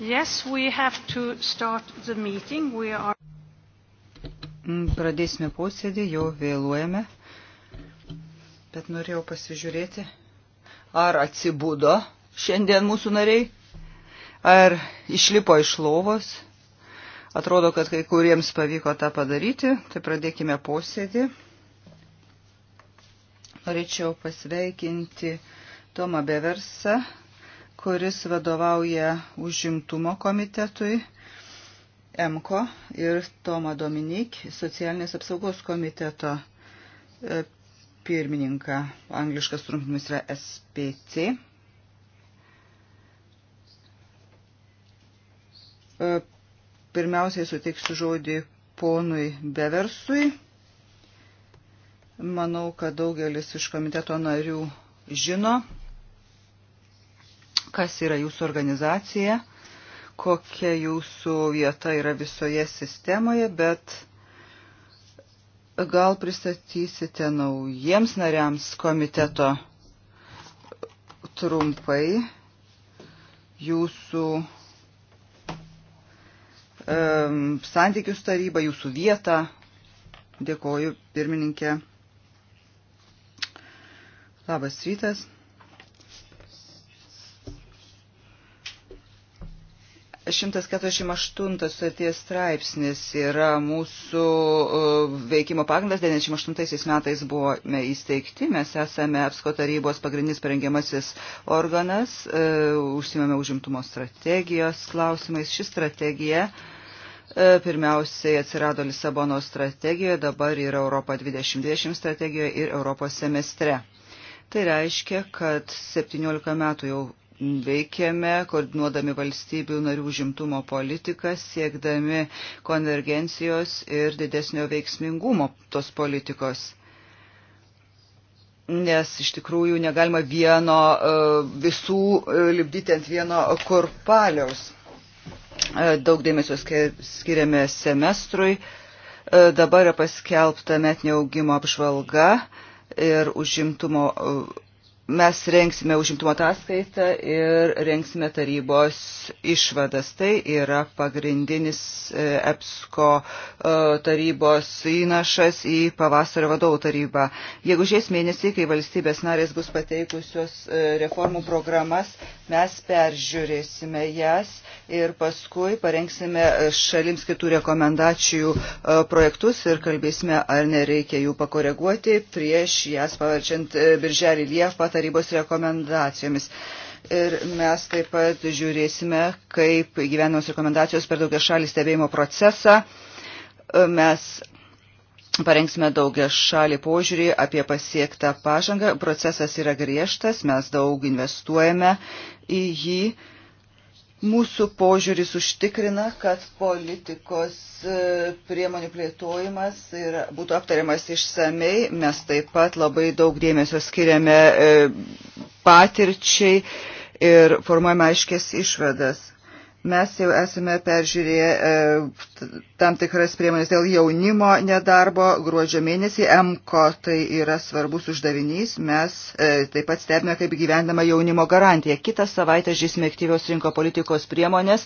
Yes, we have to start the meeting. We are... Mm, pradėsime posėdį, jau vėluojame, bet norėjau pasižiūrėti, ar atsibudo šiandien mūsų nariai, ar išlipo iš lovos. Atrodo, kad kai kuriems pavyko tą padaryti, tai pradėkime posėdį. Norėčiau pasveikinti Tomą Beversą, kuris vadovauja užimtumo komitetui EMKO ir Toma Dominik, socialinės apsaugos komiteto e, pirmininką, angliškas trumpinimas yra SPC. E, pirmiausiai suteiksiu žodį ponui Beversui. Manau, kad daugelis iš komiteto narių žino kas yra jūsų organizacija, kokia jūsų vieta yra visoje sistemoje, bet gal pristatysite naujiems nariams komiteto trumpai jūsų um, santykius tarybą, jūsų vietą. Dėkoju, pirmininkė. Labas rytas. 148 sutarties straipsnis yra mūsų e, veikimo pagrindas. 98 metais buvome įsteigti, mes esame EPSCO tarybos pagrindinis parengiamasis organas, e, užsimame užimtumo strategijos klausimais. Ši strategija e, pirmiausiai atsirado Lisabono strategijoje, dabar yra Europa 2020 strategijoje ir Europos semestre. Tai reiškia, kad 17 metų jau veikiame, koordinuodami valstybių narių užimtumo politiką, siekdami konvergencijos ir didesnio veiksmingumo tos politikos. Nes iš tikrųjų negalima vieno, e, visų e, lipdyti ant vieno korpaliaus. E, daug dėmesio skiriame semestrui. Dabar yra paskelbta metinio augimo apžvalga ir užimtumo mes rengsime užimtumo ataskaitą ir rengsime tarybos išvadas. Tai yra pagrindinis e, EPSCO e, tarybos įnašas į pavasario vadovų tarybą. Jeigu žiais mėnesį, kai valstybės narės bus pateikusios e, reformų programas, mes peržiūrėsime jas ir paskui parengsime šalims kitų rekomendacijų projektus ir kalbėsime, ar nereikia jų pakoreguoti prieš jas pavarčiant birželį Liepą tarybos rekomendacijomis. Ir mes taip pat žiūrėsime, kaip gyvenimos rekomendacijos per daugia šalį stebėjimo procesą. Mes parengsime daugia šalį požiūrį apie pasiektą pažangą. Procesas yra griežtas, mes daug investuojame į jį Mūsų požiūris užtikrina, kad politikos e, priemonių plėtojimas yra, būtų aptariamas išsamei. Mes taip pat labai daug dėmesio skiriame e, patirčiai ir formuojame aiškės išvadas. Mes jau esame peržiūrėję e, tam tikras priemonės dėl jaunimo nedarbo gruodžio mėnesį. MKO tai yra svarbus uždavinys. Mes e, taip pat stebime, kaip gyvendama jaunimo garantija. Kitą savaitę žysime aktyvios rinko politikos priemonės,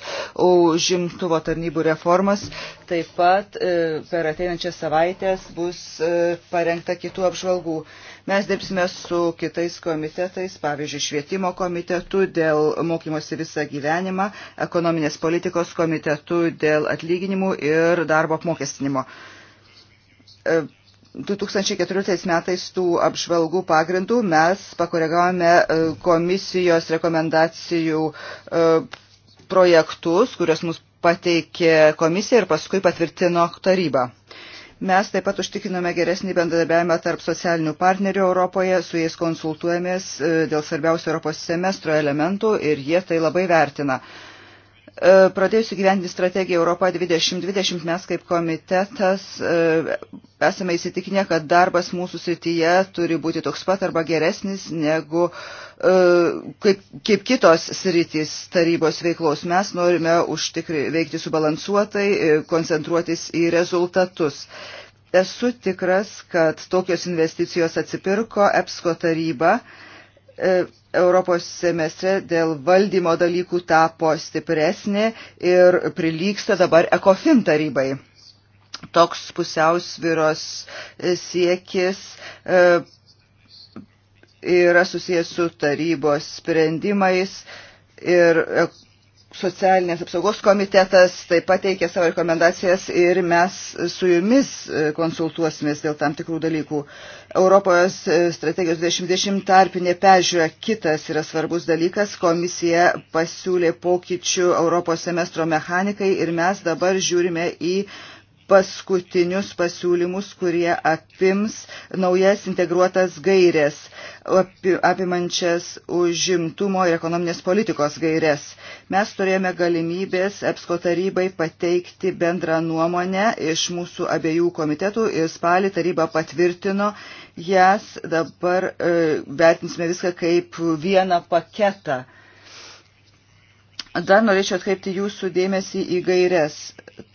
užimtuvo tarnybų reformas. Taip pat e, per ateinančias savaitės bus e, parengta kitų apžvalgų. E, Mes dirbsime su kitais komitetais, pavyzdžiui, švietimo komitetu dėl mokymosi visą gyvenimą, ekonominės politikos komitetu dėl atlyginimų ir darbo apmokestinimo. 2014 e, metais tų apžvalgų pagrindų mes pakoregavome e, komisijos rekomendacijų e, projektus, kuriuos mus pateikė komisija ir paskui patvirtino taryba. Mes taip pat užtikiname geresnį bendradarbiavimą tarp socialinių partnerių Europoje, su jais konsultuojamės e, dėl svarbiausių Europos semestro elementų ir jie tai labai vertina. E, Pradėjusi gyventi strategiją Europa 2020, mes kaip komitetas e, esame įsitikinę, kad darbas mūsų srityje turi būti toks pat arba geresnis negu e, kaip, kaip kitos sritys tarybos veiklos. Mes norime užtikri, veikti subalansuotai, koncentruotis į rezultatus. Esu tikras, kad tokios investicijos atsipirko EPSCO taryba. E, Europos semestre dėl valdymo dalykų tapo stipresnė ir prilyksta dabar ECOFIN tarybai. Toks pusiausviros e, siekis e, yra susijęs su tarybos sprendimais ir socialinės apsaugos komitetas taip pat teikia savo rekomendacijas ir mes su jumis e, konsultuosimės dėl tam tikrų dalykų. Europos e, strategijos 2020 tarpinė peržiūra kitas yra svarbus dalykas. Komisija pasiūlė pokyčių Europos semestro mechanikai ir mes dabar žiūrime į paskutinius pasiūlymus, kurie apims naujas integruotas gairės, apimančias užimtumo ir ekonominės politikos gairės. Mes turėjome galimybės EPSCO tarybai pateikti bendrą nuomonę iš mūsų abiejų komitetų ir spalį taryba patvirtino jas. Dabar e, vertinsime viską kaip vieną paketą. Dar norėčiau atkreipti jūsų dėmesį į gairias.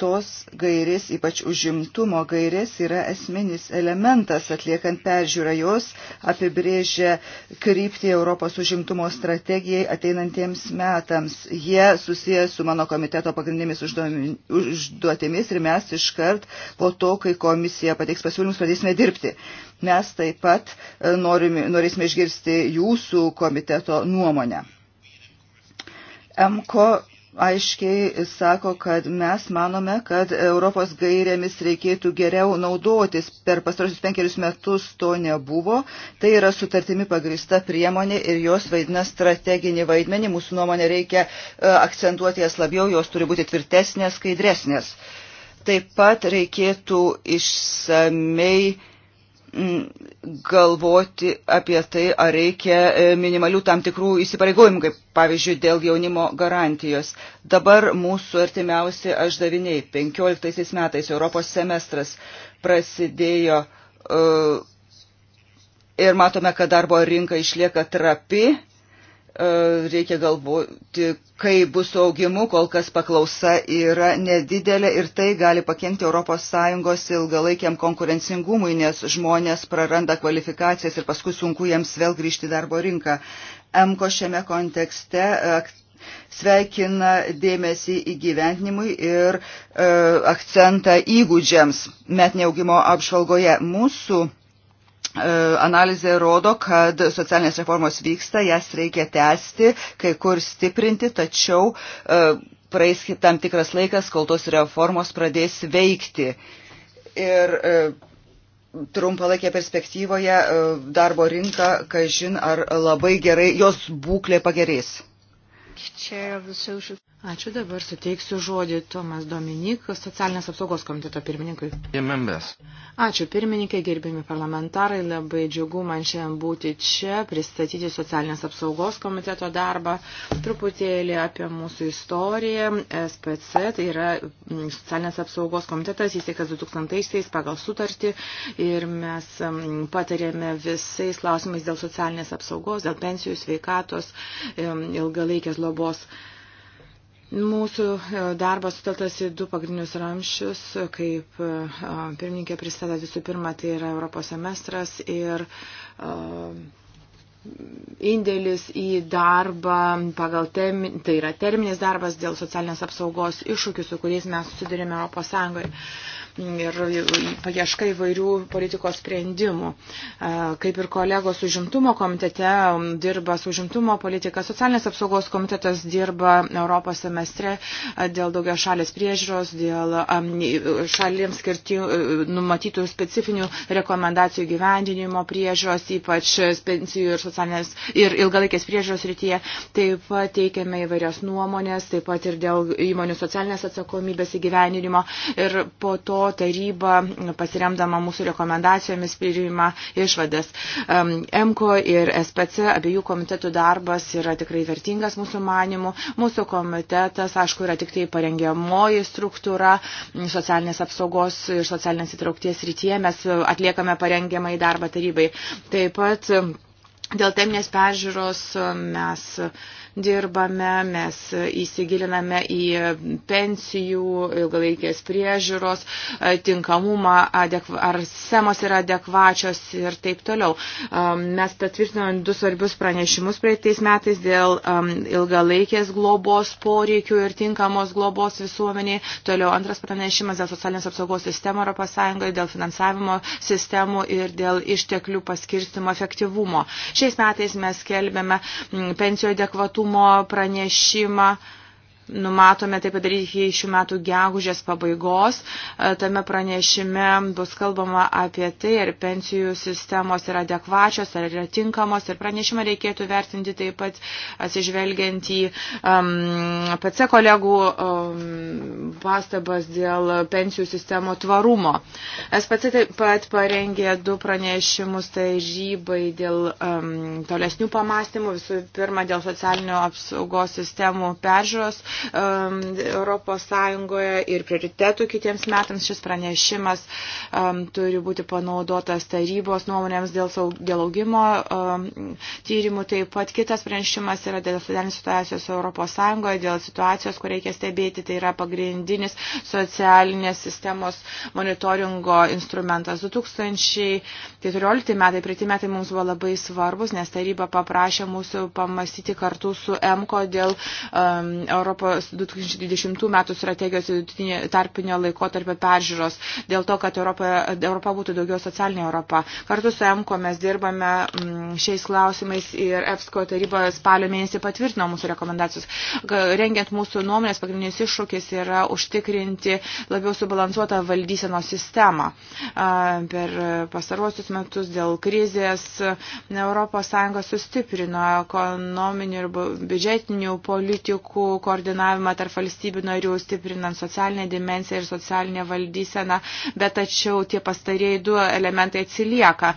Tos gairės, ypač užimtumo gairės, yra esminis elementas atliekant peržiūrą. Jos apibrėžia kryptį Europos užimtumo strategijai ateinantiems metams. Jie susiję su mano komiteto pagrindinėmis užduotėmis ir mes iškart po to, kai komisija pateiks pasiūlymus, pradėsime dirbti. Mes taip pat e, norime, norėsime išgirsti jūsų komiteto nuomonę. MKO aiškiai sako, kad mes manome, kad Europos gairėmis reikėtų geriau naudotis. Per pastarosius penkerius metus to nebuvo. Tai yra sutartimi pagrista priemonė ir jos vaidina strateginį vaidmenį. Mūsų nuomonė reikia e, akcentuoti jas labiau, jos turi būti tvirtesnės, skaidresnės. Taip pat reikėtų išsamei Mm, galvoti apie tai, ar reikia e, minimalių tam tikrų įsipareigojimų, kaip pavyzdžiui dėl jaunimo garantijos. Dabar mūsų artimiausi ašdaviniai. 15 metais Europos semestras prasidėjo e, ir matome, kad darbo rinka išlieka trapi E, reikia galvoti, kai bus augimu, kol kas paklausa yra nedidelė ir tai gali pakengti ES ilgalaikiam konkurencingumui, nes žmonės praranda kvalifikacijas ir paskui sunku jiems vėl grįžti į darbo rinką. MKO šiame kontekste e, sveikina dėmesį įgyventinimui ir e, akcentą įgūdžiams metinio augimo apžvalgoje. Mūsų E, analizė rodo, kad socialinės reformos vyksta, jas reikia tęsti, kai kur stiprinti, tačiau e, praeis tam tikras laikas, kol tos reformos pradės veikti. Ir e, trumpalaikė perspektyvoje darbo rinka, kažin ar labai gerai, jos būklė pagerės. Ačiū dabar suteiksiu žodį Tomas Dominik, socialinės apsaugos komiteto pirmininkui. Jemembės. Ačiū pirmininkai, gerbimi parlamentarai, labai džiugu man šiandien būti čia, pristatyti socialinės apsaugos komiteto darbą, truputėlį apie mūsų istoriją. SPC tai yra mm, socialinės apsaugos komitetas, įsteigtas 2000-aisiais pagal sutartį ir mes mm, patarėme visais klausimais dėl socialinės apsaugos, dėl pensijų, sveikatos, mm, ilgalaikės globos. Mūsų e, darbas suteltas į du pagrindinius ramščius, kaip e, pirmininkė pristatė visų pirma, tai yra Europos semestras ir uh, indėlis į darbą pagal termin, tai yra terminis darbas dėl socialinės apsaugos iššūkių, su kuriais mes susidurėme Europos Sąjungoje ir paieška įvairių politikos sprendimų. Kaip ir kolegos užimtumo komitete dirba su užimtumo politika, socialinės apsaugos komitetas dirba Europos semestre dėl daugia šalės priežiūros, dėl šalims skirti, numatytų specifinių rekomendacijų gyvendinimo priežiūros, ypač pensijų ir socialinių socialinės ir ilgalaikės priežiūros rytyje. Taip pat teikiame įvairios nuomonės, taip pat ir dėl įmonių socialinės atsakomybės įgyveninimo. Ir po to taryba, pasiremdama mūsų rekomendacijomis, priima išvadas. MCO ir SPC abiejų komitetų darbas yra tikrai vertingas mūsų manimu. Mūsų komitetas, aišku, yra tik tai parengiamoji struktūra socialinės apsaugos ir socialinės įtraukties rytyje. Mes atliekame parengiamą į darbą tarybai. Taip pat Dėl teminės peržiūros um, mes dirbame, mes įsigiliname į pensijų, ilgalaikės priežiūros, e, tinkamumą, ar semos yra adekvačios ir taip toliau. E, mes patvirtinome du svarbius pranešimus praeitais metais dėl e, ilgalaikės globos poreikių ir tinkamos globos visuomeniai. Toliau antras pranešimas dėl socialinės apsaugos sistemų Europos Sąjungoje, dėl finansavimo sistemų ir dėl išteklių paskirstimo efektyvumo. Šiais metais mes kelbėme pensijų adekvatumą saugumo pranešimą Numatome tai padaryti iki šių metų gegužės pabaigos. E, tame pranešime bus kalbama apie tai, ar pensijų sistemos yra adekvačios, ar yra tinkamos. Ir pranešimą reikėtų vertinti taip pat atsižvelgiant į um, PC kolegų um, pastabas dėl pensijų sistemo tvarumo. SPC taip pat parengė du pranešimus tarybai dėl um, tolesnių pamastymų. Visų pirma, dėl socialinio apsaugos sistemų peržiūros um, ES ir prioritetų kitiems metams. Šis pranešimas um, turi būti panaudotas tarybos nuomonėms dėl, saug, dėl augimo um, tyrimų. Taip pat kitas pranešimas yra dėl situacijos ES, dėl situacijos, kur reikia stebėti. Tai yra pagrindinis socialinės sistemos monitoringo instrumentas 2014 metai. Priti metai mums buvo labai svarbus, nes taryba paprašė mūsų pamastyti kartu su EMCO dėl um, Europos Europos 2020 metų strategijos tarpinio laikotarpio peržiūros, dėl to, kad Europa, Europa būtų daugiau socialinė Europa. Kartu su EMKO mes dirbame mm, šiais klausimais ir EFSCO taryba spalio mėnesį patvirtino mūsų rekomendacijos. Rengiant mūsų nuomonės, pagrindinis iššūkis yra užtikrinti labiau subalansuotą valdyseno sistemą. Per pastaruosius metus dėl krizės ES sustiprino ekonominių ir biudžetinių politikų koordinaciją koordinavimą tarp valstybių narių, stiprinant socialinę dimensiją ir socialinę valdyseną, bet tačiau tie pastarėjai du elementai atsilieka.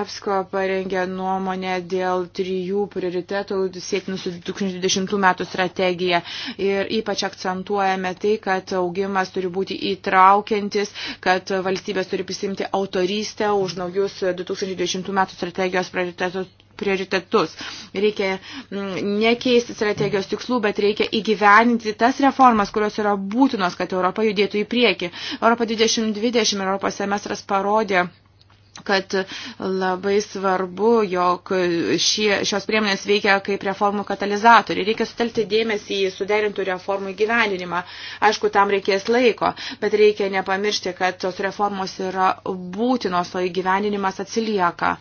EPSCO parengė nuomonę dėl trijų prioritetų siekinų su 2020 metų strategija ir ypač akcentuojame tai, kad augimas turi būti įtraukiantis, kad valstybės turi prisimti autorystę už naujus 2020 metų strategijos prioritetus prioritetus. Reikia mm, nekeisti strategijos tikslų, bet reikia įgyveninti tas reformas, kurios yra būtinos, kad Europa judėtų į priekį. Europa 2020 Europos semestras parodė, kad labai svarbu, jog šie, šios priemonės veikia kaip reformų katalizatoriai. Reikia sutelkti dėmesį į suderintų reformų įgyvendinimą. Aišku, tam reikės laiko, bet reikia nepamiršti, kad tos reformos yra būtinos, o įgyvendinimas atsilieka.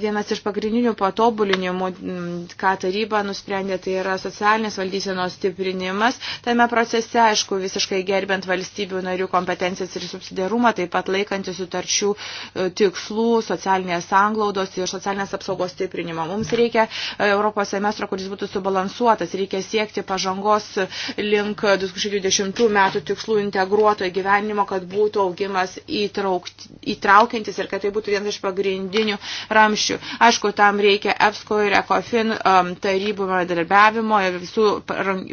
Vienas iš pagrindinių patobulinimų, mm, ką taryba nusprendė, tai yra socialinės valdysenos stiprinimas. Tame procese, aišku, visiškai gerbent valstybių narių kompetencijas ir subsidiarumą, taip pat laikantis sutarčių e, tikslų tikslų, socialinės sanglaudos ir socialinės apsaugos stiprinimo. Mums reikia e, Europos semestro, kuris būtų subalansuotas, reikia siekti pažangos link 2020 metų tikslų integruoto įgyvenimo, kad būtų augimas įtraukt, įtraukiantis ir kad tai būtų vienas iš pagrindinių ramščių. Aišku, tam reikia EPSCO ir ECOFIN um, tarybų bendradarbiavimo ir visų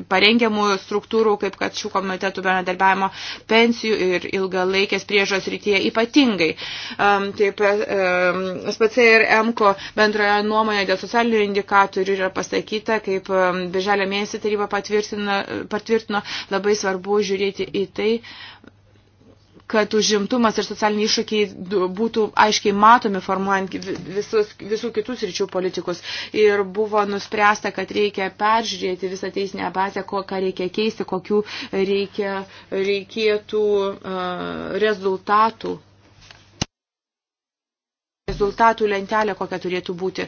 parengiamų struktūrų, kaip kad šių komitetų bendradarbiavimo pensijų ir ilgalaikės priežos rytyje ypatingai. Um, taip apie SPC ir MKO bendroje nuomonė dėl socialinių indikatorių yra pasakyta, kaip birželio mėnesį taryba patvirtino, labai svarbu žiūrėti į tai, kad užimtumas ir socialiniai iššūkiai būtų aiškiai matomi formuojant visus, visų kitus ryčių politikus. Ir buvo nuspręsta, kad reikia peržiūrėti visą teisinę bazę, ko, ką reikia keisti, kokių reikia, reikėtų uh, rezultatų rezultatų lentelė, kokia turėtų būti.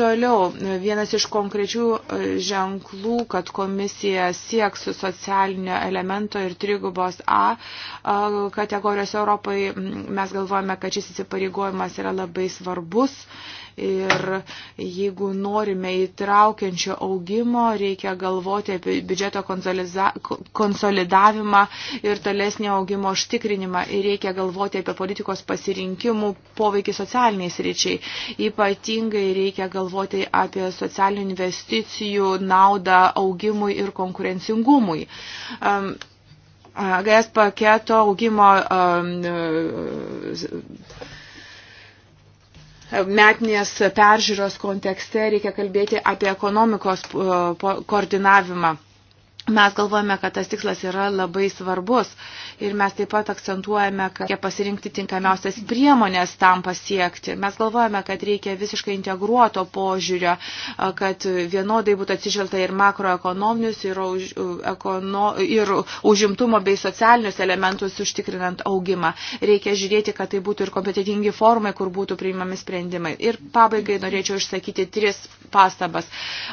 Toliau, vienas iš konkrečių e, ženklų, kad komisija sieks socialinio elemento ir trigubos A e, kategorijos Europai, mes galvojame, kad šis įsipareigojimas yra labai svarbus Ir jeigu norime įtraukiančio augimo, reikia galvoti apie biudžeto konsolidavimą ir tolesnį augimo užtikrinimą. Ir reikia galvoti apie politikos pasirinkimų poveikį socialiniai sričiai. Ypatingai reikia galvoti apie socialinių investicijų naudą augimui ir konkurencingumui. Um, GS paketo augimo um, metinės peržiūros kontekste reikia kalbėti apie ekonomikos e, koordinavimą. Mes galvojame, kad tas tikslas yra labai svarbus ir mes taip pat akcentuojame, kad reikia pasirinkti tinkamiausias priemonės tam pasiekti. Mes galvojame, kad reikia visiškai integruoto požiūrio, kad vienodai būtų atsižvelgta ir makroekonominius, ir, už, ekono, ir užimtumo bei socialinius elementus užtikrinant augimą. Reikia žiūrėti, kad tai būtų ir kompetitingi formai, kur būtų priimami sprendimai. Ir pabaigai norėčiau išsakyti tris pastabas.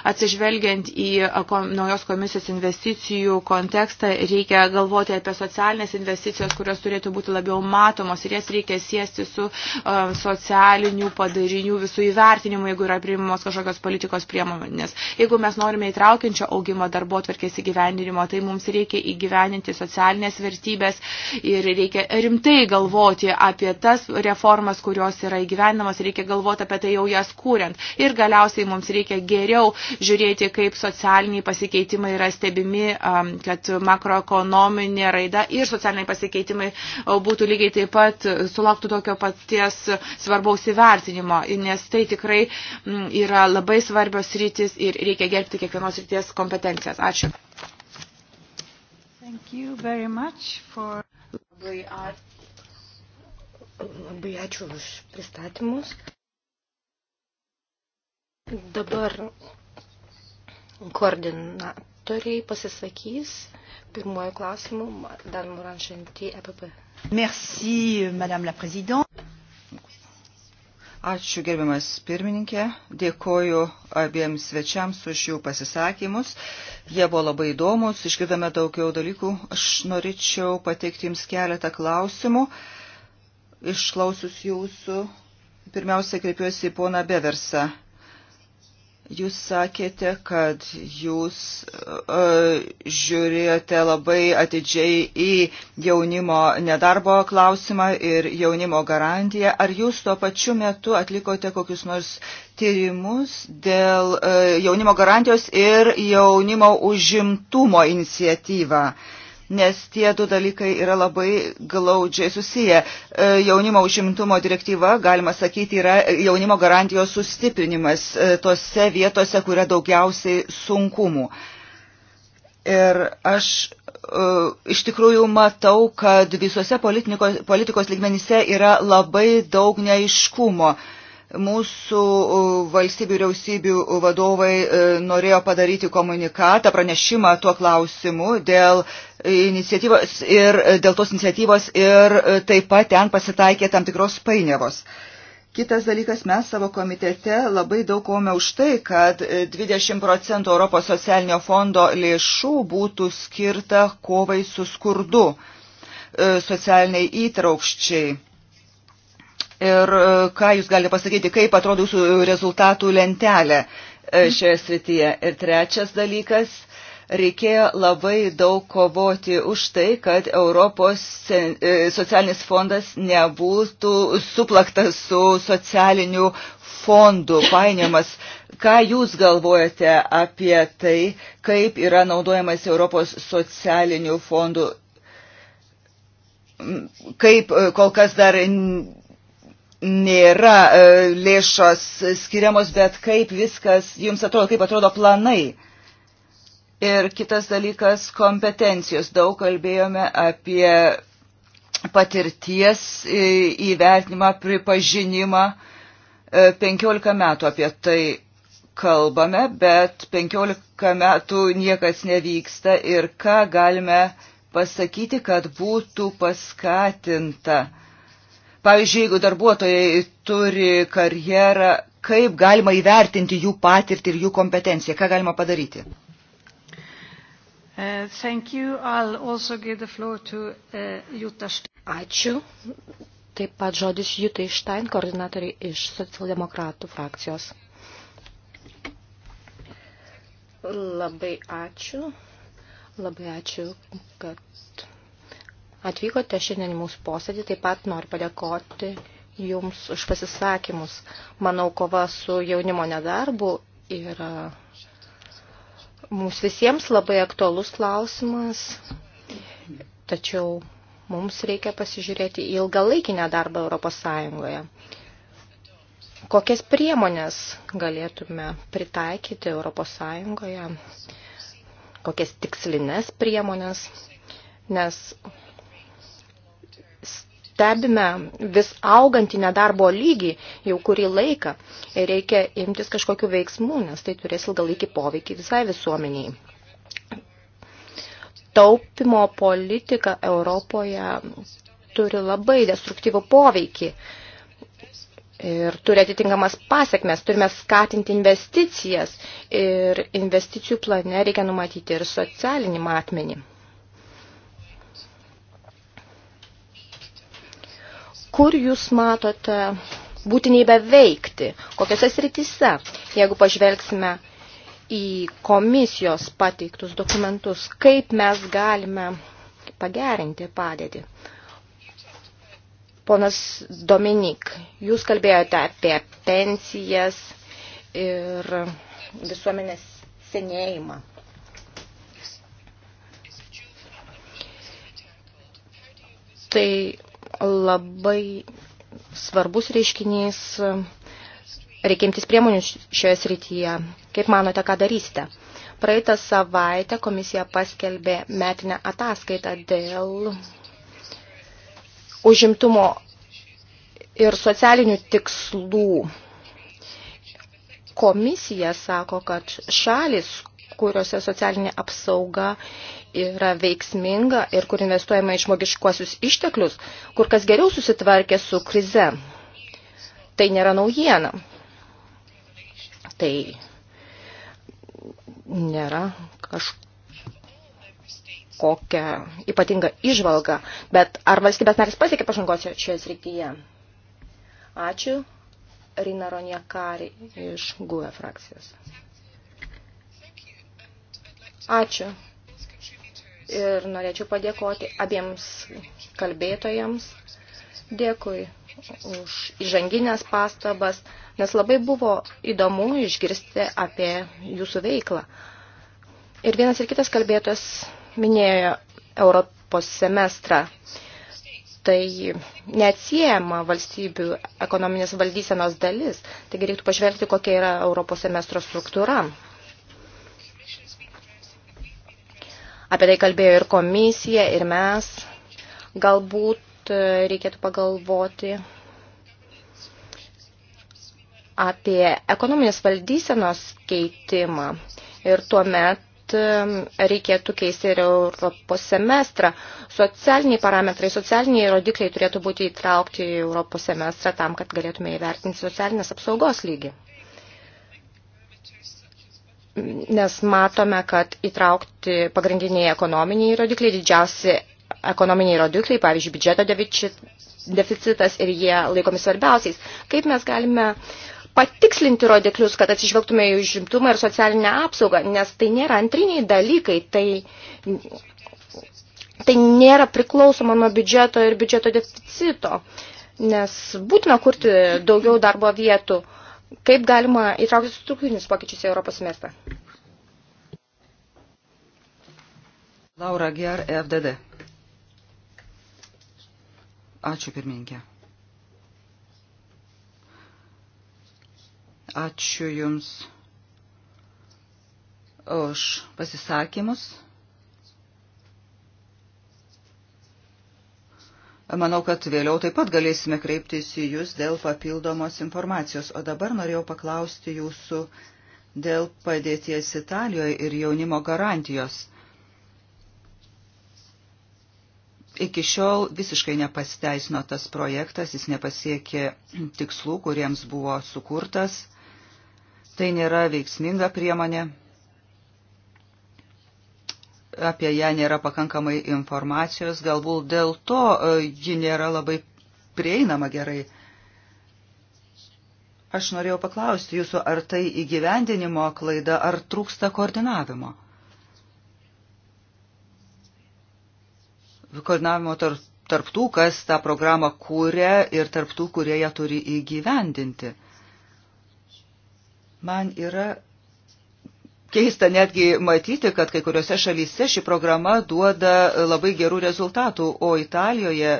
Atsižvelgiant į naujos komisijos investicijų kontekstą, reikia galvoti apie socialinės investicijos, kurios turėtų būti labiau matomos ir jas reikia siesti su uh, e, socialinių padarinių visų įvertinimu, jeigu yra priimamos kažkokios politikos priemonės. Jeigu mes norime įtraukiančio augimo darbo atverkės įgyvendinimo, tai mums reikia įgyveninti socialinės vertybės ir reikia rimtai galvoti apie tas reformas, kurios yra įgyvendinamos, reikia galvoti apie tai jau jas kūrent. Ir galiausiai mums reikia geriau žiūrėti, kaip socialiniai pasikeitimai yra stebimi, um, kad makroekonominė raida ir socialinė socialiniai pasikeitimai būtų lygiai taip pat sulauktų tokio paties svarbaus įvertinimo, nes tai tikrai mm, yra labai svarbios rytis ir reikia gerbti kiekvienos ryties kompetencijas. Ačiū. Thank you very much for... Labai ačiū. Labai ačiū už pristatymus. Dabar koordinatoriai pasisakys. Pirmuoju klausimu, Dan Moran Šentį, EPP. Merci, Madame la Présidente. Ačiū gerbiamas pirmininkė, dėkoju abiems svečiams už jų pasisakymus. Jie buvo labai įdomus, išgirdome daugiau dalykų. Aš norėčiau pateikti jums keletą klausimų. Išklausus jūsų, pirmiausia kreipiuosi į poną Beversą. Jūs sakėte, kad jūs uh, žiūrėjote labai atidžiai į jaunimo nedarbo klausimą ir jaunimo garantiją. Ar jūs tuo pačiu metu atlikote kokius nors tyrimus dėl uh, jaunimo garantijos ir jaunimo užimtumo iniciatyvą? Uh, nes tie du dalykai yra labai glaudžiai susiję. E, jaunimo užimtumo direktyva, galima sakyti, yra jaunimo garantijos sustiprinimas e, tose vietose, kur yra daugiausiai sunkumų. Ir aš e, iš tikrųjų matau, kad visose politikos, politikos lygmenyse yra labai daug neiškumo mūsų valstybių vyriausybių vadovai norėjo padaryti komunikatą, pranešimą tuo klausimu dėl iniciatyvos ir e, dėl tos iniciatyvos ir e, taip pat ten pasitaikė tam tikros painiavos. Kitas dalykas, mes savo komitete labai daug kome už tai, kad 20 e, procentų Europos socialinio fondo lėšų būtų skirta kovai su skurdu, socialiniai įtraukščiai. Ir ką jūs galite pasakyti, kaip atrodo jūsų rezultatų lentelė šioje srityje. Ir trečias dalykas reikėjo labai daug kovoti už tai, kad Europos e, socialinis fondas nebūtų suplaktas su socialiniu fondu, painiamas. Ką Jūs galvojate apie tai, kaip yra naudojamas Europos socialinių fondų, kaip e, kol kas dar nėra e, lėšos skiriamos, bet kaip viskas, Jums atrodo, kaip atrodo planai? Ir kitas dalykas - kompetencijos. Daug kalbėjome apie patirties įvertinimą, pripažinimą. 15 e, metų apie tai kalbame, bet 15 metų niekas nevyksta ir ką galime pasakyti, kad būtų paskatinta. Pavyzdžiui, jeigu darbuotojai turi karjerą, kaip galima įvertinti jų patirtį ir jų kompetenciją, ką galima padaryti? Uh, thank you. I'll also give the floor to uh, Jutta Stein. Ačiū. Taip pat žodis Jutai Štain, koordinatoriai iš socialdemokratų frakcijos. Labai ačiū. Labai ačiū, kad atvykote šiandien į mūsų posėdį. Taip pat noriu padėkoti Jums už pasisakymus. Manau, kova su jaunimo nedarbu yra mums visiems labai aktualus klausimas, tačiau mums reikia pasižiūrėti į ilgalaikinę darbą Europos Sąjungoje. Kokias priemonės galėtume pritaikyti Europos Sąjungoje, kokias tikslinės priemonės, nes stebime vis augantį nedarbo lygį jau kurį laiką ir reikia imtis kažkokių veiksmų, nes tai turės ilgalaikį poveikį visai visuomeniai. Taupimo politika Europoje turi labai destruktyvų poveikį ir turi atitinkamas pasiekmes. Turime skatinti investicijas ir investicijų plane reikia numatyti ir socialinį matmenį. kur jūs matote būtinybę veikti, kokiose srityse, jeigu pažvelgsime į komisijos pateiktus dokumentus, kaip mes galime pagerinti padėtį. Ponas Dominik, jūs kalbėjote apie pensijas ir visuomenės senėjimą. Tai labai svarbus reiškinys, reikimtis priemonių šioje srityje. Kaip manote, ką darysite? Praeitą savaitę komisija paskelbė metinę ataskaitą dėl užimtumo ir socialinių tikslų. Komisija sako, kad šalis, kuriuose socialinė apsauga yra veiksminga ir kur investuojama į žmogiškuosius išteklius, kur kas geriau susitvarkė su krize. Tai nėra naujiena. Tai nėra kažkokia ypatinga išvalga, bet ar valstybės narės pasiekė pažangos šioje srityje? Ačiū. Rina Roniekari iš GUE frakcijos. Ačiū. Ir norėčiau padėkoti abiems kalbėtojams. Dėkui už įžanginės pastabas, nes labai buvo įdomu išgirsti apie jūsų veiklą. Ir vienas ir kitas kalbėtojas minėjo Europos semestrą. Tai neatsiejama valstybių ekonominės valdysenos dalis. Taigi reiktų pažvelgti, kokia yra Europos semestro struktūra. Apie tai kalbėjo ir komisija, ir mes. Galbūt e, reikėtų pagalvoti apie ekonominės valdysenos keitimą. Ir tuomet e, reikėtų keisti ir Europos semestrą. Socialiniai parametrai, socialiniai rodikliai turėtų būti įtraukti į Europos semestrą tam, kad galėtume įvertinti socialinės apsaugos lygį nes matome, kad įtraukti pagrindiniai ekonominiai rodikliai, didžiausi ekonominiai rodikliai, pavyzdžiui, biudžeto deficitas ir jie laikomi svarbiausiais. Kaip mes galime patikslinti rodiklius, kad atsižvelgtume į žimtumą ir socialinę apsaugą, nes tai nėra antriniai dalykai, tai, tai nėra priklausoma nuo biudžeto ir biudžeto deficito, nes būtina kurti daugiau darbo vietų kaip galima įtraukti struktūrinius pokyčius į Europos miestą. Laura Ger, FDD. Ačiū pirmininkė. Ačiū Jums už pasisakymus. Manau, kad vėliau taip pat galėsime kreiptis į Jūs dėl papildomos informacijos. O dabar norėjau paklausti Jūsų dėl padėties Italijoje ir jaunimo garantijos. Iki šiol visiškai nepasteisino tas projektas, jis nepasiekė tikslų, kuriems buvo sukurtas. Tai nėra veiksminga priemonė apie ją nėra pakankamai informacijos, galbūt dėl to e, ji nėra labai prieinama gerai. Aš norėjau paklausti jūsų, ar tai įgyvendinimo klaida, ar trūksta koordinavimo. Koordinavimo tarp, tarp tų, kas tą programą kūrė ir tarp tų, kurie ją turi įgyvendinti. Man yra keista netgi matyti, kad kai kuriuose šalyse ši programa duoda labai gerų rezultatų, o Italijoje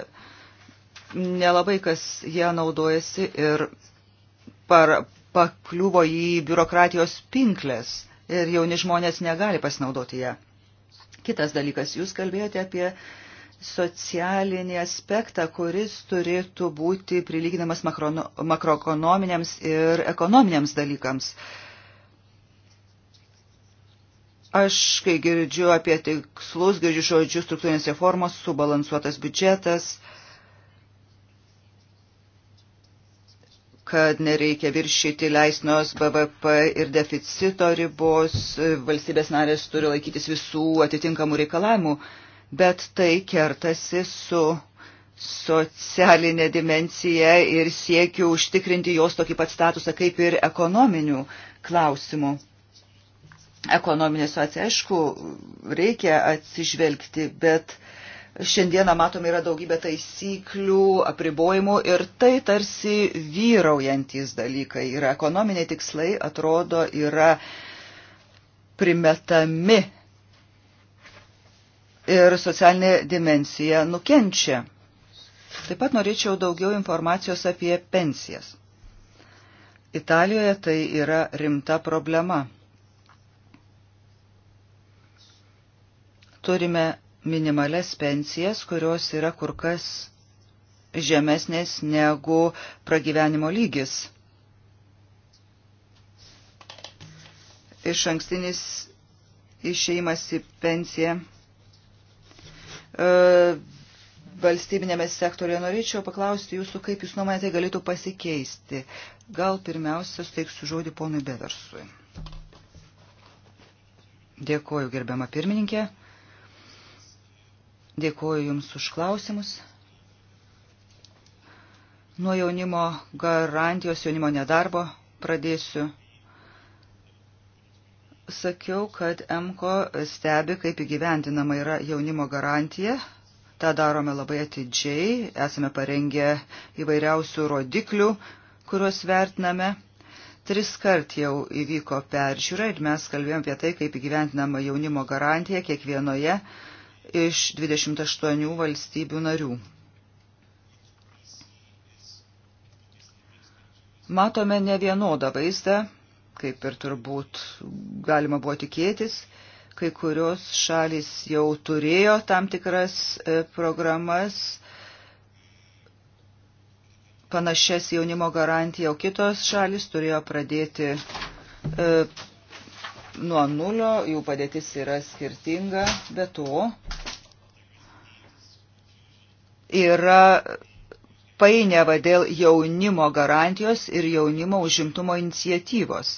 nelabai kas ją naudojasi ir par, pakliuvo į biurokratijos pinklės ir jauni žmonės negali pasinaudoti ją. Kitas dalykas, jūs kalbėjote apie socialinį aspektą, kuris turėtų būti prilyginamas makrono, makroekonominiams ir ekonominiams dalykams. Uh, Aš, kai girdžiu apie tikslus, girdžiu žodžius struktūrinės reformos, subalansuotas biudžetas, kad nereikia viršyti leisnos BVP ir deficito ribos, valstybės narės turi laikytis visų atitinkamų reikalavimų, bet tai kertasi su socialinė dimencija ir siekiu užtikrinti jos tokį pat statusą kaip ir ekonominių klausimų ekonominė situacija. Aišku, reikia atsižvelgti, bet šiandieną matome yra daugybė taisyklių, apribojimų ir tai tarsi vyraujantis dalykai. Ir ekonominiai tikslai atrodo yra primetami ir socialinė dimensija nukenčia. Taip pat norėčiau daugiau informacijos apie pensijas. Italijoje tai yra rimta problema. Turime minimales pensijas, kurios yra kur kas žemesnės negu pragyvenimo lygis. Iš ankstinis išeimas į pensiją e, valstybinėme sektorėje. Norėčiau paklausti jūsų, kaip jūs nuomonėte tai galėtų pasikeisti. Gal pirmiausia, steiksiu žodį ponui Beversui. Dėkoju, gerbiama pirmininkė. Dėkuoju Jums už klausimus. Nuo jaunimo garantijos jaunimo nedarbo pradėsiu. Sakiau, kad MKO stebi, kaip įgyvendinama yra jaunimo garantija. Ta darome labai atidžiai, esame parengę įvairiausių rodiklių, kuriuos vertiname. Tris kart jau įvyko peržiūra ir mes kalbėjom apie tai, kaip įgyventinama jaunimo garantija kiekvienoje iš 28 valstybių narių. Matome ne vienodą vaizdą, kaip ir turbūt galima buvo tikėtis, kai kurios šalis jau turėjo tam tikras e, programas panašias jaunimo garantiją, o kitos šalis turėjo pradėti e, nuo nulio, jų padėtis yra skirtinga, bet to yra painiava dėl jaunimo garantijos ir jaunimo užimtumo iniciatyvos,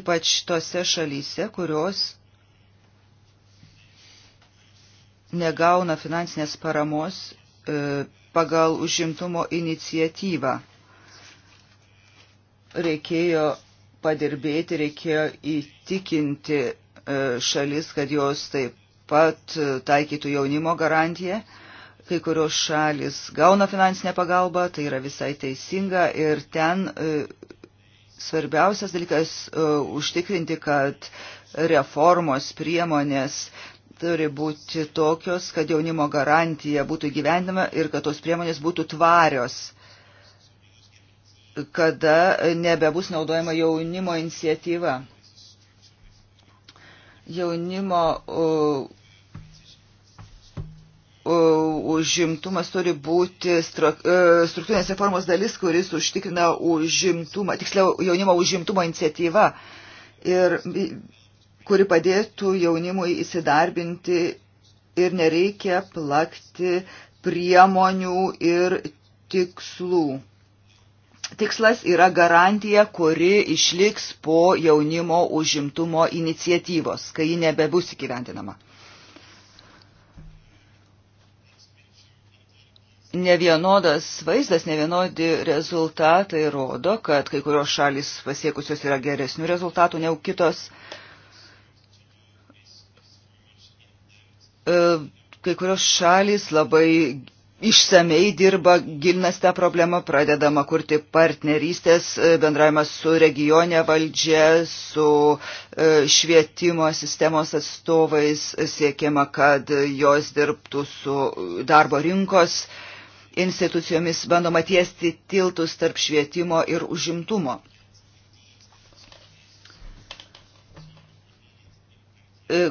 ypač tose šalyse, kurios negauna finansinės paramos e, pagal užimtumo iniciatyvą. Reikėjo padirbėti, reikėjo įtikinti e, šalis, kad jos taip pat e, taikytų jaunimo garantiją. Kai kurios šalis gauna finansinę pagalbą, tai yra visai teisinga ir ten e, svarbiausias dalykas užtikrinti, kad reformos priemonės turi būti tokios, kad jaunimo garantija būtų gyvendama ir kad tos priemonės būtų tvarios kada nebebus naudojama jaunimo iniciatyva. Jaunimo užimtumas turi būti e, struktūrinės reformos dalis, kuris užtikrina užimtumą, tiksliau jaunimo užimtumo iniciatyva, ir, kuri padėtų jaunimui įsidarbinti ir nereikia plakti priemonių ir tikslų tikslas yra garantija, kuri išliks po jaunimo užimtumo iniciatyvos, kai ji nebebus įgyvendinama. Nevienodas vaizdas, nevienodi rezultatai rodo, kad kai kurios šalis pasiekusios yra geresnių rezultatų negu kitos. E, kai kurios šalis labai išsamei dirba, gilinas tą problemą, pradedama kurti partnerystės, e, bendravimas su regionė valdžia, su e, švietimo sistemos atstovais, siekiama, kad jos dirbtų su darbo rinkos institucijomis, bandoma tiesti tiltus tarp švietimo ir užimtumo. E,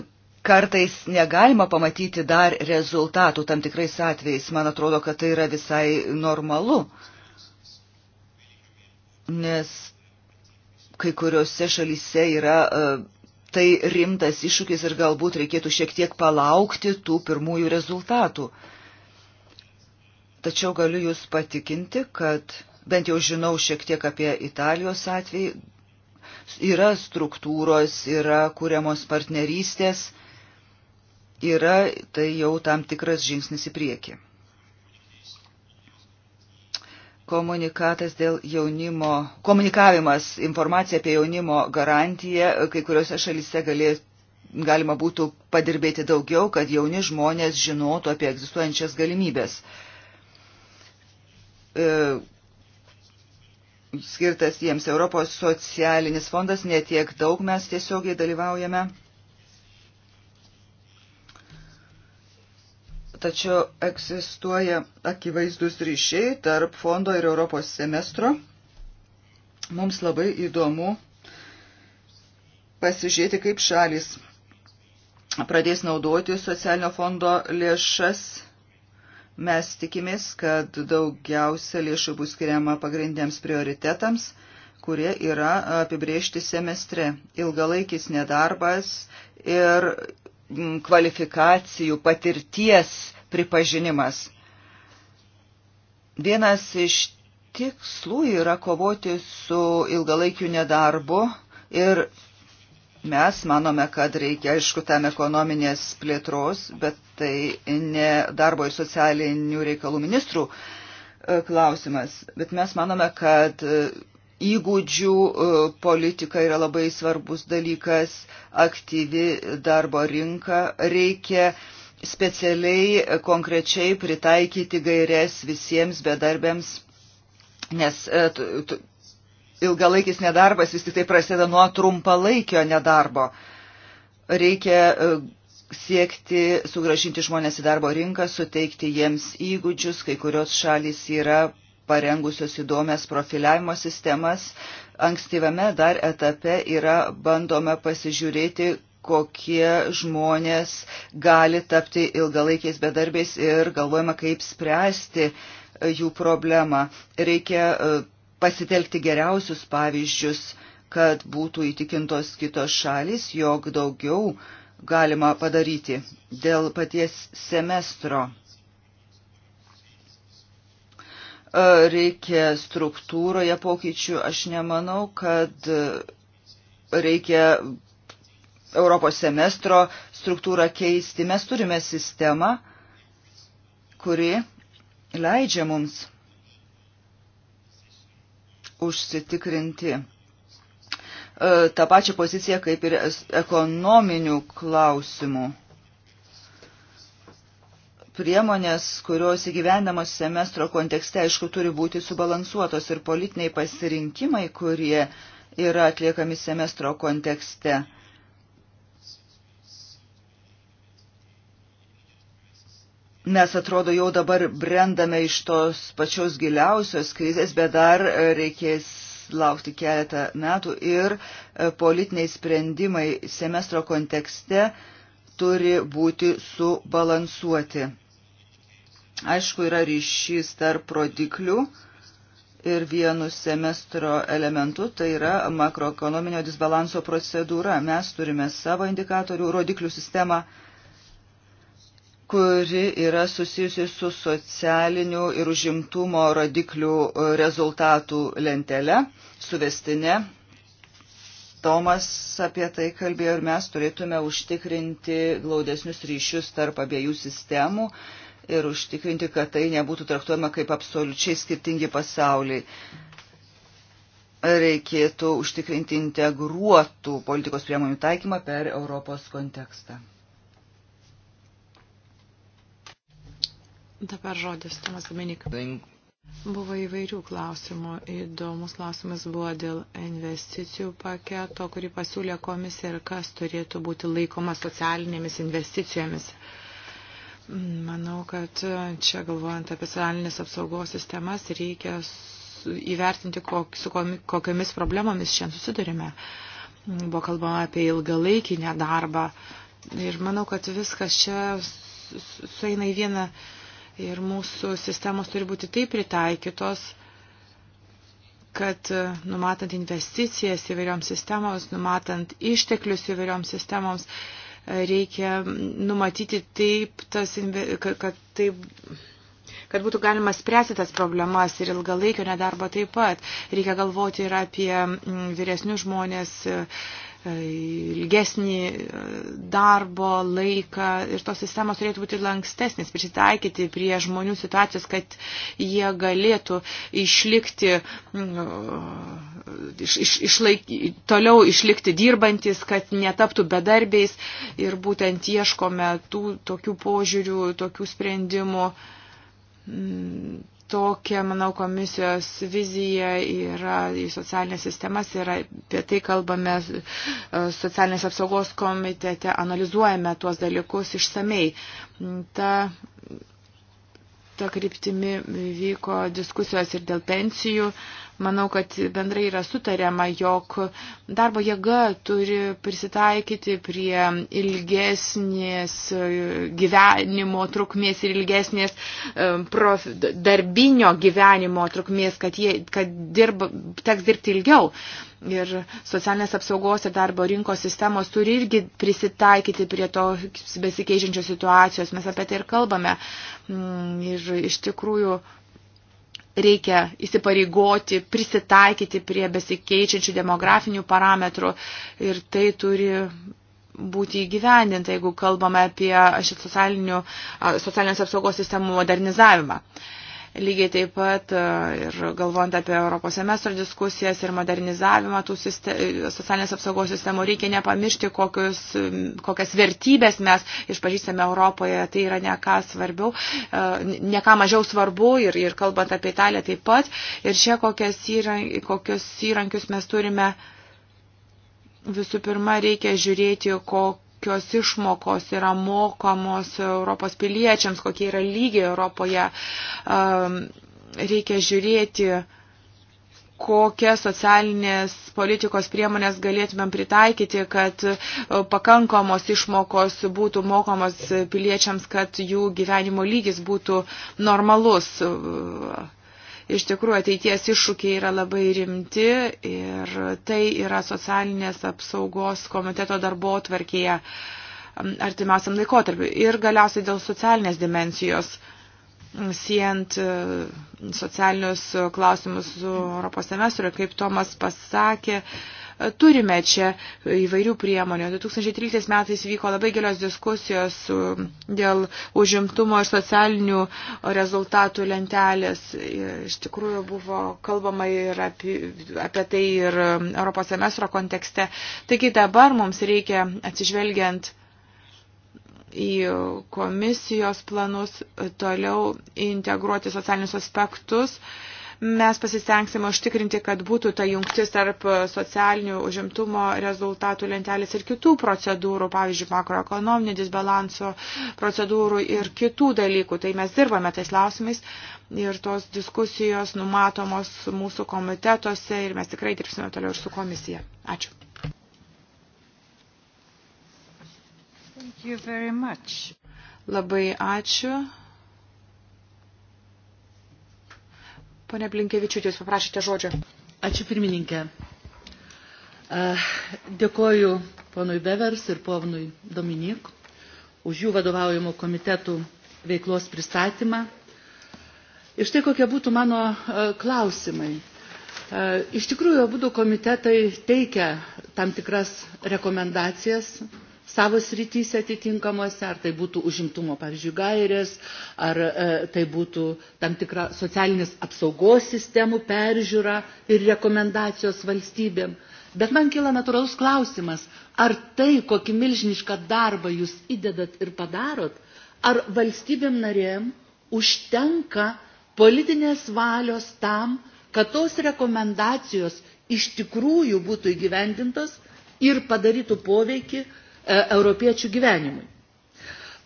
kartais negalima pamatyti dar rezultatų tam tikrais atvejais. Man atrodo, kad tai yra visai normalu, nes kai kuriuose šalyse yra e, tai rimtas iššūkis ir galbūt reikėtų šiek tiek palaukti tų pirmųjų rezultatų. Tačiau galiu Jūs patikinti, kad bent jau žinau šiek tiek apie Italijos atvejį, yra struktūros, yra kuriamos partnerystės yra tai jau tam tikras žingsnis į priekį. Komunikatas dėl jaunimo, komunikavimas, informacija apie jaunimo garantiją, kai kuriuose šalyse galės, galima būtų padirbėti daugiau, kad jauni žmonės žinotų apie egzistuojančias galimybės. E, skirtas jiems Europos socialinis fondas, netiek daug mes tiesiogiai dalyvaujame tačiau egzistuoja akivaizdus ryšiai tarp fondo ir Europos semestro. Mums labai įdomu pasižiūrėti, kaip šalis pradės naudoti socialinio fondo lėšas. Mes tikimės, kad daugiausia lėšų bus skiriama pagrindiniams prioritetams, kurie yra apibriežti semestre. Ilgalaikis nedarbas ir kvalifikacijų, patirties pripažinimas. Vienas iš tikslų yra kovoti su ilgalaikiu nedarbu ir mes manome, kad reikia, aišku, tam ekonominės plėtros, bet tai ne darbo ir socialinių reikalų ministrų e, klausimas, bet mes manome, kad e, įgūdžių e, politika yra labai svarbus dalykas, aktyvi darbo rinka, reikia specialiai, e, konkrečiai pritaikyti gairias visiems bedarbiams, nes e, ilgalaikis nedarbas vis tik tai prasideda nuo trumpalaikio nedarbo. Reikia siekti sugražinti žmonės į darbo rinką, suteikti jiems įgūdžius, kai kurios šalys yra parengusios įdomias profiliavimo sistemas. Ankstyvame dar etape yra bandome pasižiūrėti, kokie žmonės gali tapti ilgalaikiais bedarbiais ir galvojama, kaip spręsti e, jų problemą. Reikia e, pasitelkti geriausius pavyzdžius, kad būtų įtikintos kitos šalis, jog daugiau galima padaryti dėl paties semestro reikia struktūroje pokyčių. Aš nemanau, kad reikia Europos semestro struktūrą keisti. Mes turime sistemą, kuri leidžia mums užsitikrinti tą pačią poziciją kaip ir ekonominių klausimų priemonės, kurios įgyvendamos semestro kontekste, aišku, turi būti subalansuotos ir politiniai pasirinkimai, kurie yra atliekami semestro kontekste. Mes atrodo jau dabar brendame iš tos pačios giliausios krizės, bet dar reikės laukti keletą metų ir e, politiniai sprendimai semestro kontekste turi būti subalansuoti. Aišku, yra ryšys tarp rodiklių ir vienu semestro elementu, tai yra makroekonominio disbalanso procedūra. Mes turime savo indikatorių, rodiklių sistemą, kuri yra susijusi su socialiniu ir užimtumo rodiklių rezultatų lentele, suvestinė. Tomas apie tai kalbėjo ir mes turėtume užtikrinti glaudesnius ryšius tarp abiejų sistemų ir užtikrinti, kad tai nebūtų traktuojama kaip absoliučiai skirtingi pasauliai. Reikėtų užtikrinti integruotų politikos priemonių taikymą per Europos kontekstą. Dabar žodis Tomas Dominik. Buvo įvairių klausimų. Įdomus klausimas buvo dėl investicijų paketo, kurį pasiūlė komisija ir kas turėtų būti laikoma socialinėmis investicijomis. Uh, Manau, kad čia galvojant apie socialinės apsaugos sistemas reikia įvertinti, kok, su kokiamis problemomis šiandien susidurime. Buvo kalbama apie ilgalaikį nedarbą. Ir manau, kad viskas čia sueina į vieną ir mūsų sistemos turi būti taip pritaikytos, kad e, numatant investicijas įvairioms sistemoms, numatant išteklius įvairioms sistemoms, reikia numatyti taip, tas, kad taip kad būtų galima spręsti tas problemas ir ilgalaikio nedarbo taip pat. Reikia galvoti ir apie mm, vyresnius žmonės, E, ilgesnį e, darbo laiką ir tos sistemos turėtų būti lankstesnės, prisitaikyti prie žmonių situacijos, kad jie galėtų išlikti, e, iš, iš, išlaik, toliau išlikti dirbantis, kad netaptų bedarbiais ir būtent ieškome tų tokių požiūrių, tokių sprendimų tokia, manau, komisijos vizija yra į socialinės sistemas ir apie tai kalbame e, socialinės apsaugos komitete, analizuojame tuos dalykus išsamei. Ta, ta kryptimi vyko diskusijos ir dėl pensijų. Uh, Manau, kad bendrai yra sutariama, jog darbo jėga turi prisitaikyti prie ilgesnės e, gyvenimo trukmės ir ilgesnės e, prof, darbinio gyvenimo trukmės, kad, jie, kad dirba, teks dirbti ilgiau ir socialinės apsaugos ir darbo rinkos sistemos turi irgi prisitaikyti prie to besikeičiančios situacijos. Mes apie tai ir kalbame. Mm, ir iš tikrųjų reikia įsipareigoti, prisitaikyti prie besikeičiančių demografinių parametrų ir tai turi būti įgyvendinta, jeigu kalbame apie socialinių, socialinės apsaugos sistemų modernizavimą. Uh, Lygiai taip pat e, ir galvojant apie Europos semestro diskusijas ir modernizavimą tų sistem, socialinės apsaugos sistemų, reikia nepamiršti, kokius, kokias vertybės mes išpažįstame Europoje. Tai yra ne ką svarbiau, e, ne ką mažiau svarbu ir, ir kalbant apie Italiją taip pat. Ir čia kokias įrank, kokius įrankius mes turime. Visų pirma, reikia žiūrėti, kokius kokios išmokos yra mokamos Europos piliečiams, kokie yra lygiai Europoje. Reikia žiūrėti, kokias socialinės politikos priemonės galėtumėm pritaikyti, kad e, pakankamos išmokos būtų mokamos piliečiams, kad jų gyvenimo lygis būtų normalus. Iš tikrųjų, ateities iššūkiai yra labai rimti ir tai yra socialinės apsaugos komiteto darbo tvarkėje artimiausiam laikotarpiu. Ir galiausiai dėl socialinės dimensijos siejant e, socialinius klausimus su Europos semestru, kaip Tomas pasakė, Turime čia įvairių priemonių. 2013 metais vyko labai gilios diskusijos um, dėl užimtumo ir socialinių rezultatų lentelės. Iš tikrųjų buvo kalbama ir apie, apie tai ir um, Europos semestro kontekste. Taigi dabar mums reikia atsižvelgiant į komisijos planus toliau integruoti socialinius aspektus Mes pasistengsime užtikrinti, kad būtų ta jungtis tarp socialinių užimtumo rezultatų lentelės ir kitų procedūrų, pavyzdžiui, makroekonominio disbalanso procedūrų ir kitų dalykų. Tai mes dirbame tais klausimais ir tos diskusijos numatomos mūsų komitetuose ir mes tikrai dirbsime toliau ir su komisija. Ačiū. Labai ačiū. Pone Blinkevičiu, jūs paprašėte žodžio. Ačiū pirmininkė. E, dėkoju ponui Bevers ir ponui Dominik už jų vadovaujamų komitetų veiklos pristatymą. Ir štai kokie būtų mano e, klausimai. E, iš tikrųjų, abu komitetai teikia tam tikras rekomendacijas savo srityse atitinkamuose, ar tai būtų užimtumo, pavyzdžiui, gairės, ar e, tai būtų tam tikra socialinės apsaugos sistemų peržiūra ir rekomendacijos valstybėm. Bet man kila natūralus klausimas, ar tai, kokį milžinišką darbą jūs įdedat ir padarot, ar valstybėm narėm užtenka politinės valios tam, kad tos rekomendacijos iš tikrųjų būtų įgyvendintos ir padarytų poveikį E, europiečių gyvenimui.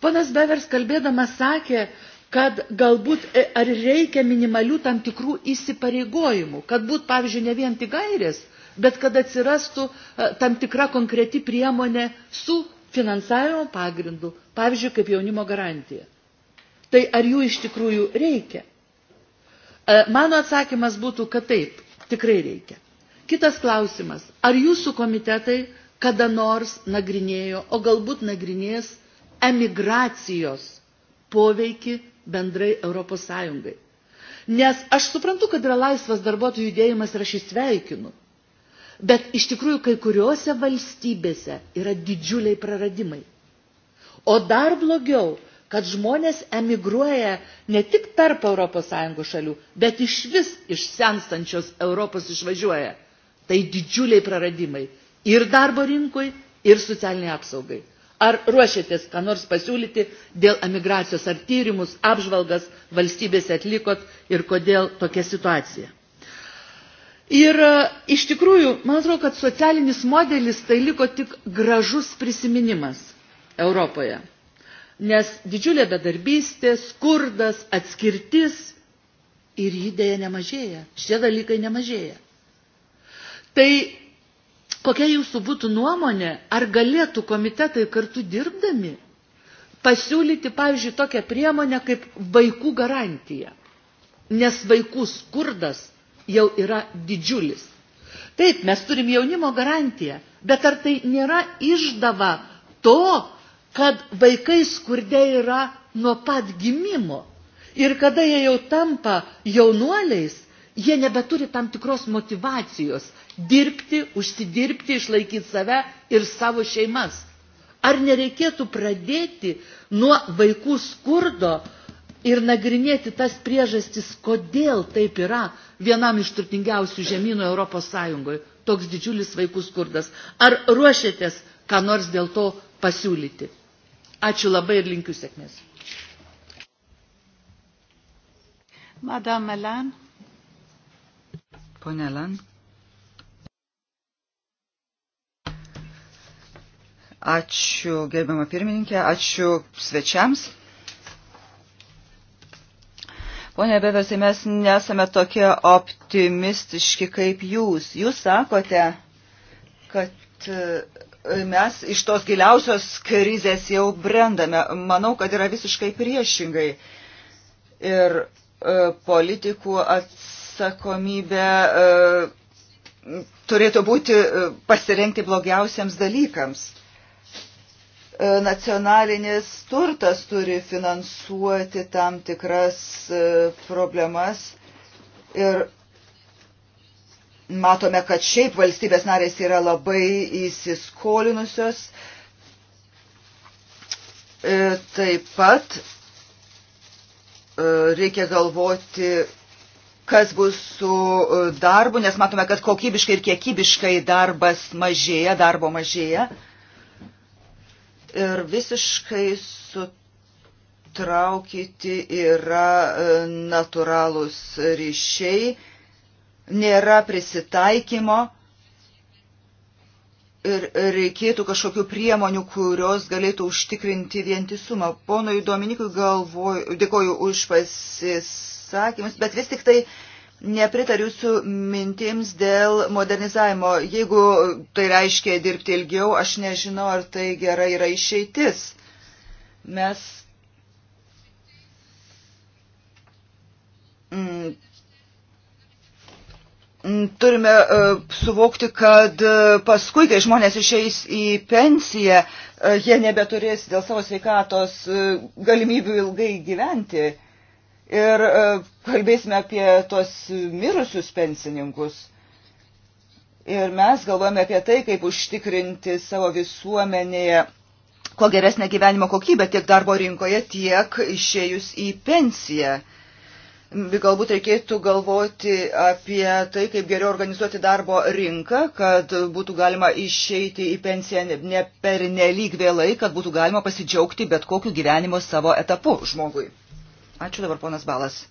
Ponas Bevers kalbėdamas sakė, kad galbūt e, ar reikia minimalių tam tikrų įsipareigojimų, kad būt, pavyzdžiui, ne vien tik gairės, bet kad atsirastų e, tam tikra konkreti priemonė su finansavimo pagrindu, pavyzdžiui, kaip jaunimo garantija. Tai ar jų iš tikrųjų reikia? Mano atsakymas būtų, kad taip, tikrai reikia. Kitas klausimas, ar jūsų komitetai kada nors nagrinėjo, o galbūt nagrinės emigracijos poveikį bendrai Europos Sąjungai. Nes aš suprantu, kad yra laisvas darbuotojų judėjimas ir aš jį sveikinu. Bet iš tikrųjų kai kuriuose valstybėse yra didžiuliai praradimai. O dar blogiau, kad žmonės emigruoja ne tik tarp ES šalių, bet iš vis iš senstančios Europos išvažiuoja. Tai didžiuliai praradimai ir darbo rinkoj, ir socialiniai apsaugai. Ar ruošiatės, ką nors pasiūlyti dėl emigracijos, ar tyrimus, apžvalgas valstybėse atlikot ir kodėl tokia situacija? Ir e, iš tikrųjų, man atrodo, kad socialinis modelis tai liko tik gražus prisiminimas Europoje. Nes didžiulė bedarbystė, skurdas, atskirtis ir jį dėja nemažėja. Šie dalykai nemažėja. Tai Kokia jūsų būtų nuomonė, ar galėtų komitetai kartu dirbdami pasiūlyti, pavyzdžiui, tokią priemonę kaip vaikų garantija, nes vaikų skurdas jau yra didžiulis. Taip, mes turim jaunimo garantiją, bet ar tai nėra išdava to, kad vaikai skurde yra nuo pat gimimo ir kada jie jau tampa jaunuoliais, jie nebeturi tam tikros motivacijos dirbti, užsidirbti, išlaikyti save ir savo šeimas. Ar nereikėtų pradėti nuo vaikų skurdo ir nagrinėti tas priežastis, kodėl taip yra vienam iš turtingiausių žemynų Europos Sąjungoje toks didžiulis vaikų skurdas? Ar ruošiatės ką nors dėl to pasiūlyti? Ačiū labai ir linkiu sėkmės. Madame Melan. Pone Lan. Ačiū gerbiamą pirmininkę, ačiū svečiams. Pone Beversai, mes nesame tokie optimistiški kaip jūs. Jūs sakote, kad e, mes iš tos giliausios krizės jau brendame. Manau, kad yra visiškai priešingai. Ir e, politikų atsakymai atsakomybė e, turėtų būti e, pasirengti blogiausiams dalykams. E, nacionalinis turtas turi finansuoti tam tikras problemas ir matome, kad šiaip valstybės narės yra labai įsiskolinusios. Taip pat reikia galvoti kas bus su e, darbu, nes matome, kad kokybiškai ir kiekybiškai darbas mažėja, darbo mažėja. Ir visiškai sutraukyti yra e, natūralūs ryšiai, nėra prisitaikymo ir reikėtų kažkokių priemonių, kurios galėtų užtikrinti vientisumą. Ponui Dominikui galvoju, dėkoju už pasis pasakymus, bet vis tik tai nepritariu su mintims dėl modernizavimo. Jeigu tai reiškia dirbti ilgiau, aš nežinau, ar tai gerai yra išeitis. Mes mm, mm turime uh, suvokti, kad uh, paskui, kai žmonės išeis į pensiją, uh, jie nebeturės dėl savo sveikatos galimybių ilgai gyventi ir e, kalbėsime apie tuos mirusius pensininkus. Ir mes galvojame apie tai, kaip užtikrinti savo visuomenėje kuo geresnę gyvenimo kokybę tiek darbo rinkoje, tiek išėjus į pensiją. Galbūt reikėtų galvoti apie tai, kaip geriau organizuoti darbo rinką, kad būtų galima išeiti į pensiją ne per nelyg vėlai, kad būtų galima pasidžiaugti bet kokiu gyvenimo savo etapu žmogui. Ačiū dabar ponas Balas.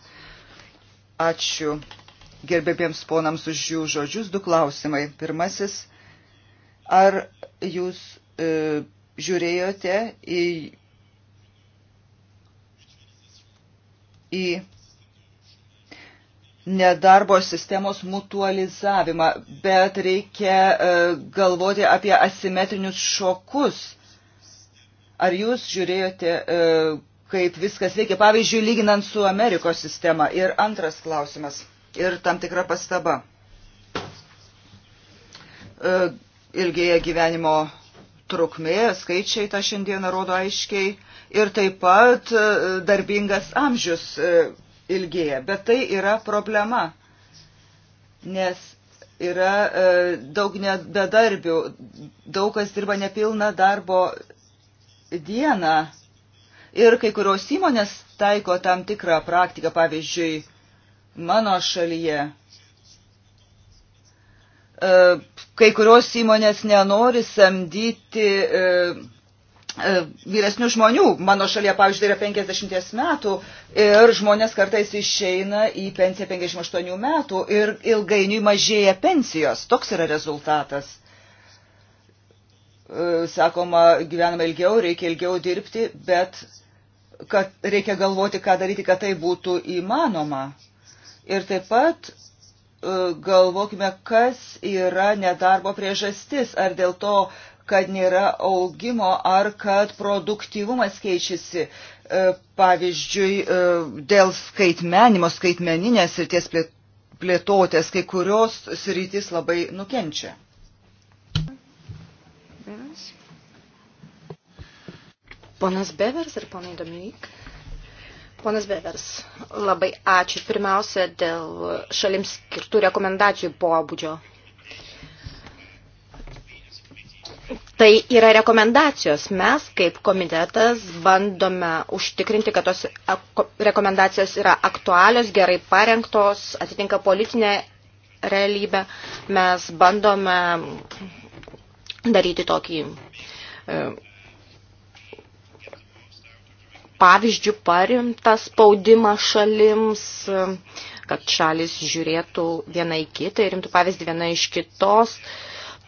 Ačiū gerbėbiems ponams už jų žodžius. Du klausimai. Pirmasis, ar jūs e, žiūrėjote į, į nedarbo sistemos mutualizavimą, bet reikia e, galvoti apie asimetrinius šokus. Ar jūs žiūrėjote e, kaip viskas veikia, pavyzdžiui, lyginant su Amerikos sistema. Ir antras klausimas ir tam tikra pastaba. E, ilgėja gyvenimo trukmė, skaičiai tą šiandieną rodo aiškiai ir taip pat e, darbingas amžius e, ilgėja. Bet tai yra problema, nes yra daug bedarbių, daug kas dirba nepilną darbo dieną Ir kai kurios įmonės taiko tam tikrą praktiką, pavyzdžiui, mano šalyje. E, kai kurios įmonės nenori samdyti e, e, vyresnių žmonių. Mano šalyje, pavyzdžiui, yra 50 metų ir žmonės kartais išeina į pensiją 58 metų ir ilgainiui mažėja pensijos. Toks yra rezultatas. Sakoma, gyvename ilgiau, reikia ilgiau dirbti, bet kad reikia galvoti, ką daryti, kad tai būtų įmanoma. Ir taip pat e, galvokime, kas yra nedarbo priežastis, ar dėl to, kad nėra augimo, ar kad produktyvumas keičiasi. E, pavyzdžiui, e, dėl skaitmenimo, skaitmeninės ir ties plėtotės, kai kurios sritys labai nukenčia. Ponas Bevers ir ponai Dominik. Ponas Bevers, labai ačiū. Pirmiausia, dėl šalims skirtų rekomendacijų pobūdžio. Tai yra rekomendacijos. Mes kaip komitetas bandome užtikrinti, kad tos rekomendacijos yra aktualios, gerai parengtos, atitinka politinę realybę. Mes bandome daryti tokį e, pavyzdžių paremtą spaudimą šalims, kad šalis žiūrėtų viena į kitą ir rimtų pavyzdį viena iš kitos.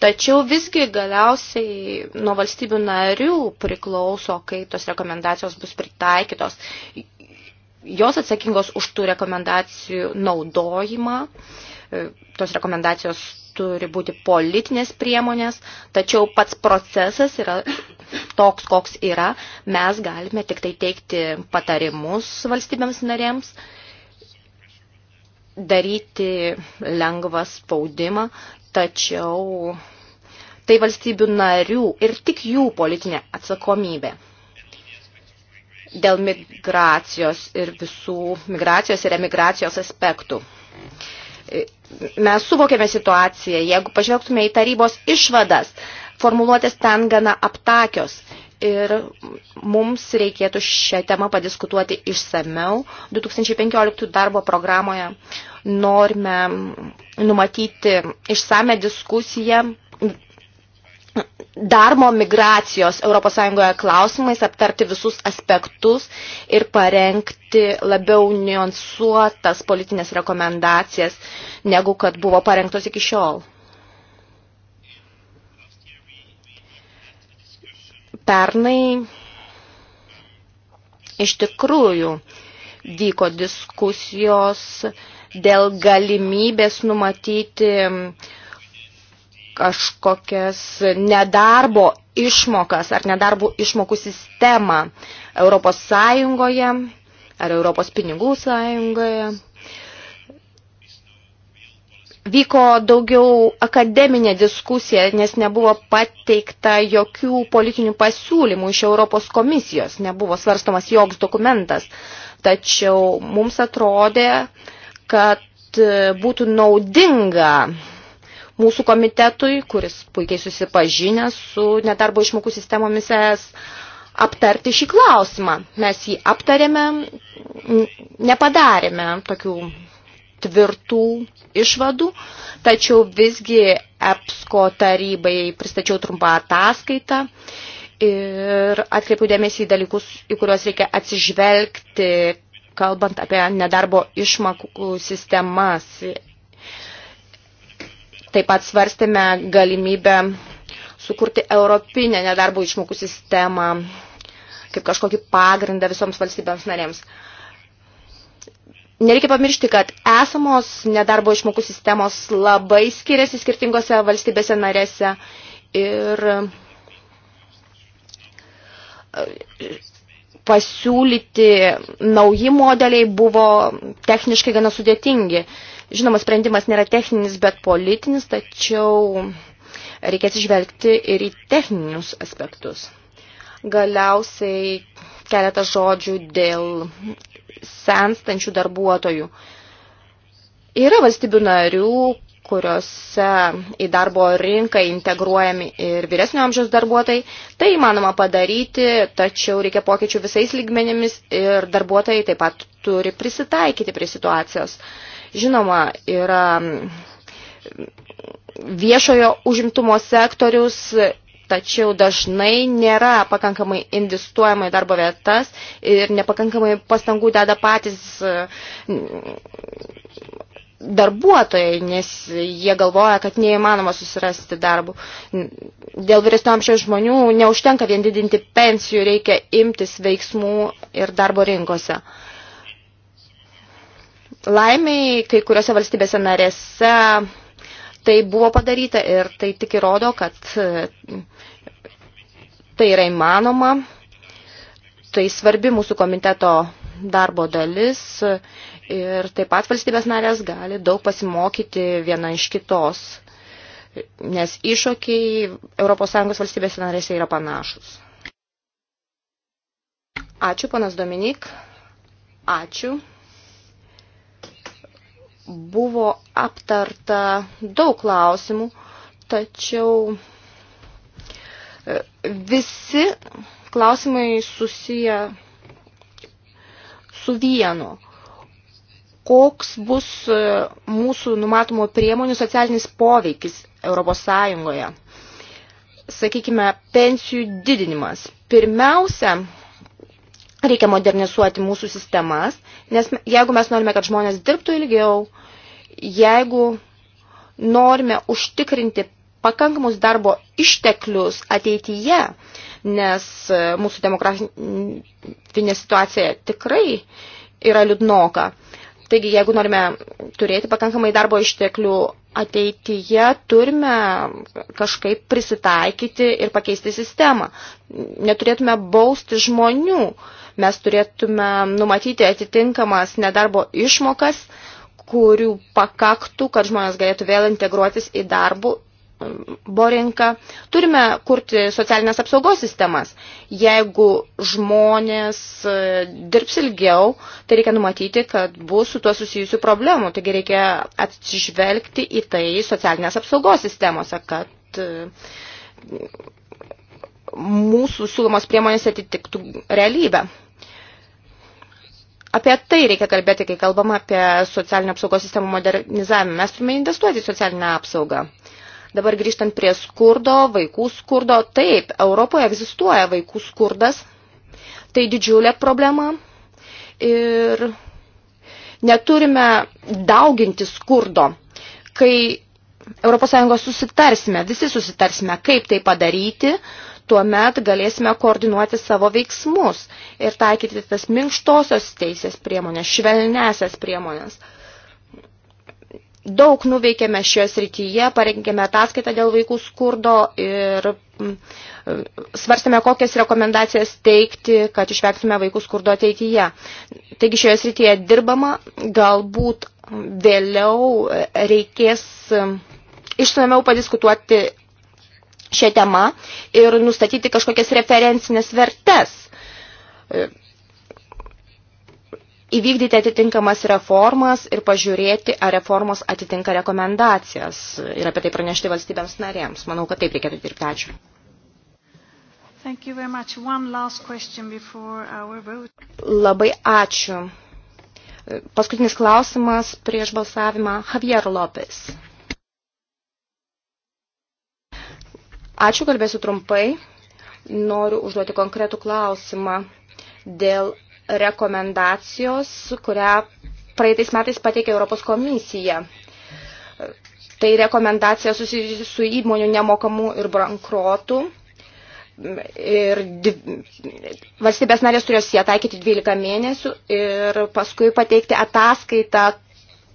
Tačiau visgi galiausiai nuo valstybių narių priklauso, kaip tos rekomendacijos bus pritaikytos. Jos atsakingos už tų rekomendacijų naudojimą. Tos rekomendacijos turi būti politinės priemonės, tačiau pats procesas yra toks, koks yra, mes galime tik tai teikti patarimus valstybėms narėms, daryti lengvą spaudimą, tačiau tai valstybių narių ir tik jų politinė atsakomybė dėl migracijos ir visų migracijos ir emigracijos aspektų. Mes suvokėme situaciją, jeigu pažvelgtume į tarybos išvadas, formuluotės ten gana aptakios ir mums reikėtų šią temą padiskutuoti išsameu. 2015 darbo programoje norime numatyti išsame diskusiją darbo migracijos ES klausimais, aptarti visus aspektus ir parengti labiau niuansuotas politinės rekomendacijas, negu kad buvo parengtos iki šiol. Pernai iš tikrųjų vyko diskusijos dėl galimybės numatyti kažkokias nedarbo išmokas ar nedarbo išmokų sistemą Europos Sąjungoje ar Europos pinigų sąjungoje vyko daugiau akademinė diskusija, nes nebuvo pateikta jokių politinių pasiūlymų iš Europos komisijos, nebuvo svarstomas joks dokumentas. Tačiau mums atrodė, kad e, būtų naudinga mūsų komitetui, kuris puikiai susipažinęs su nedarbo išmokų sistemomis es, aptarti šį klausimą. Mes jį aptarėme, nepadarėme tokių tvirtų išvadų, tačiau visgi EPSCO tarybai pristačiau trumpą ataskaitą ir atkreipiu dėmesį į dalykus, į kuriuos reikia atsižvelgti, kalbant apie nedarbo išmokų sistemas. Taip pat svarstėme galimybę sukurti europinę nedarbo išmokų sistemą kaip kažkokį pagrindą visoms valstybėms narėms. Uh, Nereikia pamiršti, kad esamos nedarbo išmokų sistemos labai skiriasi skirtingose valstybėse narėse ir e, pasiūlyti nauji modeliai buvo techniškai gana sudėtingi. Žinoma, sprendimas nėra techninis, bet politinis, tačiau reikia atsižvelgti ir į techninius aspektus. Galiausiai keletas žodžių dėl senstančių darbuotojų. Yra valstybių narių, kuriuose į darbo rinką integruojami ir vyresnio amžiaus darbuotojai. Tai įmanoma padaryti, tačiau reikia pokyčių visais lygmenėmis ir darbuotojai taip pat turi prisitaikyti prie situacijos. Žinoma, yra viešojo užimtumo sektorius tačiau dažnai nėra pakankamai investuojama į darbo vietas ir nepakankamai pastangų deda patys e, darbuotojai, nes jie galvoja, kad neįmanoma susirasti darbų. Dėl vyresnio amžiaus žmonių neužtenka vien didinti pensijų, reikia imtis veiksmų ir darbo rinkose. Laimiai, kai kuriuose valstybėse narėse tai buvo padaryta ir tai tik įrodo, kad e, tai yra įmanoma. Tai svarbi mūsų komiteto darbo dalis e, ir taip pat valstybės narės gali daug pasimokyti viena iš kitos, nes iššūkiai ES valstybės narėse yra panašus. Ačiū, panas Dominik. Ačiū buvo aptarta daug klausimų, tačiau e, visi klausimai susiję su vienu. Koks bus e, mūsų numatomo priemonių socialinis poveikis Europos Sąjungoje? Sakykime, pensijų didinimas. Pirmiausia, reikia modernizuoti mūsų sistemas, Nes jeigu mes norime, kad žmonės dirbtų ilgiau, jeigu norime užtikrinti pakankamus darbo išteklius ateityje, nes e, mūsų demografinė situacija tikrai yra liūdnoka. Taigi, jeigu norime turėti pakankamai darbo išteklių ateityje turime kažkaip prisitaikyti ir pakeisti sistemą. Neturėtume bausti žmonių, mes turėtume numatyti atitinkamas nedarbo išmokas, kurių pakaktų, kad žmonės galėtų vėl integruotis į darbų borinka. Turime kurti socialinės apsaugos sistemas. Jeigu žmonės e, dirbs ilgiau, tai reikia numatyti, kad bus su tuo susijusių problemų. Taigi reikia atsižvelgti į tai socialinės apsaugos sistemose, kad e, mūsų siūlomos priemonės atitiktų realybę. Apie tai reikia kalbėti, kai kalbam apie socialinio apsaugos sistemų modernizavimą. Mes turime investuoti į socialinę apsaugą. Dabar grįžtant prie skurdo, vaikų skurdo, taip, Europoje egzistuoja vaikų skurdas, tai didžiulė problema ir neturime dauginti skurdo, kai ES susitarsime, visi susitarsime, kaip tai padaryti, tuomet galėsime koordinuoti savo veiksmus ir taikyti tas minkštosios teisės priemonės, švelnesias priemonės. priemonės. Daug nuveikėme šioje srityje, parengėme ataskaitą dėl vaikų skurdo ir mm, svarstame, kokias rekomendacijas teikti, kad išvengtume vaikų skurdo ateityje. Taigi šioje srityje dirbama, galbūt vėliau reikės mm, išsamiau padiskutuoti šią temą ir nustatyti kažkokias referencinės vertes įvykdyti atitinkamas reformas ir pažiūrėti, ar reformos atitinka rekomendacijas ir apie tai pranešti valstybėms narėms. Manau, kad taip reikėtų dirbti. Ačiū. Thank you very much. One last question before our vote. Labai ačiū. Paskutinis klausimas prieš balsavimą Javier Lopez. Ačiū, kalbėsiu trumpai. Noriu užduoti konkretų klausimą dėl rekomendacijos, kurią praeitais metais pateikė Europos komisija. Tai rekomendacija susijusi su įmonių nemokamų ir bankrotų. Ir valstybės narės turės ją taikyti 12 mėnesių ir paskui pateikti ataskaitą,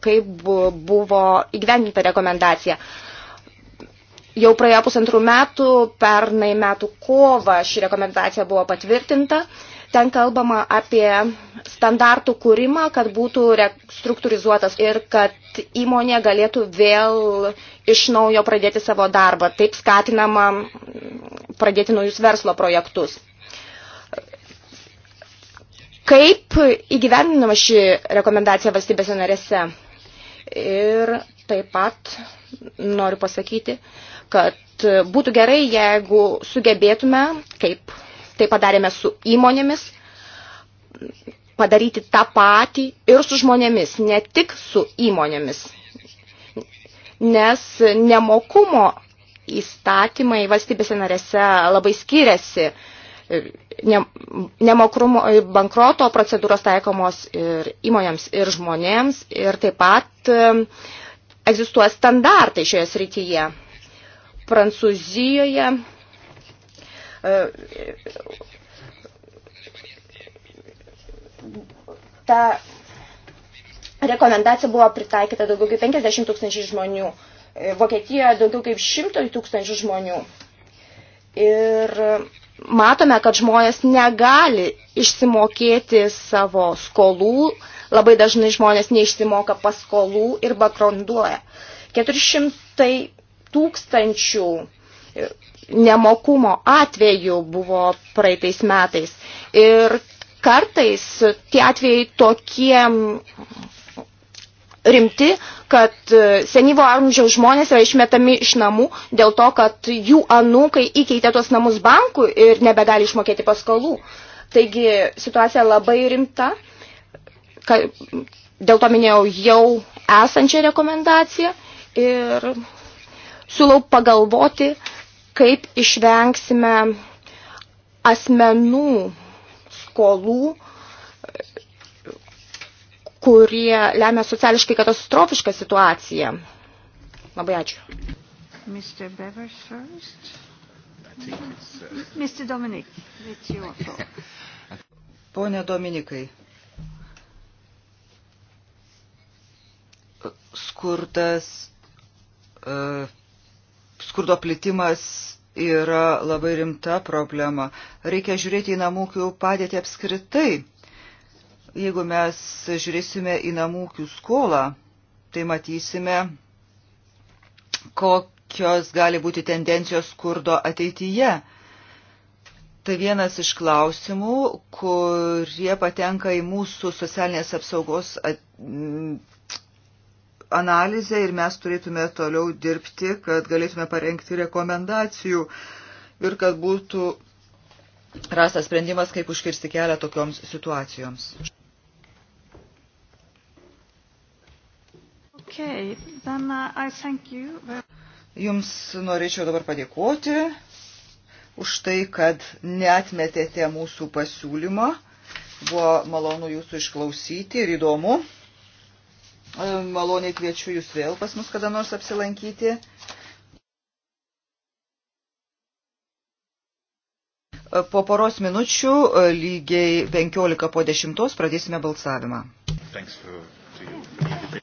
kaip buvo įgyvendinta rekomendacija. Jau praėjo pusantrų metų, pernai metų kova ši rekomendacija buvo patvirtinta Ten kalbama apie standartų kūrimą, kad būtų restruktūrizuotas ir kad įmonė galėtų vėl iš naujo pradėti savo darbą. Taip skatinama pradėti naujus verslo projektus. Kaip įgyvendinama ši rekomendacija valstybėse narėse? Ir taip pat noriu pasakyti, kad būtų gerai, jeigu sugebėtume, kaip tai padarėme su įmonėmis, padaryti tą patį ir su žmonėmis, ne tik su įmonėmis. Nes nemokumo įstatymai valstybėse narėse labai skiriasi. Nemokrumo bankroto procedūros taikomos ir įmonėms, ir žmonėms, ir taip pat egzistuoja standartai šioje srityje. Prancūzijoje Ta rekomendacija buvo pritaikyta daugiau kaip 50 tūkstančių žmonių. Vokietijoje daugiau kaip 100 tūkstančių žmonių. Ir matome, kad žmonės negali išsimokėti savo skolų, labai dažnai žmonės neišsimoka paskolų ir bakronduoja. 400 tūkstančių nemokumo atvejų buvo praeitais metais. Ir kartais tie atvejai tokie rimti, kad senyvo amžiaus žmonės yra išmetami iš namų dėl to, kad jų anūkai įkeitė tos namus bankų ir nebegali išmokėti paskolų. Taigi situacija labai rimta. Dėl to minėjau jau esančią rekomendaciją ir siūlau pagalvoti, kaip išvengsime asmenų skolų, kurie lemia sociališkai katastrofišką situaciją. Labai ačiū. Mr. Bevers first. Uh, Mr. Dominik, it's your fault. Pone Dominikai, skurdas uh, skurdo plitimas yra labai rimta problema. Reikia žiūrėti į namūkių padėtį apskritai. Jeigu mes žiūrėsime į namūkių skolą, tai matysime, kokios gali būti tendencijos skurdo ateityje. Tai vienas iš klausimų, kurie patenka į mūsų socialinės apsaugos analizę ir mes turėtume toliau dirbti, kad galėtume parengti rekomendacijų ir kad būtų rastas sprendimas, kaip užkirsti kelią tokioms situacijoms. Okay, then, uh, Jums norėčiau dabar padėkoti už tai, kad neatmetėte mūsų pasiūlymą. Buvo malonu jūsų išklausyti ir įdomu. E, maloniai kviečiu jūs vėl pas mus kada nors apsilankyti. E, po poros minučių, e, lygiai 15 po 10, pradėsime balsavimą. Thanks for, to you.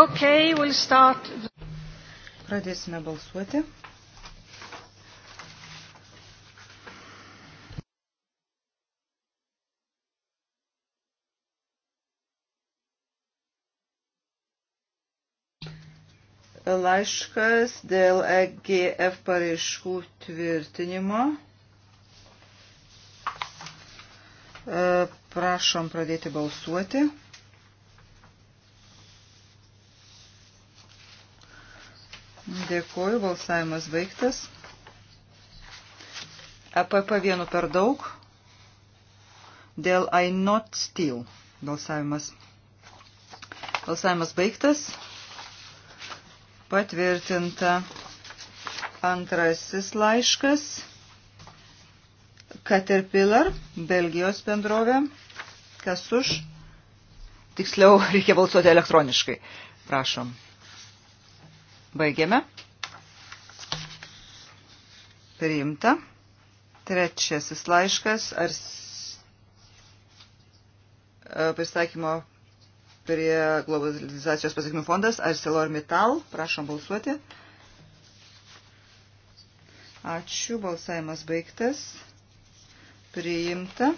Okay, we'll start. Pradėsime balsuoti. Laiškas dėl EGF pareiškų tvirtinimo. E, prašom pradėti balsuoti. Dėkuoju, balsavimas baigtas. EPP vienu per daug. Dėl I not steal balsavimas. Balsavimas baigtas. Patvirtinta antrasis laiškas. Caterpillar, Belgijos bendrovė. Kas už? Tiksliau, reikia balsuoti elektroniškai. Prašom. Baigiame. Priimta. Trečiasis laiškas ar e, pristatymo prie globalizacijos pasiekmių fondas Arcelor Metal. Prašom balsuoti. Ačiū. Balsavimas baigtas. Priimta.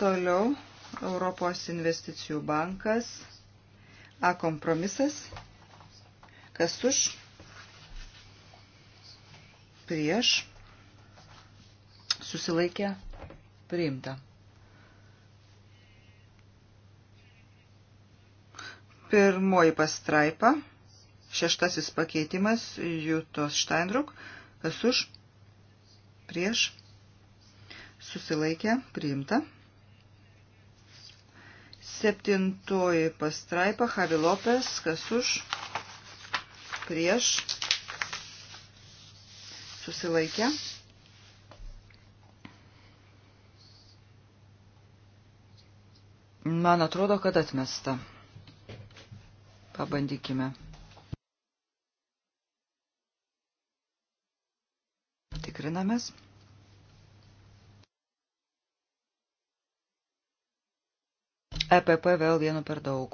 Toliau Europos investicijų bankas. A kompromisas. Kas už? Prieš. Susilaikė. Priimta. Pirmoji pastraipa. Šeštasis pakeitimas. Jūtos Steinruk. Kas už? Prieš. Susilaikė. Priimta. Priimta. Septintoji pastraipa, Havi Lopes, kas už, prieš, susilaikę. Man atrodo, kad atmesta. Pabandykime. Tikrinamės. EPP vėl vienu per daug.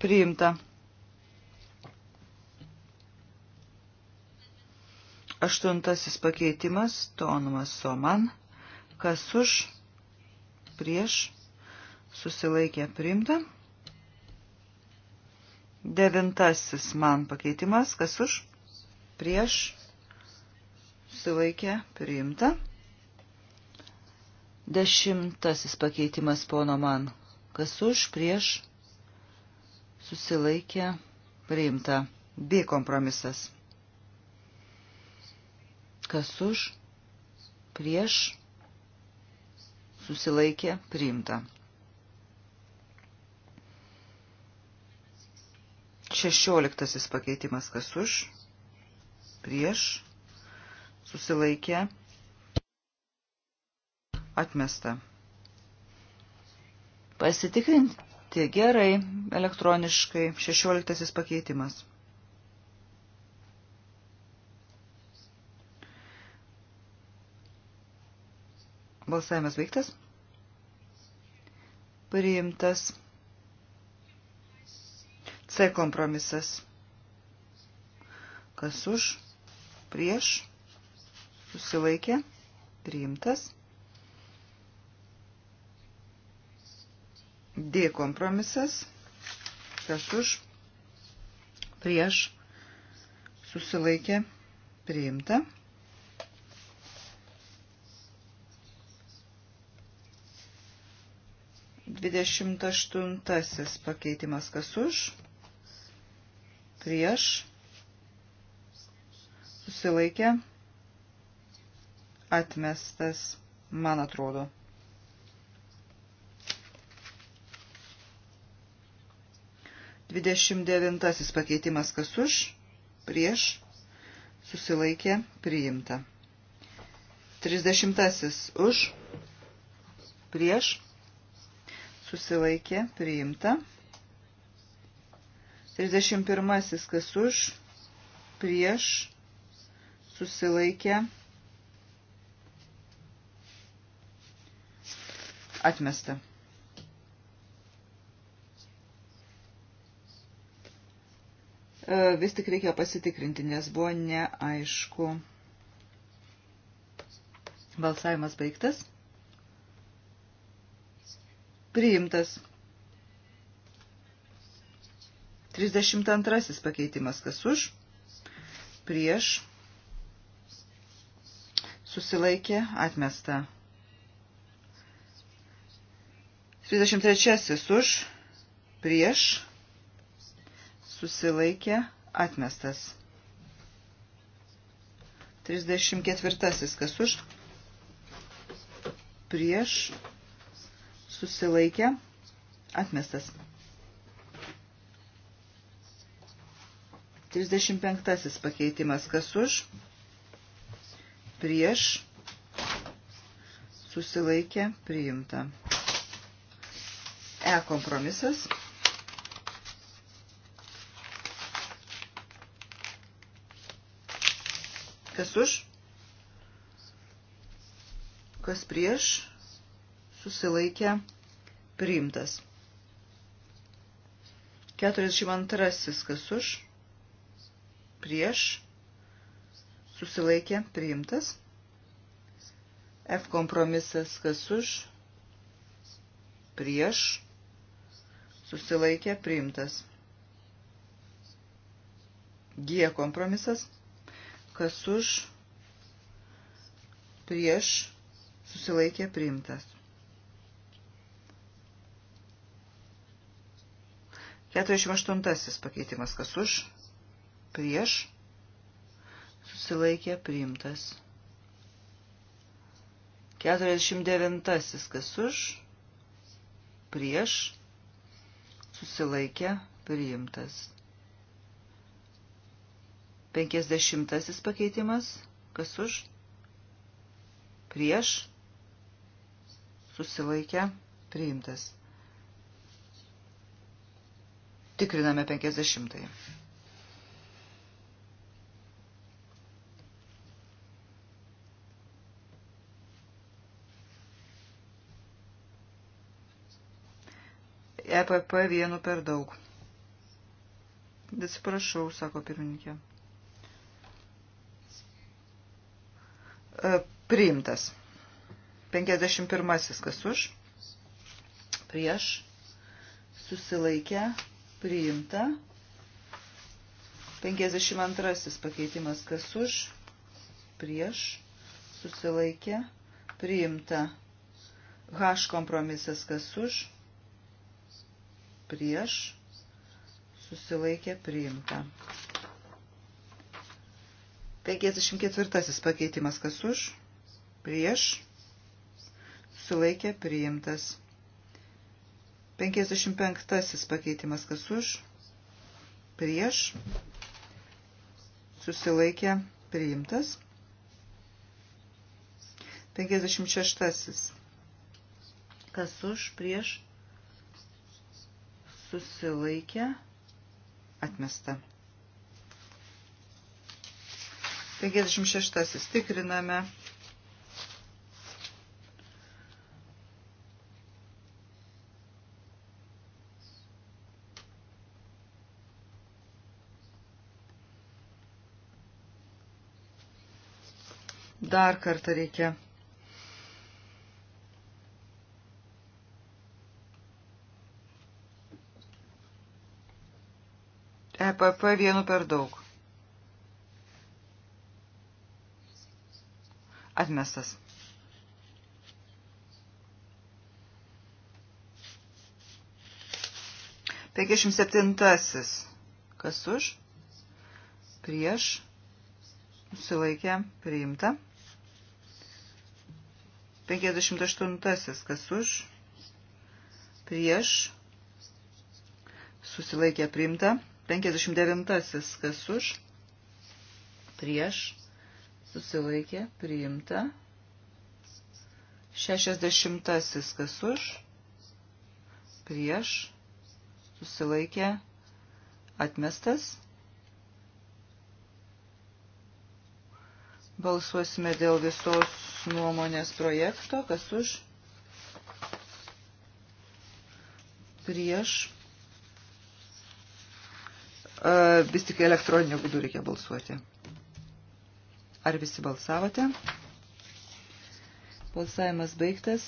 Priimta. Aštuntasis pakeitimas, tonumas Soman, kas už, prieš, susilaikė priimta. Devintasis man pakeitimas, kas už, prieš, susilaikė, priimta. Dešimtasis pakeitimas pono man. Kas už, prieš, susilaikė, priimta. B kompromisas. Kas už, prieš, susilaikė, priimta. Šešioliktasis pakeitimas kas už, prieš, susilaikė, atmesta. Pasitikrinti gerai elektroniškai 16 pakeitimas. Balsavimas baigtas. Priimtas. C kompromisas. Kas už? Prieš? susilaikė, priimtas. D kompromisas, kas už, prieš, susilaikė, priimta. Dvidešimt aštuntasis pakeitimas kas už, prieš, susilaikė, priimta atmestas, man atrodo. Dvidešimt devintasis pakeitimas kas už, prieš, susilaikė, priimta. Trisdešimtasis už, prieš, susilaikė, priimta. 31. Kas už, prieš, susilaikė, priimta Atmesta. E, vis tik reikia pasitikrinti, nes buvo neaišku. Balsavimas baigtas. Priimtas. 32 pakeitimas kas už. Prieš. Susilaikė atmesta. 33 už, prieš, susilaikė, atmestas. 34 kas už, prieš, susilaikė, atmestas. 35 pakeitimas kas už, prieš, susilaikė, priimta. E kompromisas. Kas už? Kas prieš? Susilaikė priimtas. 42. Kas už? Prieš? Susilaikė priimtas. F kompromisas kas už, prieš, susilaikė priimtas. G kompromisas, kas už, prieš, susilaikė priimtas. 48 pakeitimas, kas už, prieš, susilaikė priimtas. 49 kas už, prieš, susilaikė priimtas. 50 pakeitimas, kas už, prieš, susilaikė priimtas. Tikriname 50. -ąjį. EPP vienu per daug. Atsiprašau, sako pirmininkė. E, priimtas. 51. Kas už? Prieš. Susilaikę. Priimta. 52 pakeitimas kas už, prieš, susilaikė, priimta. H kompromisas kas už, prieš, susilaikė priimta. 54 pakeitimas kas už, prieš, susilaikė priimtas. 55 pakeitimas kas už, prieš, susilaikė priimtas. 56 kas už, prieš, susilaikę, atmesta. 56. Tikriname. Dar kartą reikia EPP vienu per daug. Atmestas. Penkiasdešimt septintasis. Kas už? Prieš. Susilaikė. Priimta. Penkiasdešimt aštuntasis. Kas už? Prieš. Prieš susilaikė priimta. 59. Kas už? Prieš. Susilaikė. Priimta. 60. Kas už? Prieš. Susilaikė. Atmestas. Balsuosime dėl visos nuomonės projekto. Kas už? Prieš vis tik elektroniniu būdu reikia balsuoti. Ar visi balsavote? Balsavimas baigtas.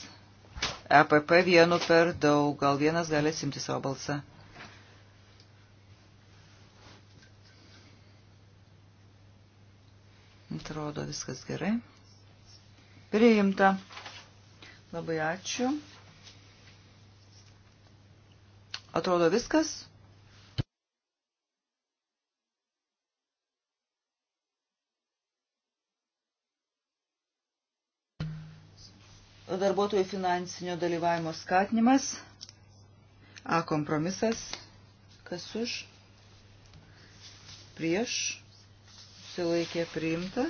EPP vienu per daug, gal vienas gali simti savo balsą. Atrodo viskas gerai. Priimta. Labai ačiū. Atrodo viskas. Darbuotojų finansinio dalyvavimo skatinimas. A kompromisas. Kas už? Prieš. Susilaikė priimta.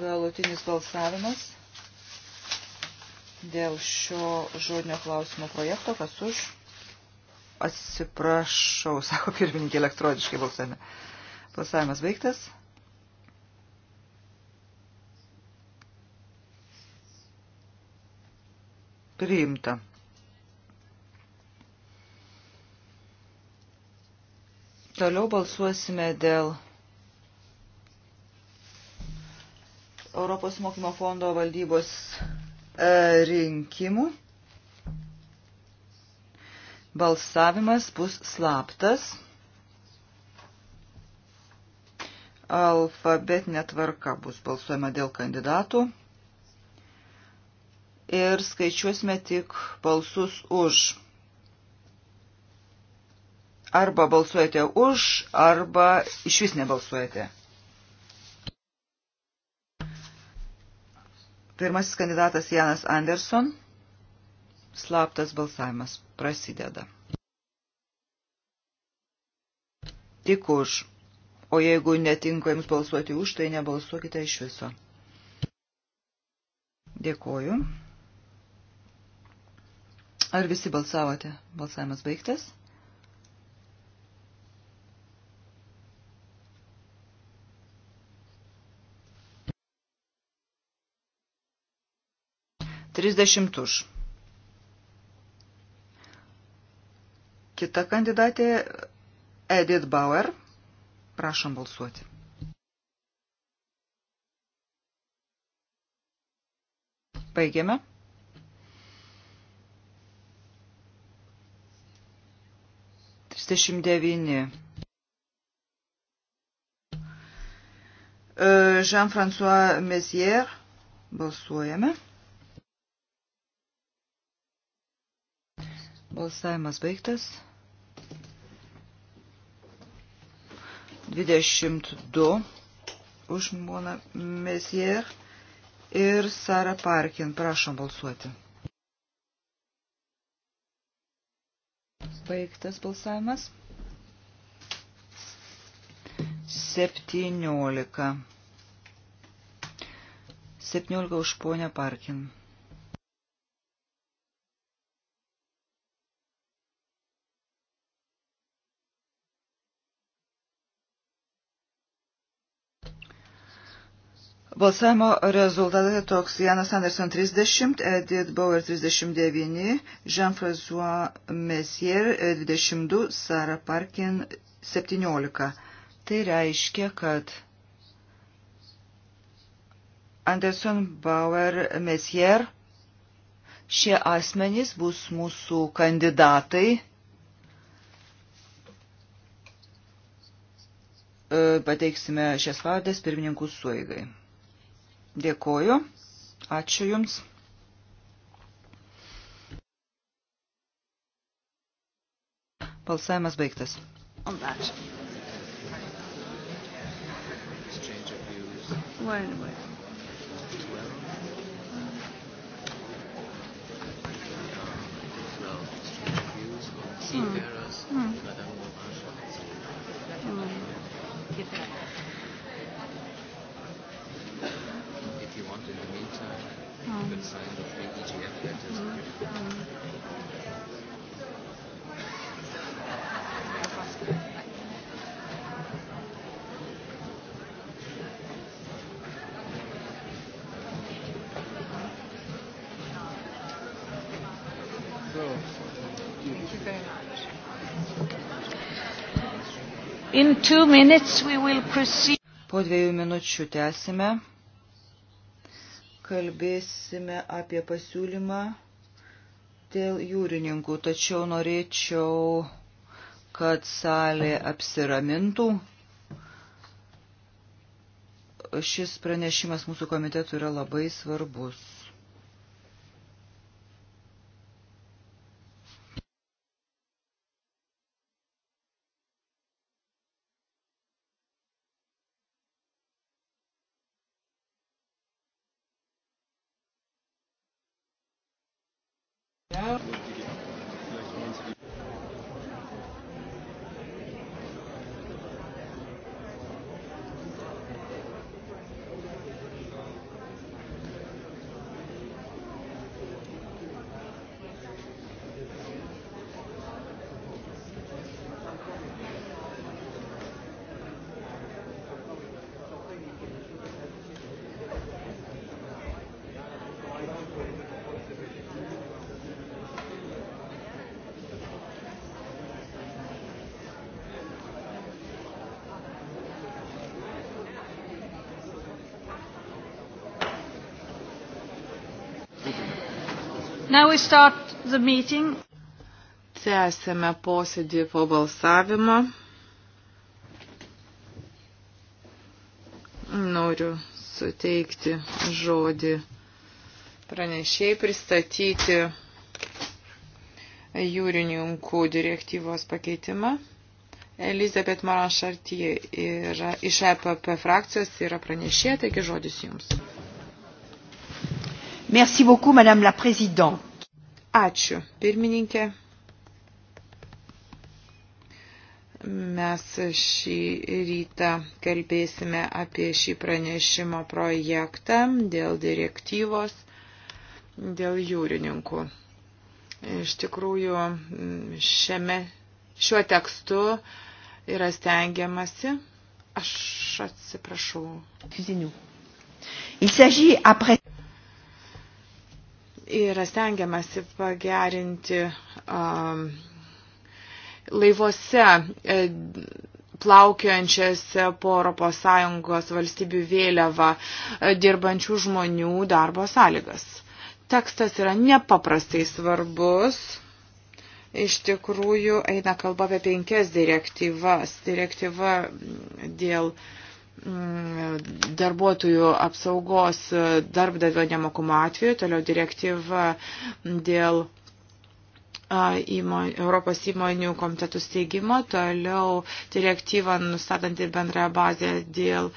Galutinis balsavimas dėl šio žodinio klausimo projekto. Kas už? Atsiprašau, sako pirmininkė elektroniškai balsavime. Balsavimas baigtas. priimta. Toliau balsuosime dėl Europos mokymo fondo valdybos e, rinkimų. Balsavimas bus slaptas. Alfabetinė tvarka bus balsuojama dėl kandidatų ir skaičiuosime tik balsus už. Arba balsuojate už, arba iš vis nebalsuojate. Pirmasis kandidatas Janas Anderson. Slaptas balsavimas prasideda. Tik už. O jeigu netinka jums balsuoti už, tai nebalsuokite iš viso. Dėkuoju. Ar visi balsavote? Balsavimas baigtas. Trisdešimt už. Kita kandidatė Edith Bauer. Prašom balsuoti. Baigiame. 69. E, Jean-François Mesier. Balsuojame. Balsavimas baigtas. 22 už Mona Mesier ir Sara Parkin. Prašom balsuoti. Baigtas balsavimas. 17. 17 už ponę Parkin. Balsavimo rezultatai toks Janas Anderson 30, Edith Bauer 39, Jean-François Messier 22, Sara Parkin 17. Tai reiškia, kad Anderson Bauer Messier šie asmenys bus mūsų kandidatai. E, pateiksime šias pavardės pirmininkų suigai. Dėkoju. Ačiū Jums. Balsavimas baigtas. Ačiū. Wait, wait. Mm. Mm. um, good sign of the EGF that is mm, um, In two minutes we will proceed. Po dviejų minučių tęsime kalbėsime apie pasiūlymą dėl jūrininkų, tačiau norėčiau, kad salė apsiramintų. Šis pranešimas mūsų komitetų yra labai svarbus. Tęsėme posėdį po balsavimo. Noriu suteikti žodį pranešiai pristatyti jūrininkų direktyvos pakeitimą. Elizabet Maranšartie yra iš EPP frakcijos yra pranešė, taigi žodis jums. Merci beaucoup, Madame la Présidente. Ačiū, pirmininkė. Mes šį rytą kalbėsime apie šį pranešimo projektą dėl direktyvos, dėl jūrininkų. Iš tikrųjų, šiame, šiuo tekstu yra stengiamasi. Aš atsiprašau. Fizinių. Il s'agit après yra stengiamasi pagerinti um, laivuose e, plaukiojančiose po ES valstybių vėliava e, dirbančių žmonių darbo sąlygas. Tekstas yra nepaprastai svarbus. Iš tikrųjų, eina kalba apie penkias direktyvas. Direktyva dėl uh, Mm, darbuotojų apsaugos e, darbdavio nemokumo atveju, toliau direktyva dėl įmon, Europos įmonių komitetų steigimo, toliau direktyvą nustatanti bendrąją bazę dėl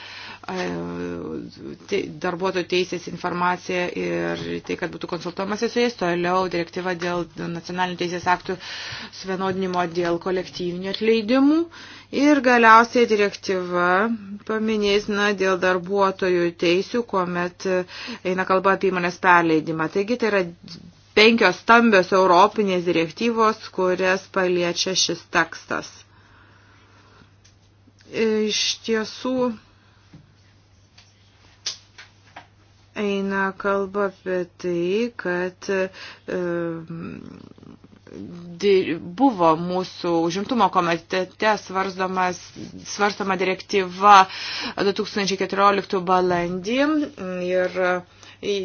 darbuotojų teisės informaciją ir tai, kad būtų konsultuomasi su jais, toliau direktyva dėl nacionalinių teisės aktų suvienodinimo dėl kolektyvinių atleidimų ir galiausiai direktyva paminėsina dėl darbuotojų teisių, kuomet eina kalba apie įmonės perleidimą. Taigi tai yra penkios stambios europinės direktyvos, kurias paliečia šis tekstas. Iš tiesų eina kalba apie tai, kad e, buvo mūsų užimtumo komitete svarstoma direktyva 2014 balandį ir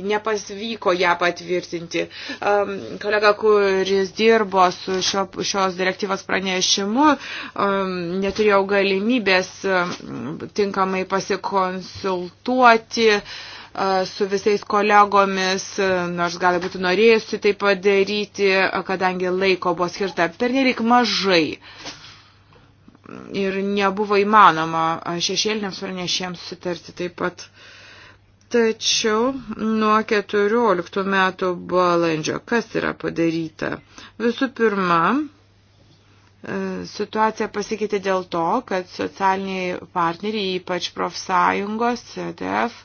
nepasvyko ją patvirtinti. Um, kolega, kuris dirbo su šio, šios direktyvos pranešimu, um, neturėjau galimybės um, tinkamai pasikonsultuoti su visais kolegomis, nors gali būti norėjusi tai padaryti, kadangi laiko buvo skirta pernelyg mažai ir nebuvo įmanoma šešėliniams pranešėjams sutarti taip pat. Tačiau nuo 14 metų balandžio kas yra padaryta? Visų pirma, e, situacija pasikeitė dėl to, kad socialiniai partneriai, ypač profsąjungos, CDF,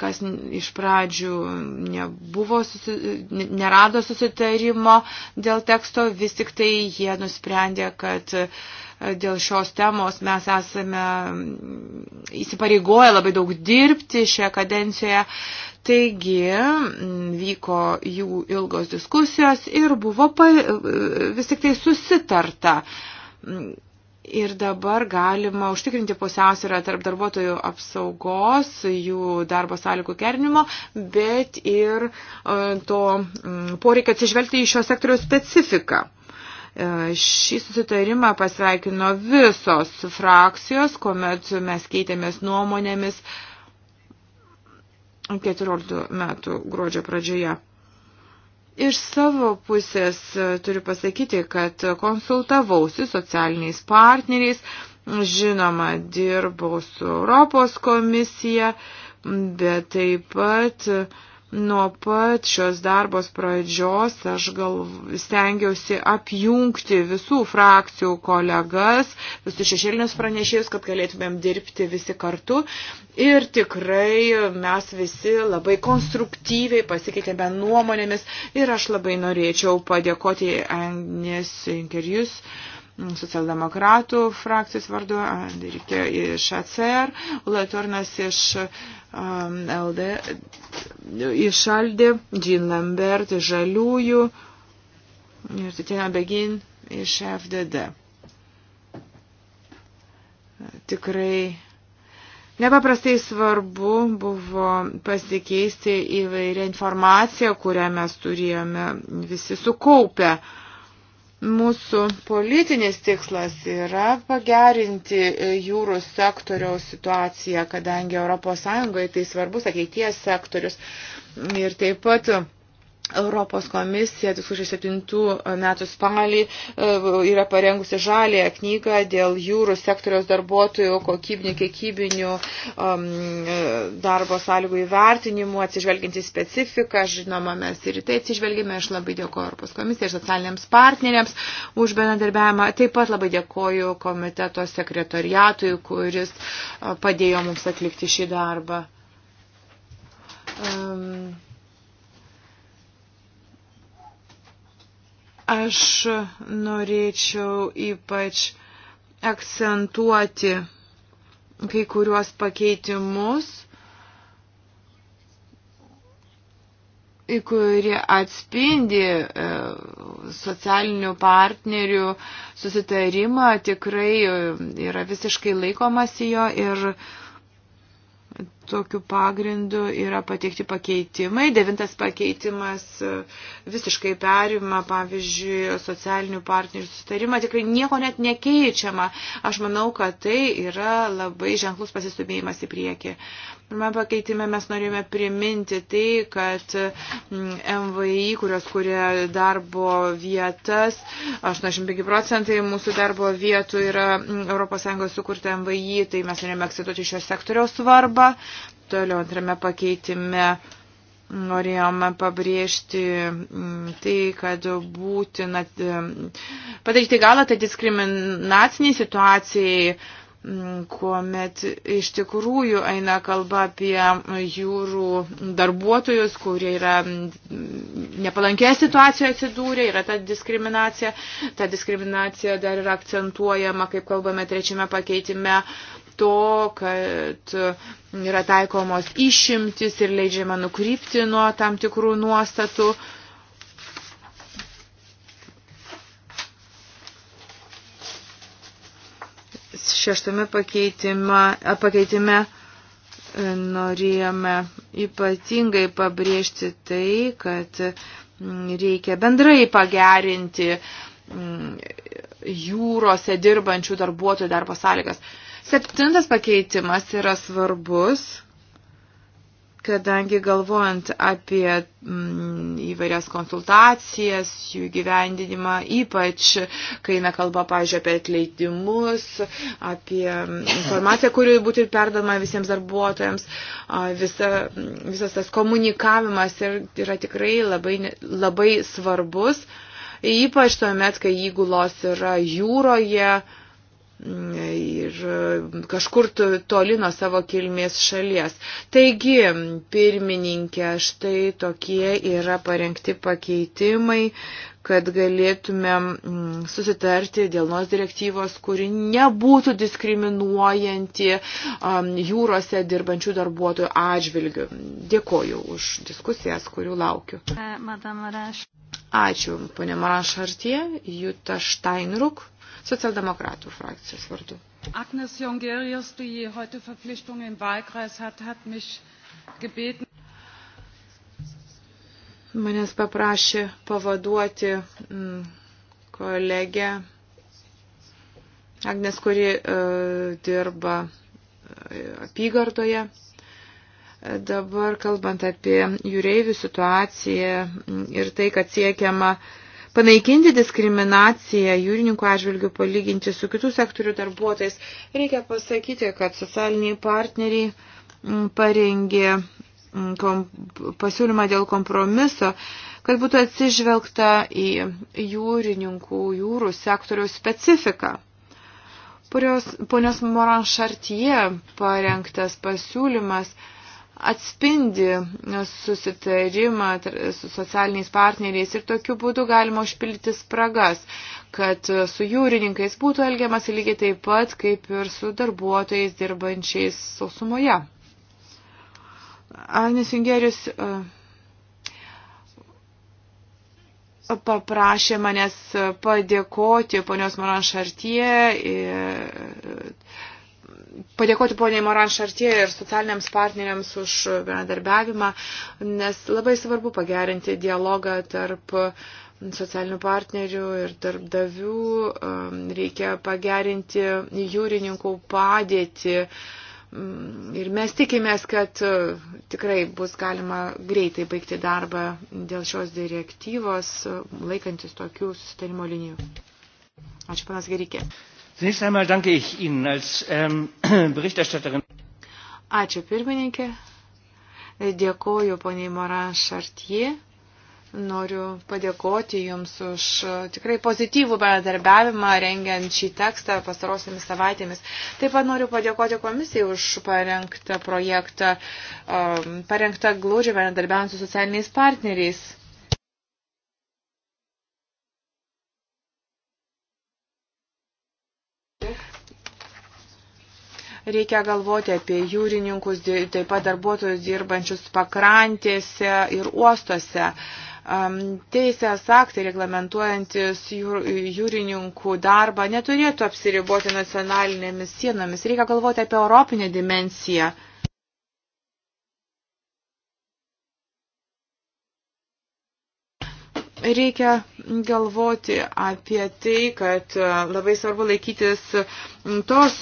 kas iš pradžių nebuvo, susi, nerado susitarimo dėl teksto, vis tik tai jie nusprendė, kad uh, dėl šios temos. Mes esame įsipareigoję labai daug dirbti šioje kadencijoje. Taigi vyko jų ilgos diskusijos ir buvo pa, vis tik tai susitarta. Ir dabar galima užtikrinti pusiausvyrą tarp darbuotojų apsaugos, jų darbo sąlygų gerinimo, bet ir e, to poreikia atsižvelgti į šio sektoriaus specifiką. E, šį susitarimą pasveikino visos frakcijos, kuomet mes keitėmės nuomonėmis 14 metų gruodžio pradžioje. Iš savo pusės e, turiu pasakyti, kad konsultavausi socialiniais partneriais, žinoma, dirbau su Europos komisija, bet taip pat uh, Nuo pat šios darbos pradžios aš gal stengiausi apjungti visų frakcijų kolegas, visus šešėlinius pranešėjus, kad galėtumėm dirbti visi kartu. Ir tikrai mes visi labai konstruktyviai pasikeitėme nuomonėmis ir aš labai norėčiau padėkoti Agnes Inkerius socialdemokratų frakcijos vardu, reikėjo iš ACR, Latornas iš um, LD, iš Aldė, Jean Lambert iš Žaliųjų ir Tatiana Begin iš FDD. Tikrai Nepaprastai svarbu buvo pasikeisti įvairią informaciją, kurią mes turėjome visi sukaupę. Uh, Mūsų politinis tikslas yra pagerinti e, jūrų sektoriaus situaciją, kadangi ES tai svarbus ateities sektorius. Ir taip pat Europos komisija 2007 metų spalį e, yra parengusi žalėją knygą dėl jūrų sektoriaus darbuotojų kokybinių, kiekybinių um, darbo sąlygų įvertinimų, atsižvelginti į specifiką. Žinoma, mes ir tai atsižvelgime. Aš labai dėkoju Europos komisijai ir socialiniams partneriams už bendradarbiavimą. Taip pat labai dėkoju komiteto sekretoriatui, kuris e, padėjo mums atlikti šį darbą. Um, Aš norėčiau ypač akcentuoti kai kuriuos pakeitimus, kurie atspindi e, socialinių partnerių susitarimą, tikrai e, yra visiškai laikomasi jo ir tokiu pagrindu yra pateikti pakeitimai. Devintas pakeitimas e, visiškai perima, pavyzdžiui, socialinių partnerių sustarimą. Tikrai nieko net nekeičiama. Aš manau, kad tai yra labai ženklus pasistumėjimas į priekį. Pirmame pakeitime mes norėjome priminti tai, kad MVI, mm, kurios kuria darbo vietas, 85 procentai mūsų darbo vietų yra mm, ES sukurta MVI, tai mes norėjome akcentuoti šio sektoriaus svarbą. Toliau antrame pakeitime norėjome pabrėžti mm, tai, kad būtina padaryti galą tą tai diskriminaciniai situacijai kuomet iš tikrųjų eina kalba apie jūrų darbuotojus, kurie yra nepalankėje situacijoje atsidūrė, yra ta diskriminacija. Ta diskriminacija dar yra akcentuojama, kaip kalbame trečiame pakeitime, to, kad yra taikomos išimtis ir leidžiama nukrypti nuo tam tikrų nuostatų. Uh, šeštame pakeitime e, norėjome ypatingai pabrėžti tai, kad reikia bendrai pagerinti jūrose dirbančių darbuotojų darbo sąlygas. Septintas pakeitimas yra svarbus kadangi galvojant apie m, mm, įvairias konsultacijas, jų gyvendinimą, ypač kai eina kalba, pažiūrėjau, apie atleidimus, apie informaciją, kuri būtų perdama visiems darbuotojams, visa, visas tas komunikavimas ir, yra tikrai labai, labai svarbus, ypač tuomet, kai įgulos yra jūroje, ir e, kažkur toli nuo savo kilmės šalies. Taigi, pirmininkė, štai tokie yra parengti pakeitimai, kad galėtumėm mm, susitarti dėl nos direktyvos, kuri nebūtų diskriminuojanti jūrose dirbančių darbuotojų atžvilgių. Dėkoju už diskusijas, kurių laukiu. E, Ačiū, ponė Marašartie, Juta Steinruk socialdemokratų frakcijos vardu. Agnes Jongerius, die heute Verpflichtung im Wahlkreis hat, hat mich gebeten. Manęs paprašė pavaduoti mm, kolegę Agnes, kuri uh, dirba e, apygardoje. E, dabar kalbant apie jūreivių situaciją mm, ir tai, kad siekiama uh, panaikinti diskriminaciją jūrininkų atžvilgių palyginti su kitų sektorių darbuotojais. Reikia pasakyti, kad socialiniai partneriai mm, parengė mm, pasiūlymą dėl kompromiso, kad būtų atsižvelgta į jūrininkų jūrų sektorių specifiką. Ponios Moran Šartie parengtas pasiūlymas atspindi susitarimą su socialiniais partneriais ir tokiu būdu galima užpildyti spragas, kad su jūrininkais būtų elgiamas lygiai taip pat kaip ir su darbuotojais dirbančiais sausumoje. Agnes Jungerius e, paprašė manęs padėkoti ponios Moran Šartie e, padėkoti poniai Moran Šartie ir socialiniams partneriams už bendarbiavimą, nes labai svarbu pagerinti dialogą tarp socialinių partnerių ir darbdavių. Um, reikia pagerinti jūrininkų padėtį. Um, ir mes tikimės, kad uh, tikrai bus galima greitai baigti darbą dėl šios direktyvos, laikantis tokių susitarimo linijų. Ačiū, panas Gerikė. Zunächst einmal danke ich Ihnen als ähm, Berichterstatterin. Ačiū pirmininkė. Dėkoju poniai Moran Šartie. Noriu padėkoti Jums už uh, tikrai pozityvų bendarbiavimą rengiant šį tekstą pastarosiamis savaitėmis. Taip pat noriu padėkoti komisijai už parengtą projektą, um, parengtą glūdžią bendarbiavant su socialiniais partneriais Reikia galvoti apie jūrininkus, taip pat darbuotojus dirbančius pakrantėse ir uostose teisės aktai reglamentuojantis jūrininkų darbą neturėtų apsiriboti nacionalinėmis sienomis. Reikia galvoti apie europinę dimensiją. Reikia galvoti apie tai, kad e, labai svarbu laikytis tos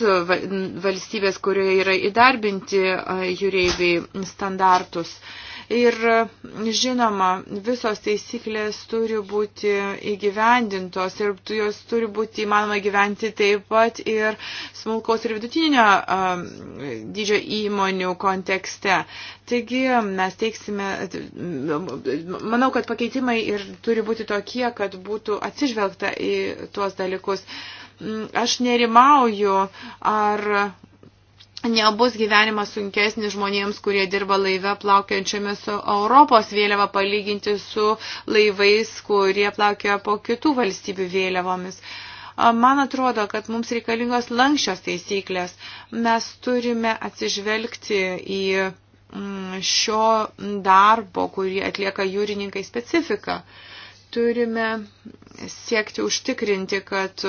valstybės, kurioje yra įdarbinti e, jūreiviai standartus. Ir žinoma, visos taisyklės turi būti įgyvendintos ir jos turi būti įmanoma gyventi taip pat ir smulkaus ir vidutinio um, dydžio įmonių kontekste. Taigi mes teiksime, manau, kad pakeitimai ir turi būti tokie, kad būtų atsižvelgta į tuos dalykus. Mm, aš nerimauju, ar nebus gyvenimas sunkesnis žmonėms, kurie dirba laive plaukiančiame su Europos vėliava palyginti su laivais, kurie plaukioja po kitų valstybių vėliavomis. Man atrodo, kad mums reikalingos lankščios taisyklės. Mes turime atsižvelgti į mm, šio darbo, kurį atlieka jūrininkai specifiką. Uh, turime siekti užtikrinti, kad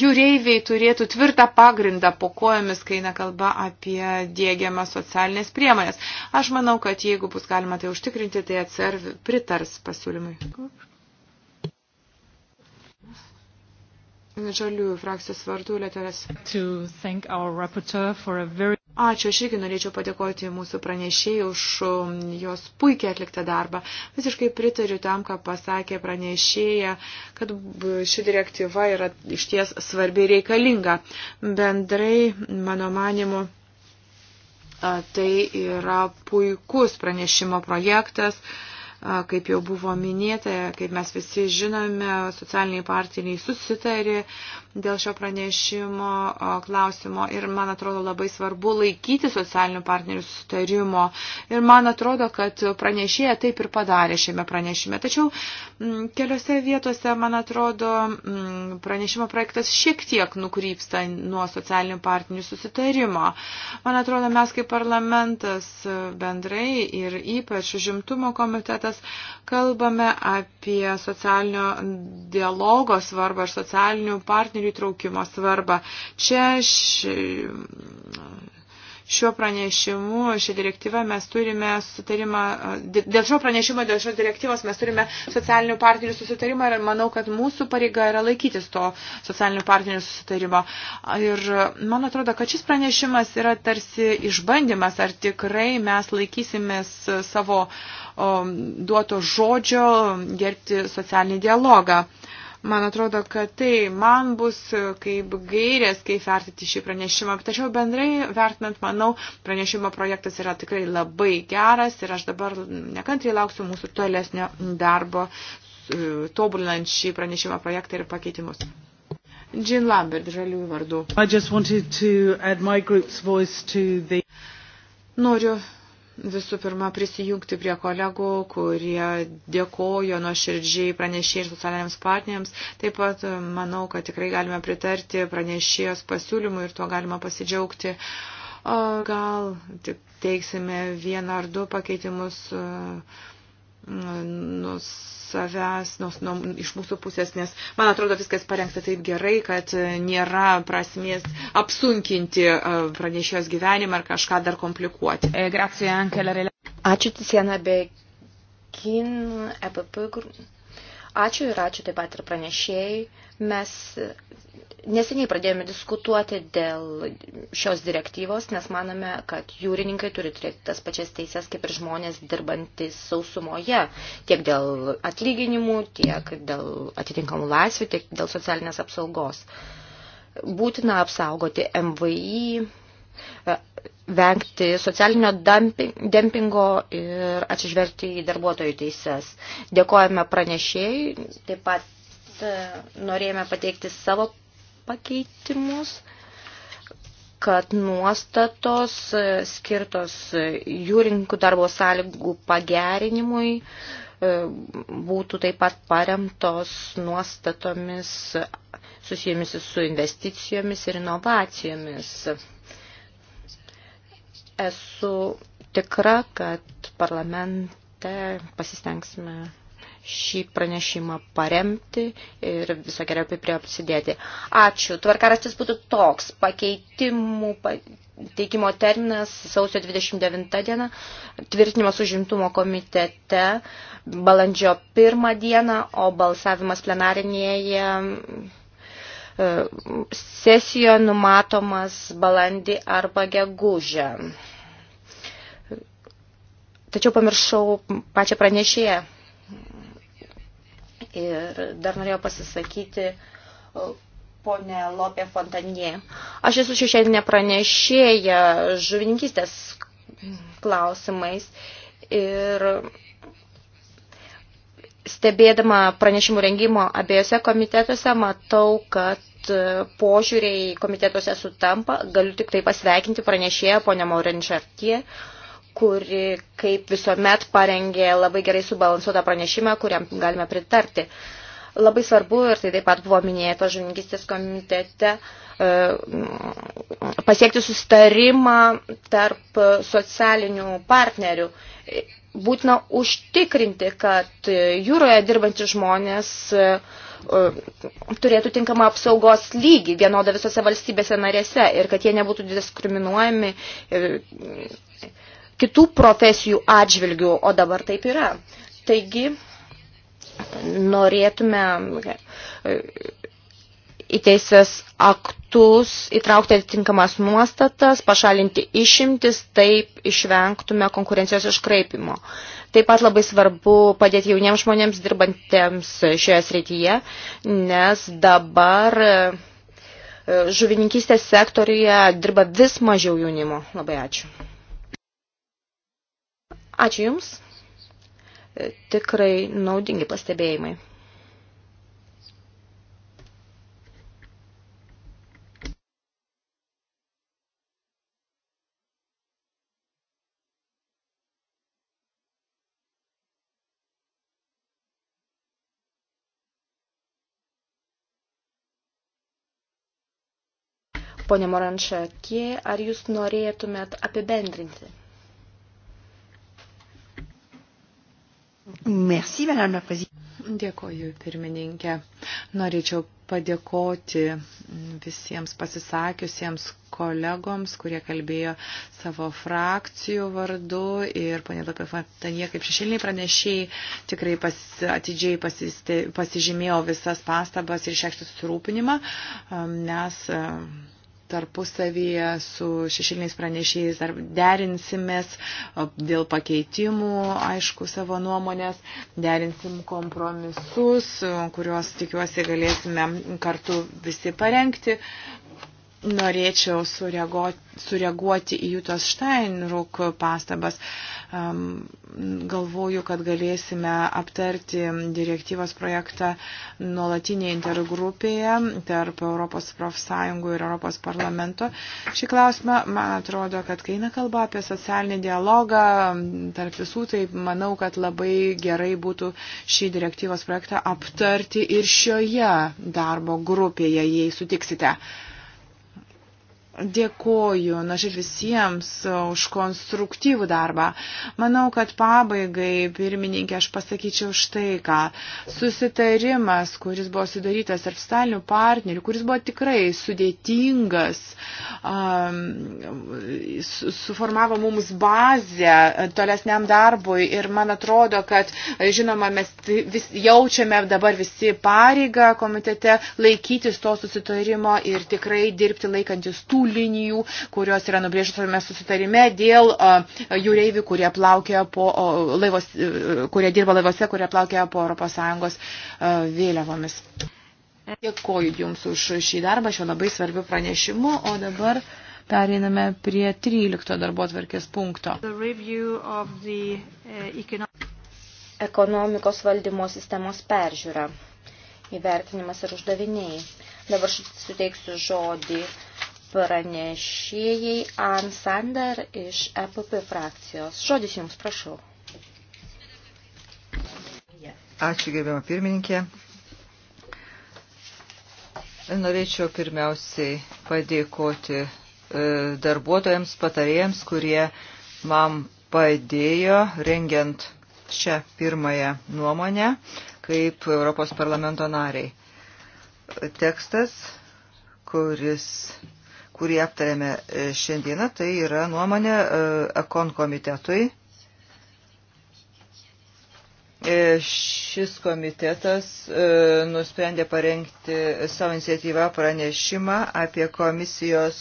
jūreiviai turėtų tvirtą pagrindą po kojomis, kai eina kalba apie dėgiamas socialinės priemonės. Aš manau, kad jeigu bus galima tai užtikrinti, tai atsar pritars pasiūlymui. Žaliųjų frakcijos vardu Lietuvis. Very... Ačiū, aš irgi norėčiau padėkoti mūsų pranešėjai už um, jos puikiai atliktą darbą. Visiškai pritariu tam, ką pasakė pranešėja, kad ši direktyva yra išties svarbi reikalinga. Bendrai, mano manimu, tai yra puikus pranešimo projektas kaip jau buvo minėta, kaip mes visi žinome, socialiniai partneriai susitarė dėl šio pranešimo klausimo ir man atrodo labai svarbu laikyti socialinių partnerių sustarimo ir man atrodo, kad pranešėja taip ir padarė šiame pranešime. Tačiau keliose vietose, man atrodo, pranešimo projektas šiek tiek nukrypsta nuo socialinių partnerių susitarimo. Man atrodo, mes kaip parlamentas bendrai ir ypač žimtumo komitetas kalbame apie socialinio dialogo svarbą ir socialinių partnerių partnerių įtraukimo svarbą. Čia ši, šiuo pranešimu, šią direktyvą mes turime sutarimą, dėl šio pranešimo, dėl šios direktyvos mes turime socialinių partnerių susitarimą ir manau, kad mūsų pareiga yra laikytis to socialinių partnerių susitarimo. Ir man atrodo, kad šis pranešimas yra tarsi išbandymas, ar tikrai mes laikysimės savo um, duoto žodžio gerbti socialinį dialogą. Uh, Man atrodo, kad tai man bus kaip gairės, kaip vertinti šį pranešimą. Tačiau bendrai vertinant, manau, pranešimo projektas yra tikrai labai geras ir aš dabar nekantriai lauksiu mūsų tolesnio darbo, e, tobulinant šį pranešimo projektą ir pakeitimus. Jean Lambert, žaliųjų vardų. The... Noriu visų pirma prisijungti prie kolegų, kurie dėkojo nuoširdžiai pranešėjai ir socialiniams partneriams. Taip pat e, manau, kad tikrai galime pritarti pranešėjos pasiūlymui ir tuo galima pasidžiaugti. Gal tik teiksime vieną ar du pakeitimus e, nus savęs, nors nu, iš mūsų pusės, nes man atrodo viskas parengta taip gerai, kad e, nėra prasmės apsunkinti e, pranešėjos gyvenimą ar kažką dar komplikuoti. E, ačiū Tisiena Bekin, EPP. Ačiū ir ačiū taip pat ir pranešėjai. Mes Neseniai pradėjome diskutuoti dėl šios direktyvos, nes manome, kad jūrininkai turi turėti tas pačias teisės kaip ir žmonės dirbantis sausumoje, tiek dėl atlyginimų, tiek dėl atitinkamų laisvių, tiek dėl socialinės apsaugos. Būtina apsaugoti MVI, vengti socialinio dempingo ir atsižvelgti į darbuotojų teises. Dėkojame pranešėjai, taip pat e, norėjome pateikti savo pakeitimus, kad nuostatos skirtos jūrininkų darbo sąlygų pagerinimui e, būtų taip pat paremtos nuostatomis susijusiamis su investicijomis ir inovacijomis. Esu tikra, kad parlamente pasistengsime šį pranešimą paremti ir visą geriausiai prie apsidėti. Ačiū. Tvarkarastis būtų toks. Pakeitimų teikimo terminas sausio 29 diena, tvirtinimas užimtumo komitete balandžio 1 dieną, o balsavimas plenarinėje e, sesijoje numatomas balandį arba gegužę. Tačiau pamiršau pačią pranešėją. Ir dar norėjau pasisakyti ponė Lopė Fontanie. Aš esu šešėlinė pranešėja žuvininkystės klausimais ir stebėdama pranešimų rengimo abiejose komitetuose matau, kad požiūriai komitetuose sutampa. Galiu tik tai pasveikinti pranešėją ponę Maurenčartie. Šartie kuri, kaip visuomet, parengė labai gerai subalansuotą pranešimą, kuriam galime pritarti. Labai svarbu, ir tai taip pat buvo minėta žuvininkistės komitete, e, pasiekti sustarimą tarp socialinių partnerių. Būtina užtikrinti, kad jūroje dirbantys žmonės e, e, turėtų tinkamą apsaugos lygį vienodą visose valstybėse narėse ir kad jie nebūtų diskriminuojami kitų profesijų atžvilgių, o dabar taip yra. Taigi, norėtume e, į teisės aktus įtraukti atitinkamas nuostatas, pašalinti išimtis, taip išvengtume konkurencijos iškraipimo. Taip pat labai svarbu padėti jauniems žmonėms dirbantiems šioje srityje, nes dabar e, žuvininkystės sektoriuje dirba vis mažiau jaunimo. Labai ačiū. Ačiū Jums. E, tikrai naudingi pastebėjimai. Pone Moranšakė, ar jūs norėtumėt apibendrinti? Merci, Madame la Présidente. Dėkoju, pirmininkė. Norėčiau padėkoti visiems pasisakiusiems kolegoms, kurie kalbėjo savo frakcijų vardu ir ponė Lopė Fantanie, kaip šešėliniai pranešiai, tikrai pas, atidžiai pasiste, pasižymėjo visas pastabas ir išreikštus surūpinimą, um, nes um, tarpusavyje su šešiliniais pranešėjais dar derinsimės dėl pakeitimų, aišku, savo nuomonės, derinsim kompromisus, kuriuos tikiuosi galėsime kartu visi parengti norėčiau sureaguoti, sureaguoti į Jūtos Steinruk pastabas. Um, galvoju, kad galėsime aptarti direktyvos projektą nuolatinėje intergrupėje tarp Europos profsąjungų ir Europos parlamento. Šį klausimą, man atrodo, kad kai eina kalba apie socialinį dialogą tarp visų, tai manau, kad labai gerai būtų šį direktyvos projektą aptarti ir šioje darbo grupėje, jei sutiksite. Uh, Dėkoju nuoširdžiai visiems e, už konstruktyvų darbą. Manau, kad pabaigai, pirmininkė, aš pasakyčiau štai ką. Susitarimas, kuris buvo sudarytas tarp stalinių partnerių, kuris buvo tikrai sudėtingas, um, suformavo mums bazę e, tolesniam darbui ir man atrodo, kad, e, žinoma, mes vis, jaučiame dabar visi pareigą komitete laikytis to susitarimo ir tikrai dirbti laikantis tų linijų, kurios yra nubrėžtame susitarime dėl jūreivių, kurie, po, laivos, e, kurie dirba laivose, kurie plaukia po ES vėliavomis. Dėkoju Jums už šį darbą, šio labai svarbių pranešimų, o dabar pereiname prie 13 darbo atverkės punkto. Eh, Ekonomikos valdymo sistemos peržiūra, įvertinimas ir uždaviniai. Dabar suteiksiu žodį uh, pranešėjai Ann Sander iš EPP frakcijos. Žodis Jums, prašau. Ačiū, gerbiamą pirmininkė. Norėčiau pirmiausiai padėkoti e, darbuotojams, patarėjams, kurie man padėjo rengiant šią pirmąją nuomonę kaip Europos parlamento nariai. Tekstas, kuris kurį aptarėme e, šiandieną, tai yra nuomonė e, Ekon komitetui. E, šis komitetas nusprendė parengti savo iniciatyvą pranešimą apie komisijos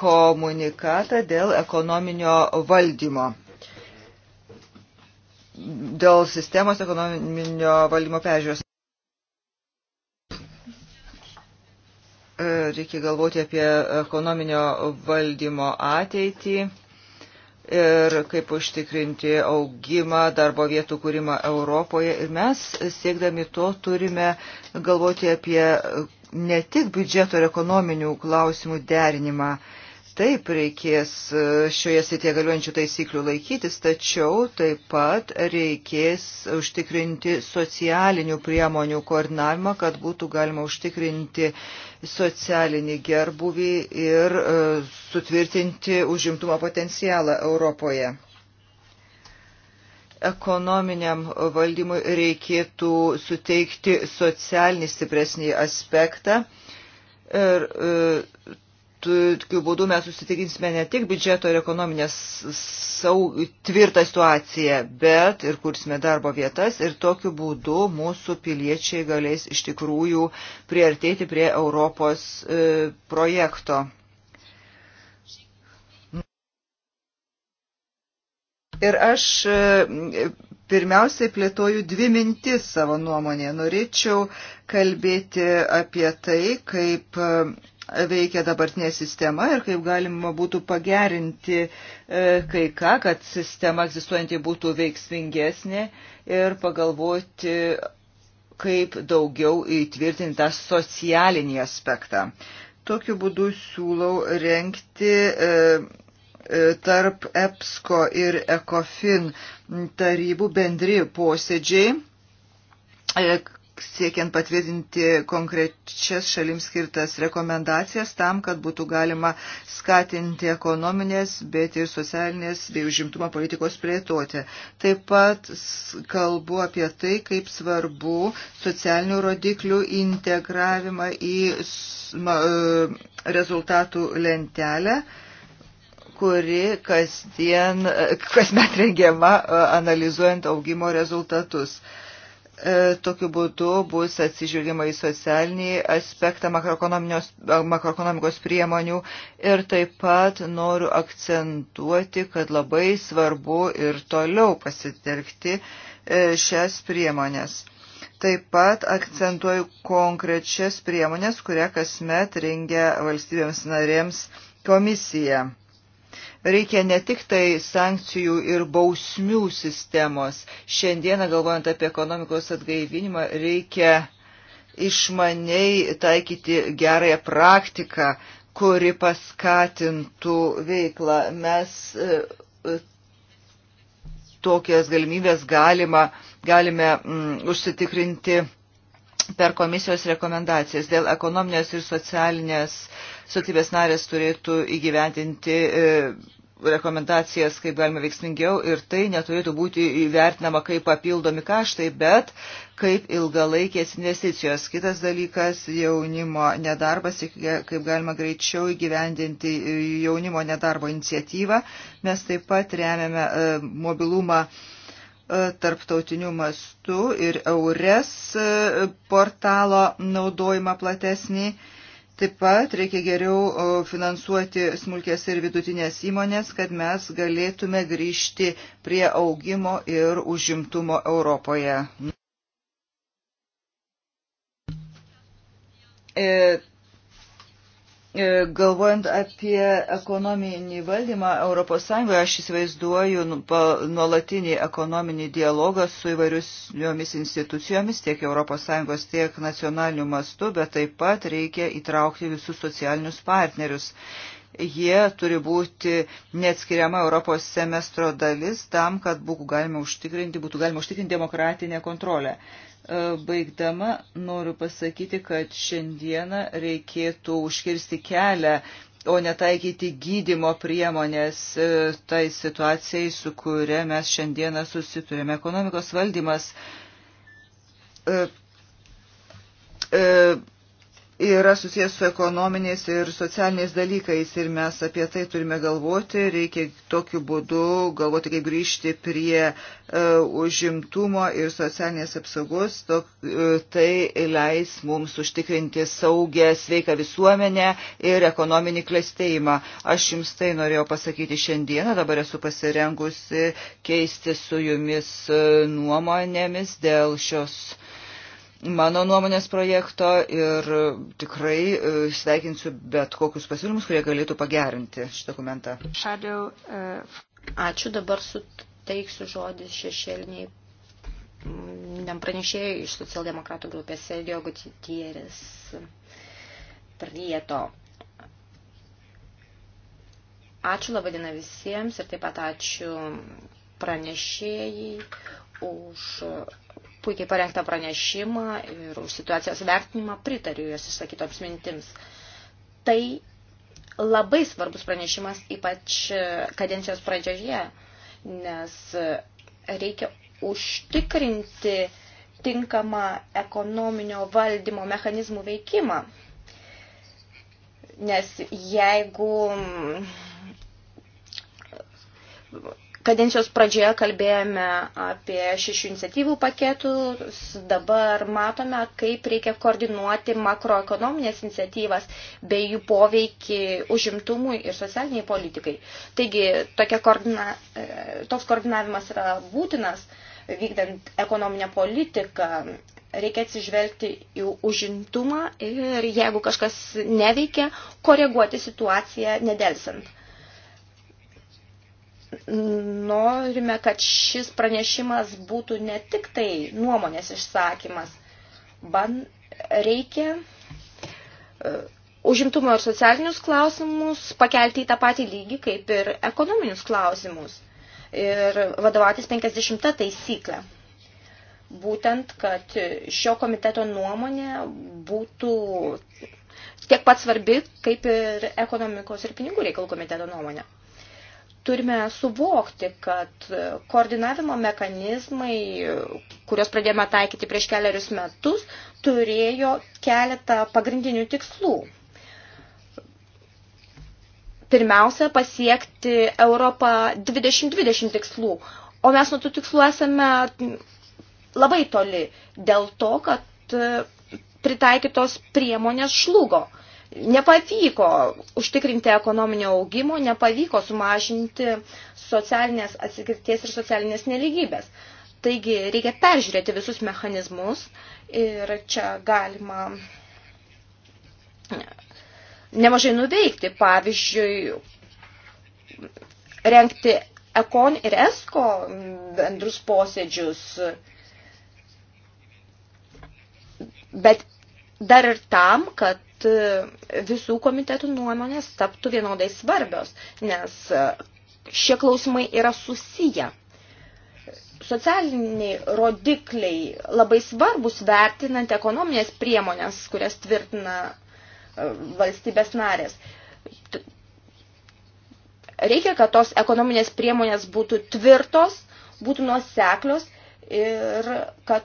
komunikatą dėl ekonominio valdymo dėl sistemos ekonominio valdymo peržiūros. E, reikia galvoti apie ekonominio valdymo ateitį ir kaip užtikrinti augimą, darbo vietų kūrimą Europoje. Ir mes siekdami to turime galvoti apie ne tik biudžeto ir ekonominių klausimų derinimą. Taip reikės e, šioje srityje galiuojančių taisyklių laikytis, tačiau taip pat reikės užtikrinti socialinių priemonių koordinavimą, kad būtų galima užtikrinti socialinį gerbuvį ir e, sutvirtinti užimtumo potencialą Europoje. Ekonominiam valdymui reikėtų suteikti socialinį stipresnį aspektą. Ir, e, tokiu būdu mes susitikinsime ne tik biudžeto ir ekonominės sau, tvirtą situaciją, bet ir kursime darbo vietas ir tokiu būdu mūsų piliečiai galės iš tikrųjų priartėti prie Europos e, projekto. Ir aš e, pirmiausiai plėtoju dvi mintis savo nuomonėje. Norėčiau kalbėti apie tai, kaip veikia dabartinė sistema ir kaip galima būtų pagerinti e, kai ką, kad sistema egzistuojanti būtų veiksmingesnė ir pagalvoti, kaip daugiau įtvirtinti tą socialinį aspektą. Tokiu būdu siūlau renkti e, e, tarp EPSCO ir ECOFIN tarybų bendri posėdžiai siekiant patvirtinti konkrečias šalims skirtas rekomendacijas tam, kad būtų galima skatinti ekonominės, bet ir socialinės bei užimtumo politikos plėtoti. Taip pat kalbu apie tai, kaip svarbu socialinių rodiklių integravimą į e, rezultatų lentelę kuri kasdien, e, kasmet rengiama e, analizuojant augimo rezultatus. Uh, E, tokiu būdu bus atsižiūrima į socialinį aspektą makroekonomikos priemonių ir taip pat noriu akcentuoti, kad labai svarbu ir toliau pasitelkti e, šias priemonės. Taip pat akcentuoju konkrečias priemonės, kurią kasmet rengia valstybėms narėms komisija. Reikia ne tik tai sankcijų ir bausmių sistemos. Šiandieną, galvojant apie ekonomikos atgaivinimą, reikia išmaniai taikyti gerąją praktiką, kuri paskatintų veiklą. Mes e, tokias galimybės galima, galime mm, užsitikrinti per komisijos rekomendacijas dėl ekonominės ir socialinės sutybės narės turėtų įgyventinti e, rekomendacijas kaip galima veiksmingiau ir tai neturėtų būti įvertinama kaip papildomi kaštai, bet kaip ilgalaikės investicijos. Kitas dalykas - jaunimo nedarbas, kaip galima greičiau įgyvendinti e, jaunimo nedarbo iniciatyvą. Mes taip pat remiame e, mobilumą E, tarptautiniu mastu ir eures e, portalo naudojimą platesnį. Taip pat reikia geriau e, finansuoti smulkės ir vidutinės įmonės, kad mes galėtume grįžti prie augimo ir užimtumo Europoje. E, galvojant apie ekonominį valdymą ES, aš įsivaizduoju nu, nuolatinį ekonominį dialogą su įvairiusiomis institucijomis, tiek ES, tiek nacionaliniu mastu, bet taip pat reikia įtraukti visus socialinius partnerius. Jie turi būti neatskiriama Europos semestro dalis tam, kad būtų galima užtikrinti, būtų galima užtikrinti demokratinę kontrolę. E, baigdama noriu pasakyti, kad šiandieną reikėtų užkirsti kelią o netaikyti gydimo priemonės e, tai situacijai, su kuria mes šiandieną susiturėme. Ekonomikos valdymas e, e, yra susijęs su ekonominiais ir socialiniais dalykais ir mes apie tai turime galvoti, reikia tokiu būdu galvoti, kaip grįžti prie uh, užimtumo ir socialinės apsaugos, tok, uh, tai leis mums užtikrinti saugę, sveiką visuomenę ir ekonominį klestėjimą. Aš jums tai norėjau pasakyti šiandieną, dabar esu pasirengusi keisti su jumis e, nuomonėmis dėl šios uh, mano nuomonės projekto ir e, tikrai e, sveikinsiu bet kokius pasiūlymus, kurie galėtų pagerinti šį dokumentą. Shadow, uh... Ačiū, dabar suteiksiu žodį šešėliniai mm, pranešėjai iš socialdemokratų grupės Sergio Gutierrez Prieto. Ačiū labadiena visiems ir taip pat ačiū pranešėjai už puikiai parengtą pranešimą ir už situacijos vertinimą pritariu jos išsakytoms mintims. Tai labai svarbus pranešimas, ypač kadencijos pradžioje, nes reikia užtikrinti tinkamą ekonominio valdymo mechanizmų veikimą. Nes jeigu Kadencijos pradžioje kalbėjome apie šešių iniciatyvų paketus, dabar matome, kaip reikia koordinuoti makroekonominės iniciatyvas bei jų poveikį užimtumui ir socialiniai politikai. Taigi koordina, e, toks koordinavimas yra būtinas, vykdant ekonominę politiką, reikia atsižvelgti į užimtumą ir jeigu kažkas neveikia, koreguoti situaciją nedelsant norime, kad šis pranešimas būtų ne tik tai nuomonės išsakymas, ban reikia e, užimtumo ir socialinius klausimus pakelti į tą patį lygį, kaip ir ekonominius klausimus ir vadovautis 50 taisyklę. Būtent, kad šio komiteto nuomonė būtų tiek pat svarbi, kaip ir ekonomikos ir pinigų reikalų komiteto nuomonė turime suvokti, kad koordinavimo mechanizmai, kuriuos pradėjome taikyti prieš keliarius metus, turėjo keletą pagrindinių tikslų. Pirmiausia, pasiekti Europą 2020 tikslų, o mes nuo tų tikslų esame labai toli dėl to, kad pritaikytos priemonės šlugo. Nepavyko užtikrinti ekonominio augimo, nepavyko sumažinti socialinės atsikirties ir socialinės neligybės. Taigi reikia peržiūrėti visus mechanizmus ir čia galima nemažai nuveikti. Pavyzdžiui, renkti Ekon ir Esko bendrus posėdžius, bet dar ir tam, kad kad e, visų komitetų nuomonės taptų vienodai svarbios, nes e, šie klausimai yra susiję. Socialiniai rodikliai labai svarbus vertinant ekonominės priemonės, kurias tvirtina e, valstybės narės. Reikia, kad tos ekonominės priemonės būtų tvirtos, būtų nuoseklios ir kad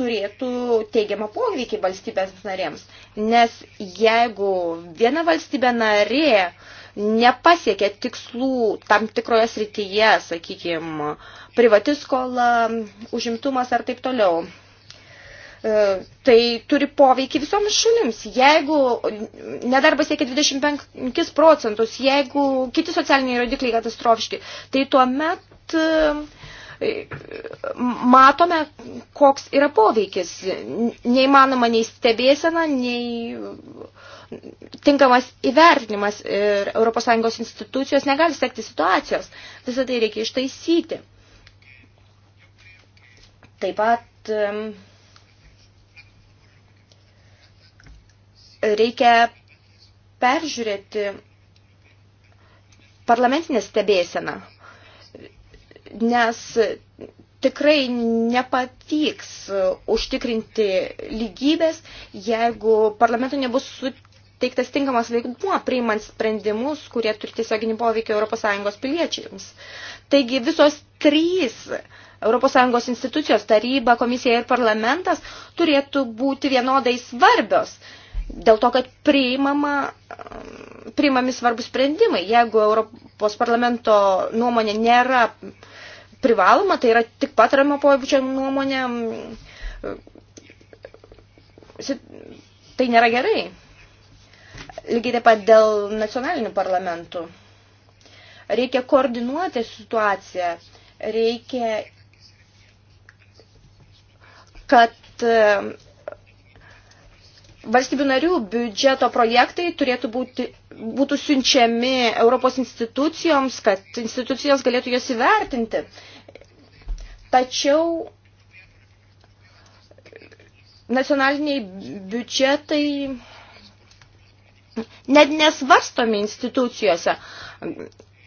turėtų teigiamą poveikį valstybės narėms. Nes jeigu viena valstybė narė nepasiekia tikslų tam tikroje srityje, sakykime, privati skola, užimtumas ar taip toliau, e, tai turi poveikį visoms šalims. Jeigu nedarbas siekia 25 procentus, jeigu kiti socialiniai rodikliai katastrofiški, tai tuomet matome, koks yra poveikis. Neįmanoma nei stebėsena, nei tinkamas įvertinimas ir ES institucijos negali sekti situacijos. Visą tai reikia ištaisyti. Taip pat reikia peržiūrėti parlamentinę stebėseną nes tikrai nepavyks užtikrinti lygybės, jeigu parlamentui nebus suteiktas tinkamas veikmuo priimant sprendimus, kurie turi tiesioginį poveikį ES piliečiams. Taigi visos trys ES institucijos taryba, komisija ir parlamentas turėtų būti vienodai svarbios dėl to, kad priimama, priimami svarbus sprendimai. Jeigu Europos parlamento nuomonė nėra uh, privaloma, tai yra tik pataramo pobūdžio nuomonė, tai nėra gerai. Lygiai taip pat dėl nacionalinių parlamentų. Reikia koordinuoti situaciją, reikia, kad e, valstybių narių biudžeto projektai turėtų būti būtų siunčiami Europos institucijoms, kad institucijos galėtų jos įvertinti. Tačiau nacionaliniai biudžetai net nesvarstomi institucijose.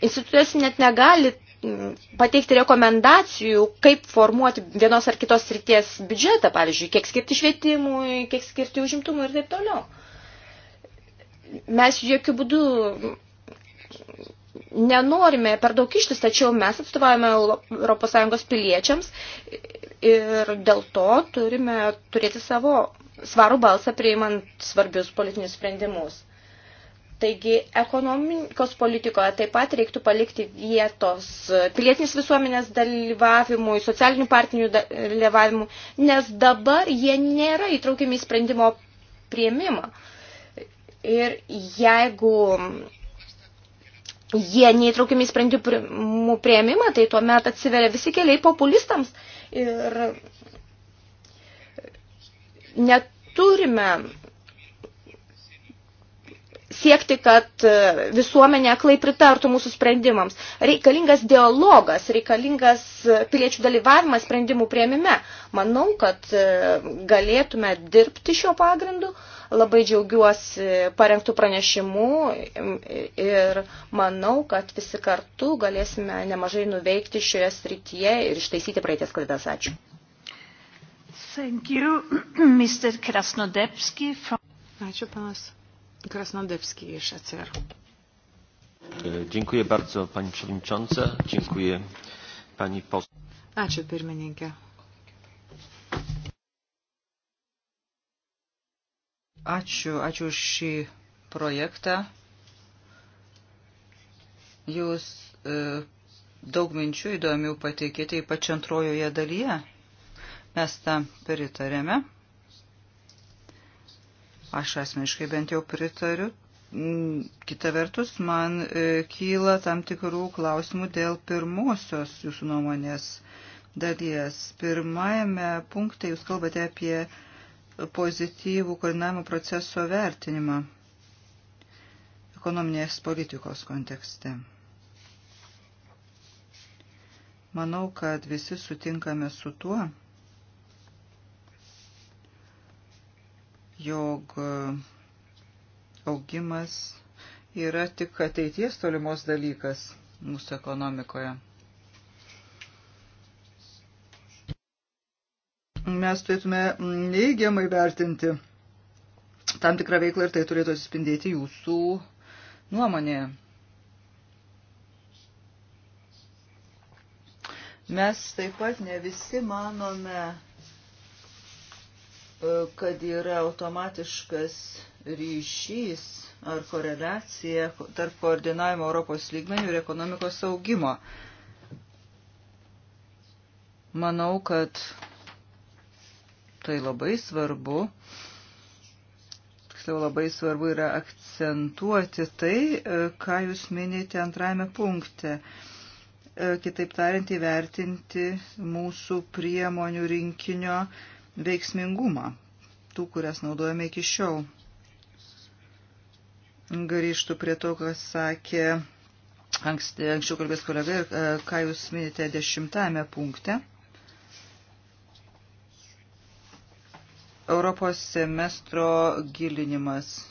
Institucijos net negali pateikti rekomendacijų, kaip formuoti vienos ar kitos srities biudžetą, pavyzdžiui, kiek skirti švietimui, kiek skirti užimtumui ir taip toliau mes jokių būdų nenorime per daug kištis, tačiau mes atstovavome ES piliečiams ir dėl to turime turėti savo svarų balsą priimant svarbius politinius sprendimus. Taigi ekonomikos politikoje taip pat reiktų palikti vietos pilietinės visuomenės dalyvavimui, socialinių partijų dalyvavimui, nes dabar jie nėra įtraukiami į sprendimo prieimimą. Uh, Ir jeigu jie neįtraukiami sprendimų prieimimą, tai tuomet atsiveria visi keliai populistams. Ir neturime siekti, kad visuomenė aklai pritartų mūsų sprendimams. Reikalingas dialogas, reikalingas piliečių dalyvavimas sprendimų prieimime. Manau, kad galėtume dirbti šio pagrindu. Labai džiaugiuosi parengtų pranešimų ir manau, kad visi kartu galėsime nemažai nuveikti šioje srityje ir ištaisyti praeities klaidas. Ačiū. Thank you, Mr. Krasnodebski. From... Ačiū, panas Krasnodebski iš ACR. E, dziękuję bardzo, pani przewodnicząca. Dziękuję pani poseł. Ačiū, pirmininkė. Ačiū, ačiū už šį projektą. Jūs e, daug minčių įdomių pateikėte, ypač antrojoje dalyje. Mes tam pritarėme. Aš asmeniškai bent jau pritariu. Kita vertus, man e, kyla tam tikrų klausimų dėl pirmosios jūsų nuomonės dalies. Pirmajame punkte jūs kalbate apie pozityvų koordinavimo proceso vertinimą ekonominės politikos kontekste. Manau, kad visi sutinkame su tuo, jog augimas yra tik ateities tolimos dalykas mūsų ekonomikoje. mes turėtume neigiamai vertinti tam tikrą veiklą ir tai turėtų atsispindėti jūsų nuomonėje. Mes taip pat ne visi manome, e, kad yra automatiškas ryšys ar koreliacija tarp koordinavimo Europos lygmenių ir ekonomikos augimo. Manau, kad Tai labai svarbu. Tiksliau labai svarbu yra akcentuoti tai, e, ką jūs minite antrajame punkte. E, kitaip tariant, įvertinti mūsų priemonių rinkinio veiksmingumą, tų, kurias naudojame iki šiol. Grįžtų prie to, ką sakė anksti, anksčiau kalbės kolega ir e, ką jūs minite dešimtame punkte. Europos semestro gilinimas.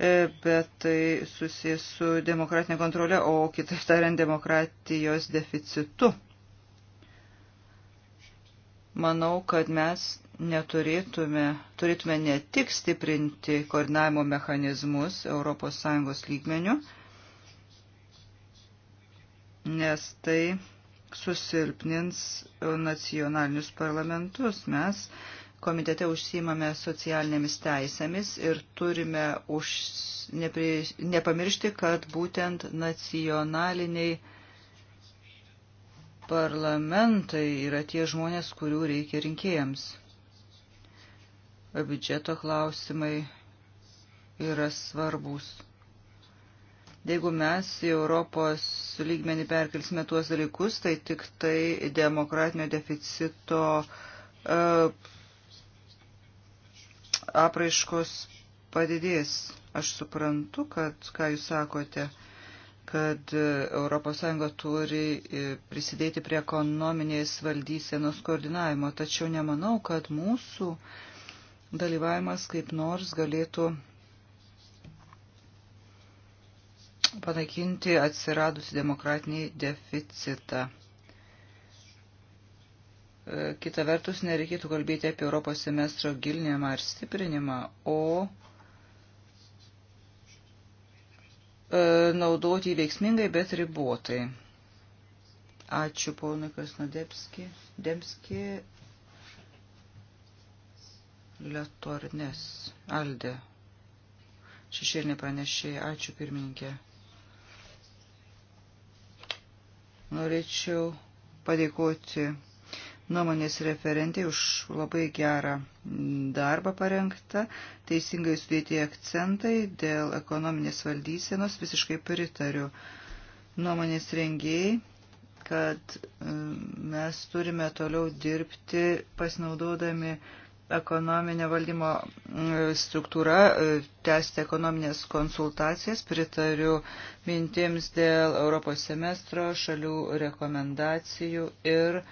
E, bet tai susijęs su demokratinė kontrolė, o kitaip tariant demokratijos deficitu. Manau, kad mes neturėtume, turėtume ne tik stiprinti koordinavimo mechanizmus ES lygmenių, nes tai susilpnins nacionalinius parlamentus. Mes komitete užsimame socialinėmis teisėmis ir turime už, nepri, nepamiršti, kad būtent nacionaliniai parlamentai yra tie žmonės, kurių reikia rinkėjams. Biudžeto klausimai yra svarbus. Jeigu mes į Europos lygmenį perkelsime tuos dalykus, tai tik tai demokratinio deficito uh, apraiškos padidės. Aš suprantu, kad ką jūs sakote, kad ES turi e, prisidėti prie ekonominės valdysenos koordinavimo, tačiau nemanau, kad mūsų dalyvavimas kaip nors galėtų panaikinti atsiradusi demokratinį deficitą. E, kita vertus, nereikėtų kalbėti apie Europos semestro gilinimą ar stiprinimą, o e, naudoti veiksmingai, bet ribotai. Ačiū ponui Krasnodemski. Demski Letornes. Aldė. Šeširnė pranešė. Ačiū pirmininkė. Norėčiau padėkoti nuomonės referentai už labai gerą darbą parengtą, teisingai sudėti akcentai dėl ekonominės valdysenos, visiškai pritariu nuomonės rengėjai, kad e, mes turime toliau dirbti pasinaudodami ekonominė valdymo mm, struktūra, e, tęsti ekonominės konsultacijas, pritariu mintims dėl Europos semestro, šalių rekomendacijų ir e,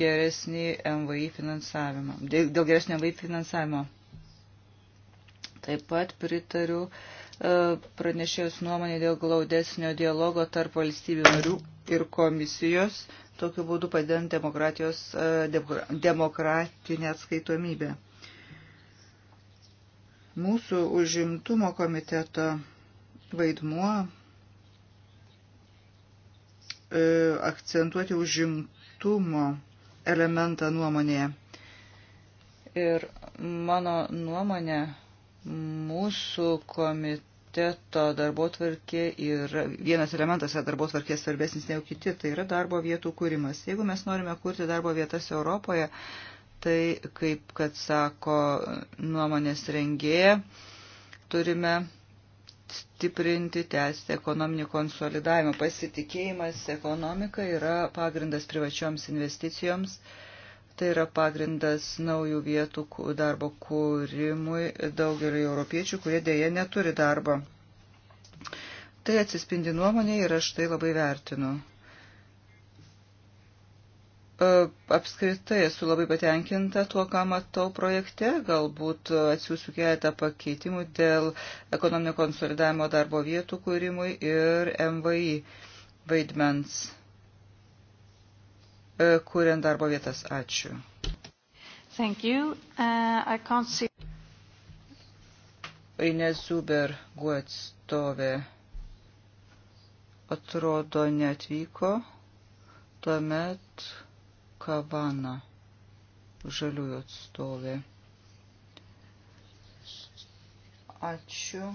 geresnį MVI finansavimą. Dėl, dėl geresnio MVI finansavimo. Taip pat pritariu e, pranešėjos nuomonė dėl glaudesnio dialogo tarp valstybių narių ir komisijos tokiu būdu padedant demokratijos, e, demokratinę atskaitomybę. Mūsų užimtumo komiteto vaidmuo e, akcentuoti užimtumo elementą nuomonėje. Ir mano nuomonė, mūsų komiteto komiteto darbo tvarkė yra vienas elementas, kad darbo tvarkė svarbesnis negu kiti, tai yra darbo vietų kūrimas. Jeigu mes norime kurti darbo vietas Europoje, tai kaip, kad sako nuomonės rengėja, turime stiprinti, tęsti ekonominį konsolidavimą. Pasitikėjimas ekonomika yra pagrindas privačioms investicijoms. Uh, Tai yra pagrindas naujų vietų darbo kūrimui daugeliu europiečių, kurie dėje neturi darbo. Tai atsispindi nuomonė ir aš tai labai vertinu. E, apskritai esu labai patenkinta tuo, ką matau projekte. Galbūt atsiųsiu keletą pakeitimų dėl ekonominio konsolidavimo darbo vietų kūrimui ir MVI vaidmens E, kuriant darbo vietas. Ačiū. Thank you. Uh, I can't see... Inez Zuber, guo atstovė, atrodo neatvyko. Tuomet Kavana, žaliųjų atstovė. Ačiū.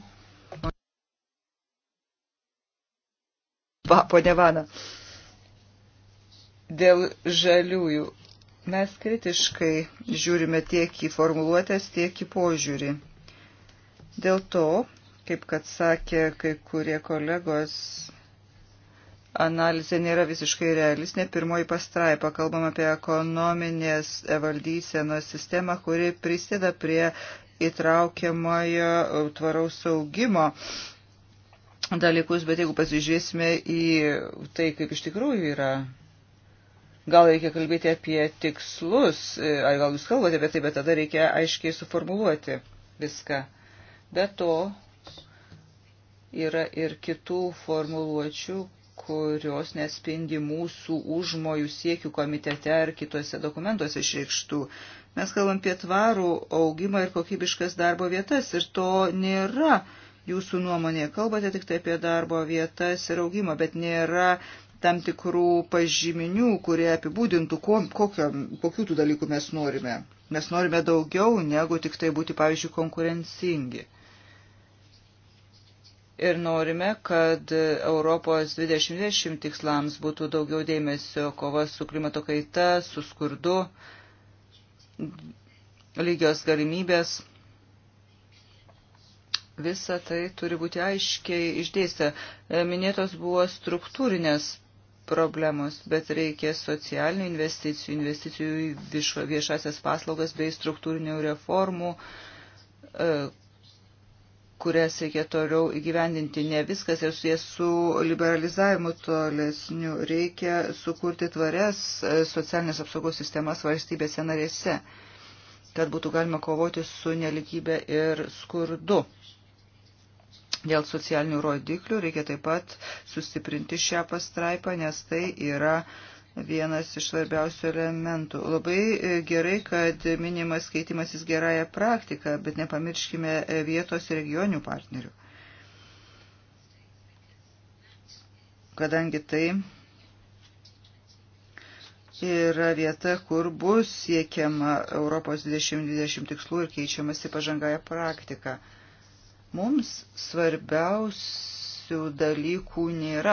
Pa, ponia Vana. Uh, Dėl žaliųjų mes kritiškai žiūrime tiek į formuluotės, tiek į požiūrį. Dėl to, kaip kad sakė kai kurie kolegos, analizė nėra visiškai realistinė. Pirmoji pastraipa kalbam apie ekonominės valdysenos sistemą, kuri prisideda prie įtraukiamojo tvaraus saugimo dalykus, bet jeigu pasižiūrėsime į tai, kaip iš tikrųjų yra Gal reikia kalbėti apie tikslus, e, ar gal jūs kalbate apie tai, bet tada reikia aiškiai suformuluoti viską. Be to yra ir kitų formuluočių, kurios nespindi mūsų užmojų siekių komitete ar kitose dokumentuose išreikštų. Mes kalbam apie tvarų augimą ir kokybiškas darbo vietas ir to nėra jūsų nuomonėje. Kalbate tik tai apie darbo vietas ir augimą, bet nėra tam tikrų pažyminių, kurie apibūdintų, ko, kokio, kokių tų dalykų mes norime. Mes norime daugiau, negu tik tai būti, pavyzdžiui, konkurencingi. Ir norime, kad Europos 2020 tikslams būtų daugiau dėmesio kova su klimato kaita, su skurdu, lygios galimybės visa tai turi būti aiškiai išdėstę. Minėtos buvo struktūrinės problemos, bet reikia socialinių investicijų, investicijų į viešo, viešasias paslaugas bei struktūrinių reformų, e, kurias reikia toliau įgyvendinti. Ne viskas ir su jie su liberalizavimu tolesniu. Reikia sukurti tvarias e, socialinės apsaugos sistemas valstybėse narėse, kad būtų galima kovoti su nelikybė ir skurdu. Dėl socialinių rodiklių reikia taip pat sustiprinti šią pastraipą, nes tai yra vienas iš svarbiausių elementų. Labai e, gerai, kad minimas keitimasis gerąją praktiką, bet nepamirškime vietos ir regionių partnerių. Kadangi tai yra vieta, kur bus siekiama Europos 2020 tikslų ir keičiamasi pažangąją praktiką. Mums svarbiausių dalykų nėra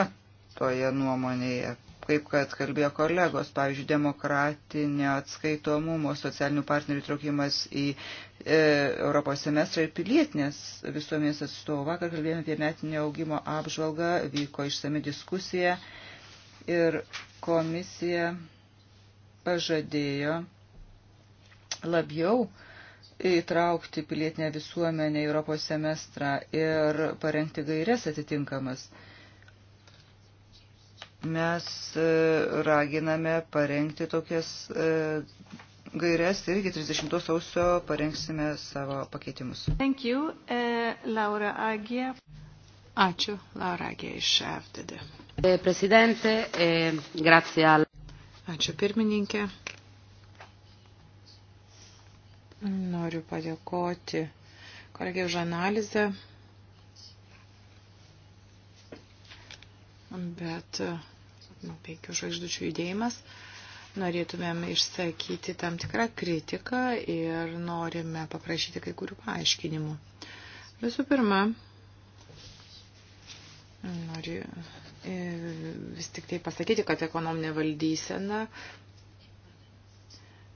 toje nuomonėje, kaip kad kalbėjo kolegos, pavyzdžiui, demokratinė atskaitomumo, socialinių partnerių traukimas į e, Europos semestrą ir pilietinės visuomenės atstovų. Vakar kalbėjome apie metinio augimo apžvalgą, vyko išsami diskusija ir komisija pažadėjo labiau įtraukti pilietinę visuomenę į Europos semestrą ir parengti gairias atitinkamas. Mes e, raginame parengti tokias e, gairias ir iki 30 sausio parengsime savo pakeitimus. Thank you, uh, Laura Agia. Ačiū, Laura Agia iš FTD. Presidente, eh, grazie al. Ačiū pirmininkė. Noriu padėkoti kolegė už analizę. Bet nu, penkių žvaigždučių judėjimas norėtumėm išsakyti tam tikrą kritiką ir norime paprašyti kai kurių paaiškinimų. Visų pirma, noriu e, vis tik tai pasakyti, kad ekonominė valdysena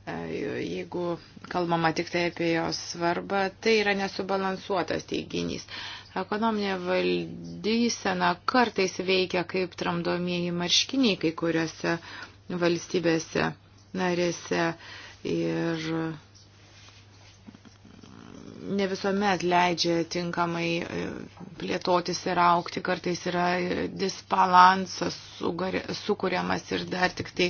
jeigu kalbama tik tai apie jos svarbą, tai yra nesubalansuotas teiginys. Ekonominė valdysena kartais veikia kaip tramdomieji marškiniai kai kuriuose valstybėse narėse ir ne visuomet leidžia tinkamai e, plėtotis ir aukti, kartais yra e, disbalansas sukūriamas ir dar tik tai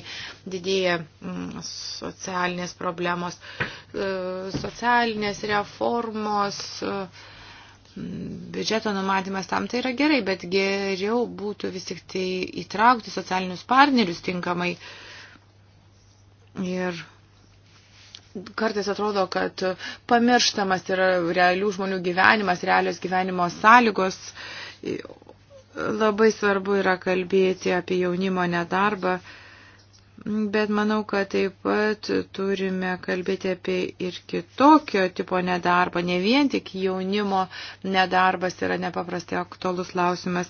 didėja mm, socialinės problemos. E, socialinės reformos, mm, biudžeto numatymas tam tai yra gerai, bet geriau būtų vis tik tai įtraukti socialinius partnerius tinkamai. Ir kartais atrodo, kad pamirštamas yra realių žmonių gyvenimas, realios gyvenimo sąlygos. Labai svarbu yra kalbėti apie jaunimo nedarbą, bet manau, kad taip pat turime kalbėti apie ir kitokio tipo nedarbą. Ne vien tik jaunimo nedarbas yra nepaprastai aktuolus klausimas.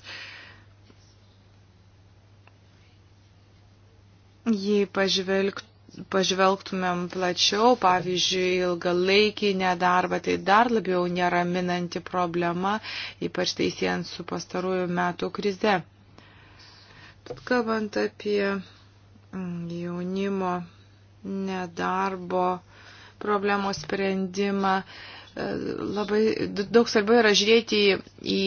Jei pažvelgtų pažvelgtumėm plačiau, pavyzdžiui, ilgalaikį nedarbą, tai dar labiau neraminanti problema, ypač teisėjant tai su pastarųjų metų krize. Kalbant apie mm, jaunimo nedarbo problemos sprendimą, e, labai daug svarbiau yra žiūrėti į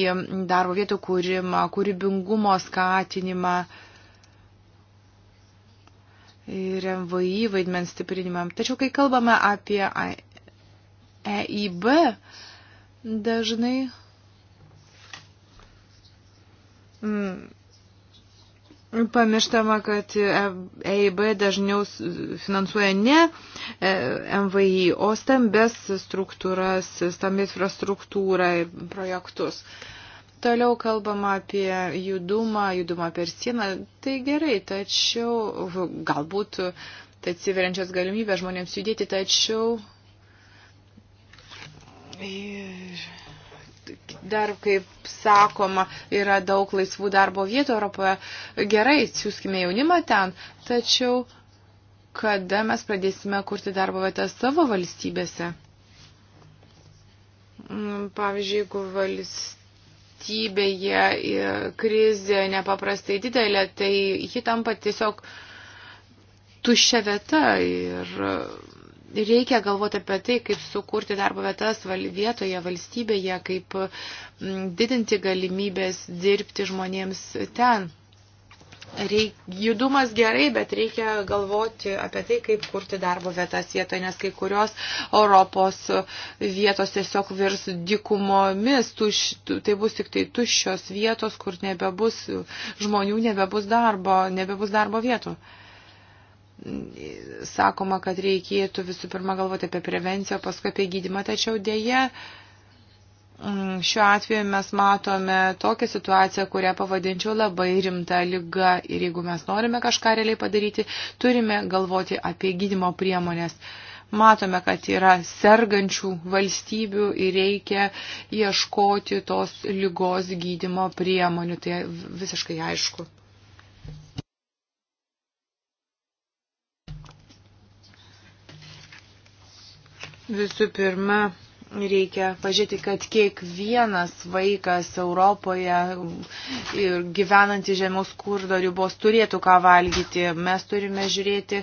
darbo vietų kūrimą, kūrybingumo skatinimą ir MVI vaidmens stiprinimam. Tačiau, kai kalbame apie EIB, dažnai mm, pamirštama, kad EIB dažniau finansuoja ne e, MVI, o stambes struktūras, stambi infrastruktūrą ir projektus. Uh, Toliau kalbama apie judumą, judumą per sieną. Tai gerai, tačiau galbūt tai atsiveriančios galimybės žmonėms judėti, tačiau. Ir e, dar, kaip sakoma, yra daug laisvų darbo vietų Europoje. Gerai, siūskime jaunimą ten, tačiau kada mes pradėsime kurti darbo vietas savo valstybėse? Mm, pavyzdžiui, jeigu valstybė valstybėje krizė nepaprastai didelė, tai ji tampa tiesiog tuščia vieta ir reikia galvoti apie tai, kaip sukurti darbo vietas vietoje valstybėje, kaip didinti galimybės dirbti žmonėms ten. Reik, judumas gerai, bet reikia galvoti apie tai, kaip kurti darbo vietas vietoje, nes kai kurios Europos vietos tiesiog virs dikumomis, tuš, tai bus tik tai tuščios vietos, kur nebebus žmonių, nebebus darbo, nebebus darbo vietų. Sakoma, kad reikėtų visų pirma galvoti apie prevenciją, paskui apie gydimą, tačiau dėje Šiuo atveju mes matome tokią situaciją, kurią pavadinčiau labai rimta lyga ir jeigu mes norime kažką realiai padaryti, turime galvoti apie gydimo priemonės. Matome, kad yra sergančių valstybių ir reikia ieškoti tos lygos gydimo priemonių. Tai visiškai aišku. Visų pirma, reikia pažiūrėti, kad kiekvienas vaikas Europoje ir gyvenanti žemiaus skurdo ribos turėtų ką valgyti. Mes turime žiūrėti,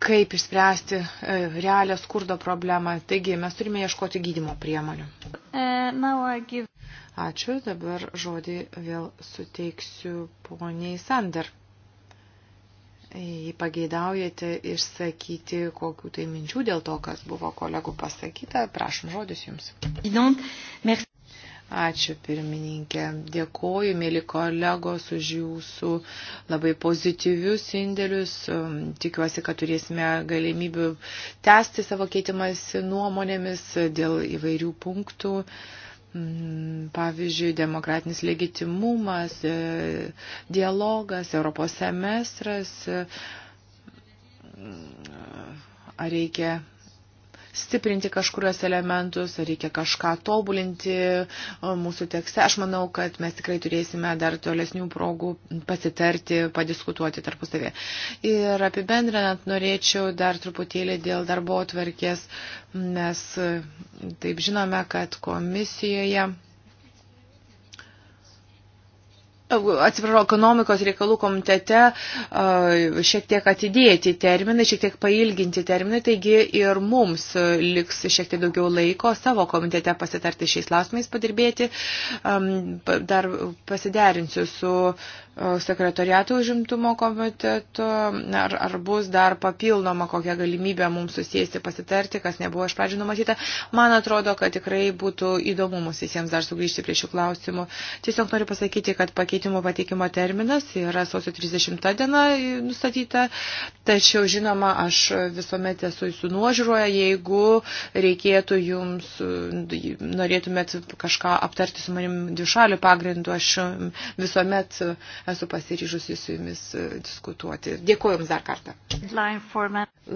kaip išspręsti e, realią skurdo problemą. Taigi mes turime ieškoti gydimo priemonių. Uh, Ačiū, dabar žodį vėl suteiksiu poniai Sander jei pageidaujate išsakyti kokių tai minčių dėl to, kas buvo kolegų pasakyta, prašom žodis jums. Ačiū pirmininkė, dėkoju, mėly kolegos, už jūsų labai pozityvius indėlius. Um, tikiuosi, kad turėsime galimybių tęsti savo keitimąsi nuomonėmis dėl įvairių punktų. Mm, pavyzdžiui, demokratinis legitimumas, e, dialogas, Europos semestras, e, mm, ar reikia stiprinti kažkurios elementus, ar reikia kažką tobulinti e, mūsų tekste. Aš manau, kad mes tikrai turėsime dar tolesnių progų pasitarti, padiskutuoti tarpusavėje. Ir apibendrinant, norėčiau dar truputėlį dėl darbo atvarkės. Mes e, taip žinome, kad komisijoje atsiprašau, ekonomikos reikalų komitete šiek tiek atidėti terminai, šiek tiek pailginti terminai, taigi ir mums liks šiek tiek daugiau laiko savo komitete pasitarti šiais klausimais, padirbėti. Dar pasiderinsiu su sekretoriato užimtumo komitetu, ar, ar bus dar papildoma kokia galimybė mums susėsti, pasitarti, kas nebuvo iš pradžių numatyta. Man atrodo, kad tikrai būtų įdomu mums visiems dar sugrįžti prie šių klausimų. Tiesiog noriu pasakyti, kad pakeitimo pateikimo terminas yra sausio 30 diena nustatyta, tačiau žinoma, aš visuomet esu jūsų nuožiūroje, jeigu reikėtų jums, norėtumėt kažką aptarti su manim dvišalių pagrindu, aš visuomet uh, esu pasiryžusi su jumis e, diskutuoti. Dėkuoju jums dar kartą.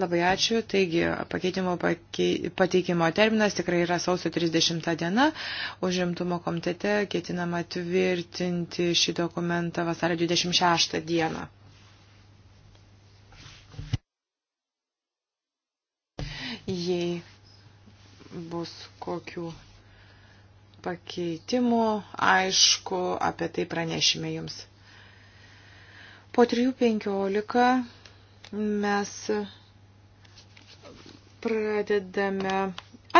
Labai ačiū. Taigi, pakeitimo pakei, pateikimo terminas tikrai yra sausio 30 diena. Užimtumo komitete ketinama tvirtinti šį dokumentą vasario 26 dieną. Jei bus kokių pakeitimų, aišku, apie tai pranešime jums. Po 3.15 mes pradedame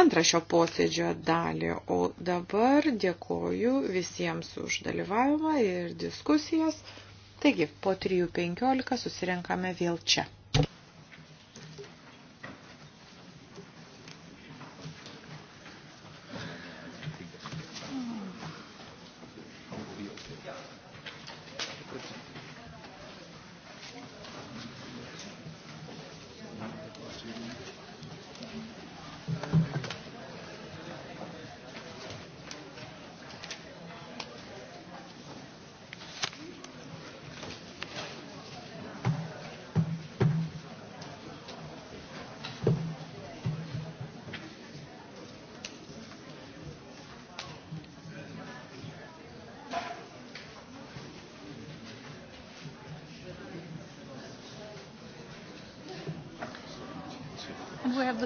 antrą šio posėdžio dalį, o dabar dėkoju visiems už dalyvavimą ir diskusijas. Taigi, po 3.15 susirenkame vėl čia.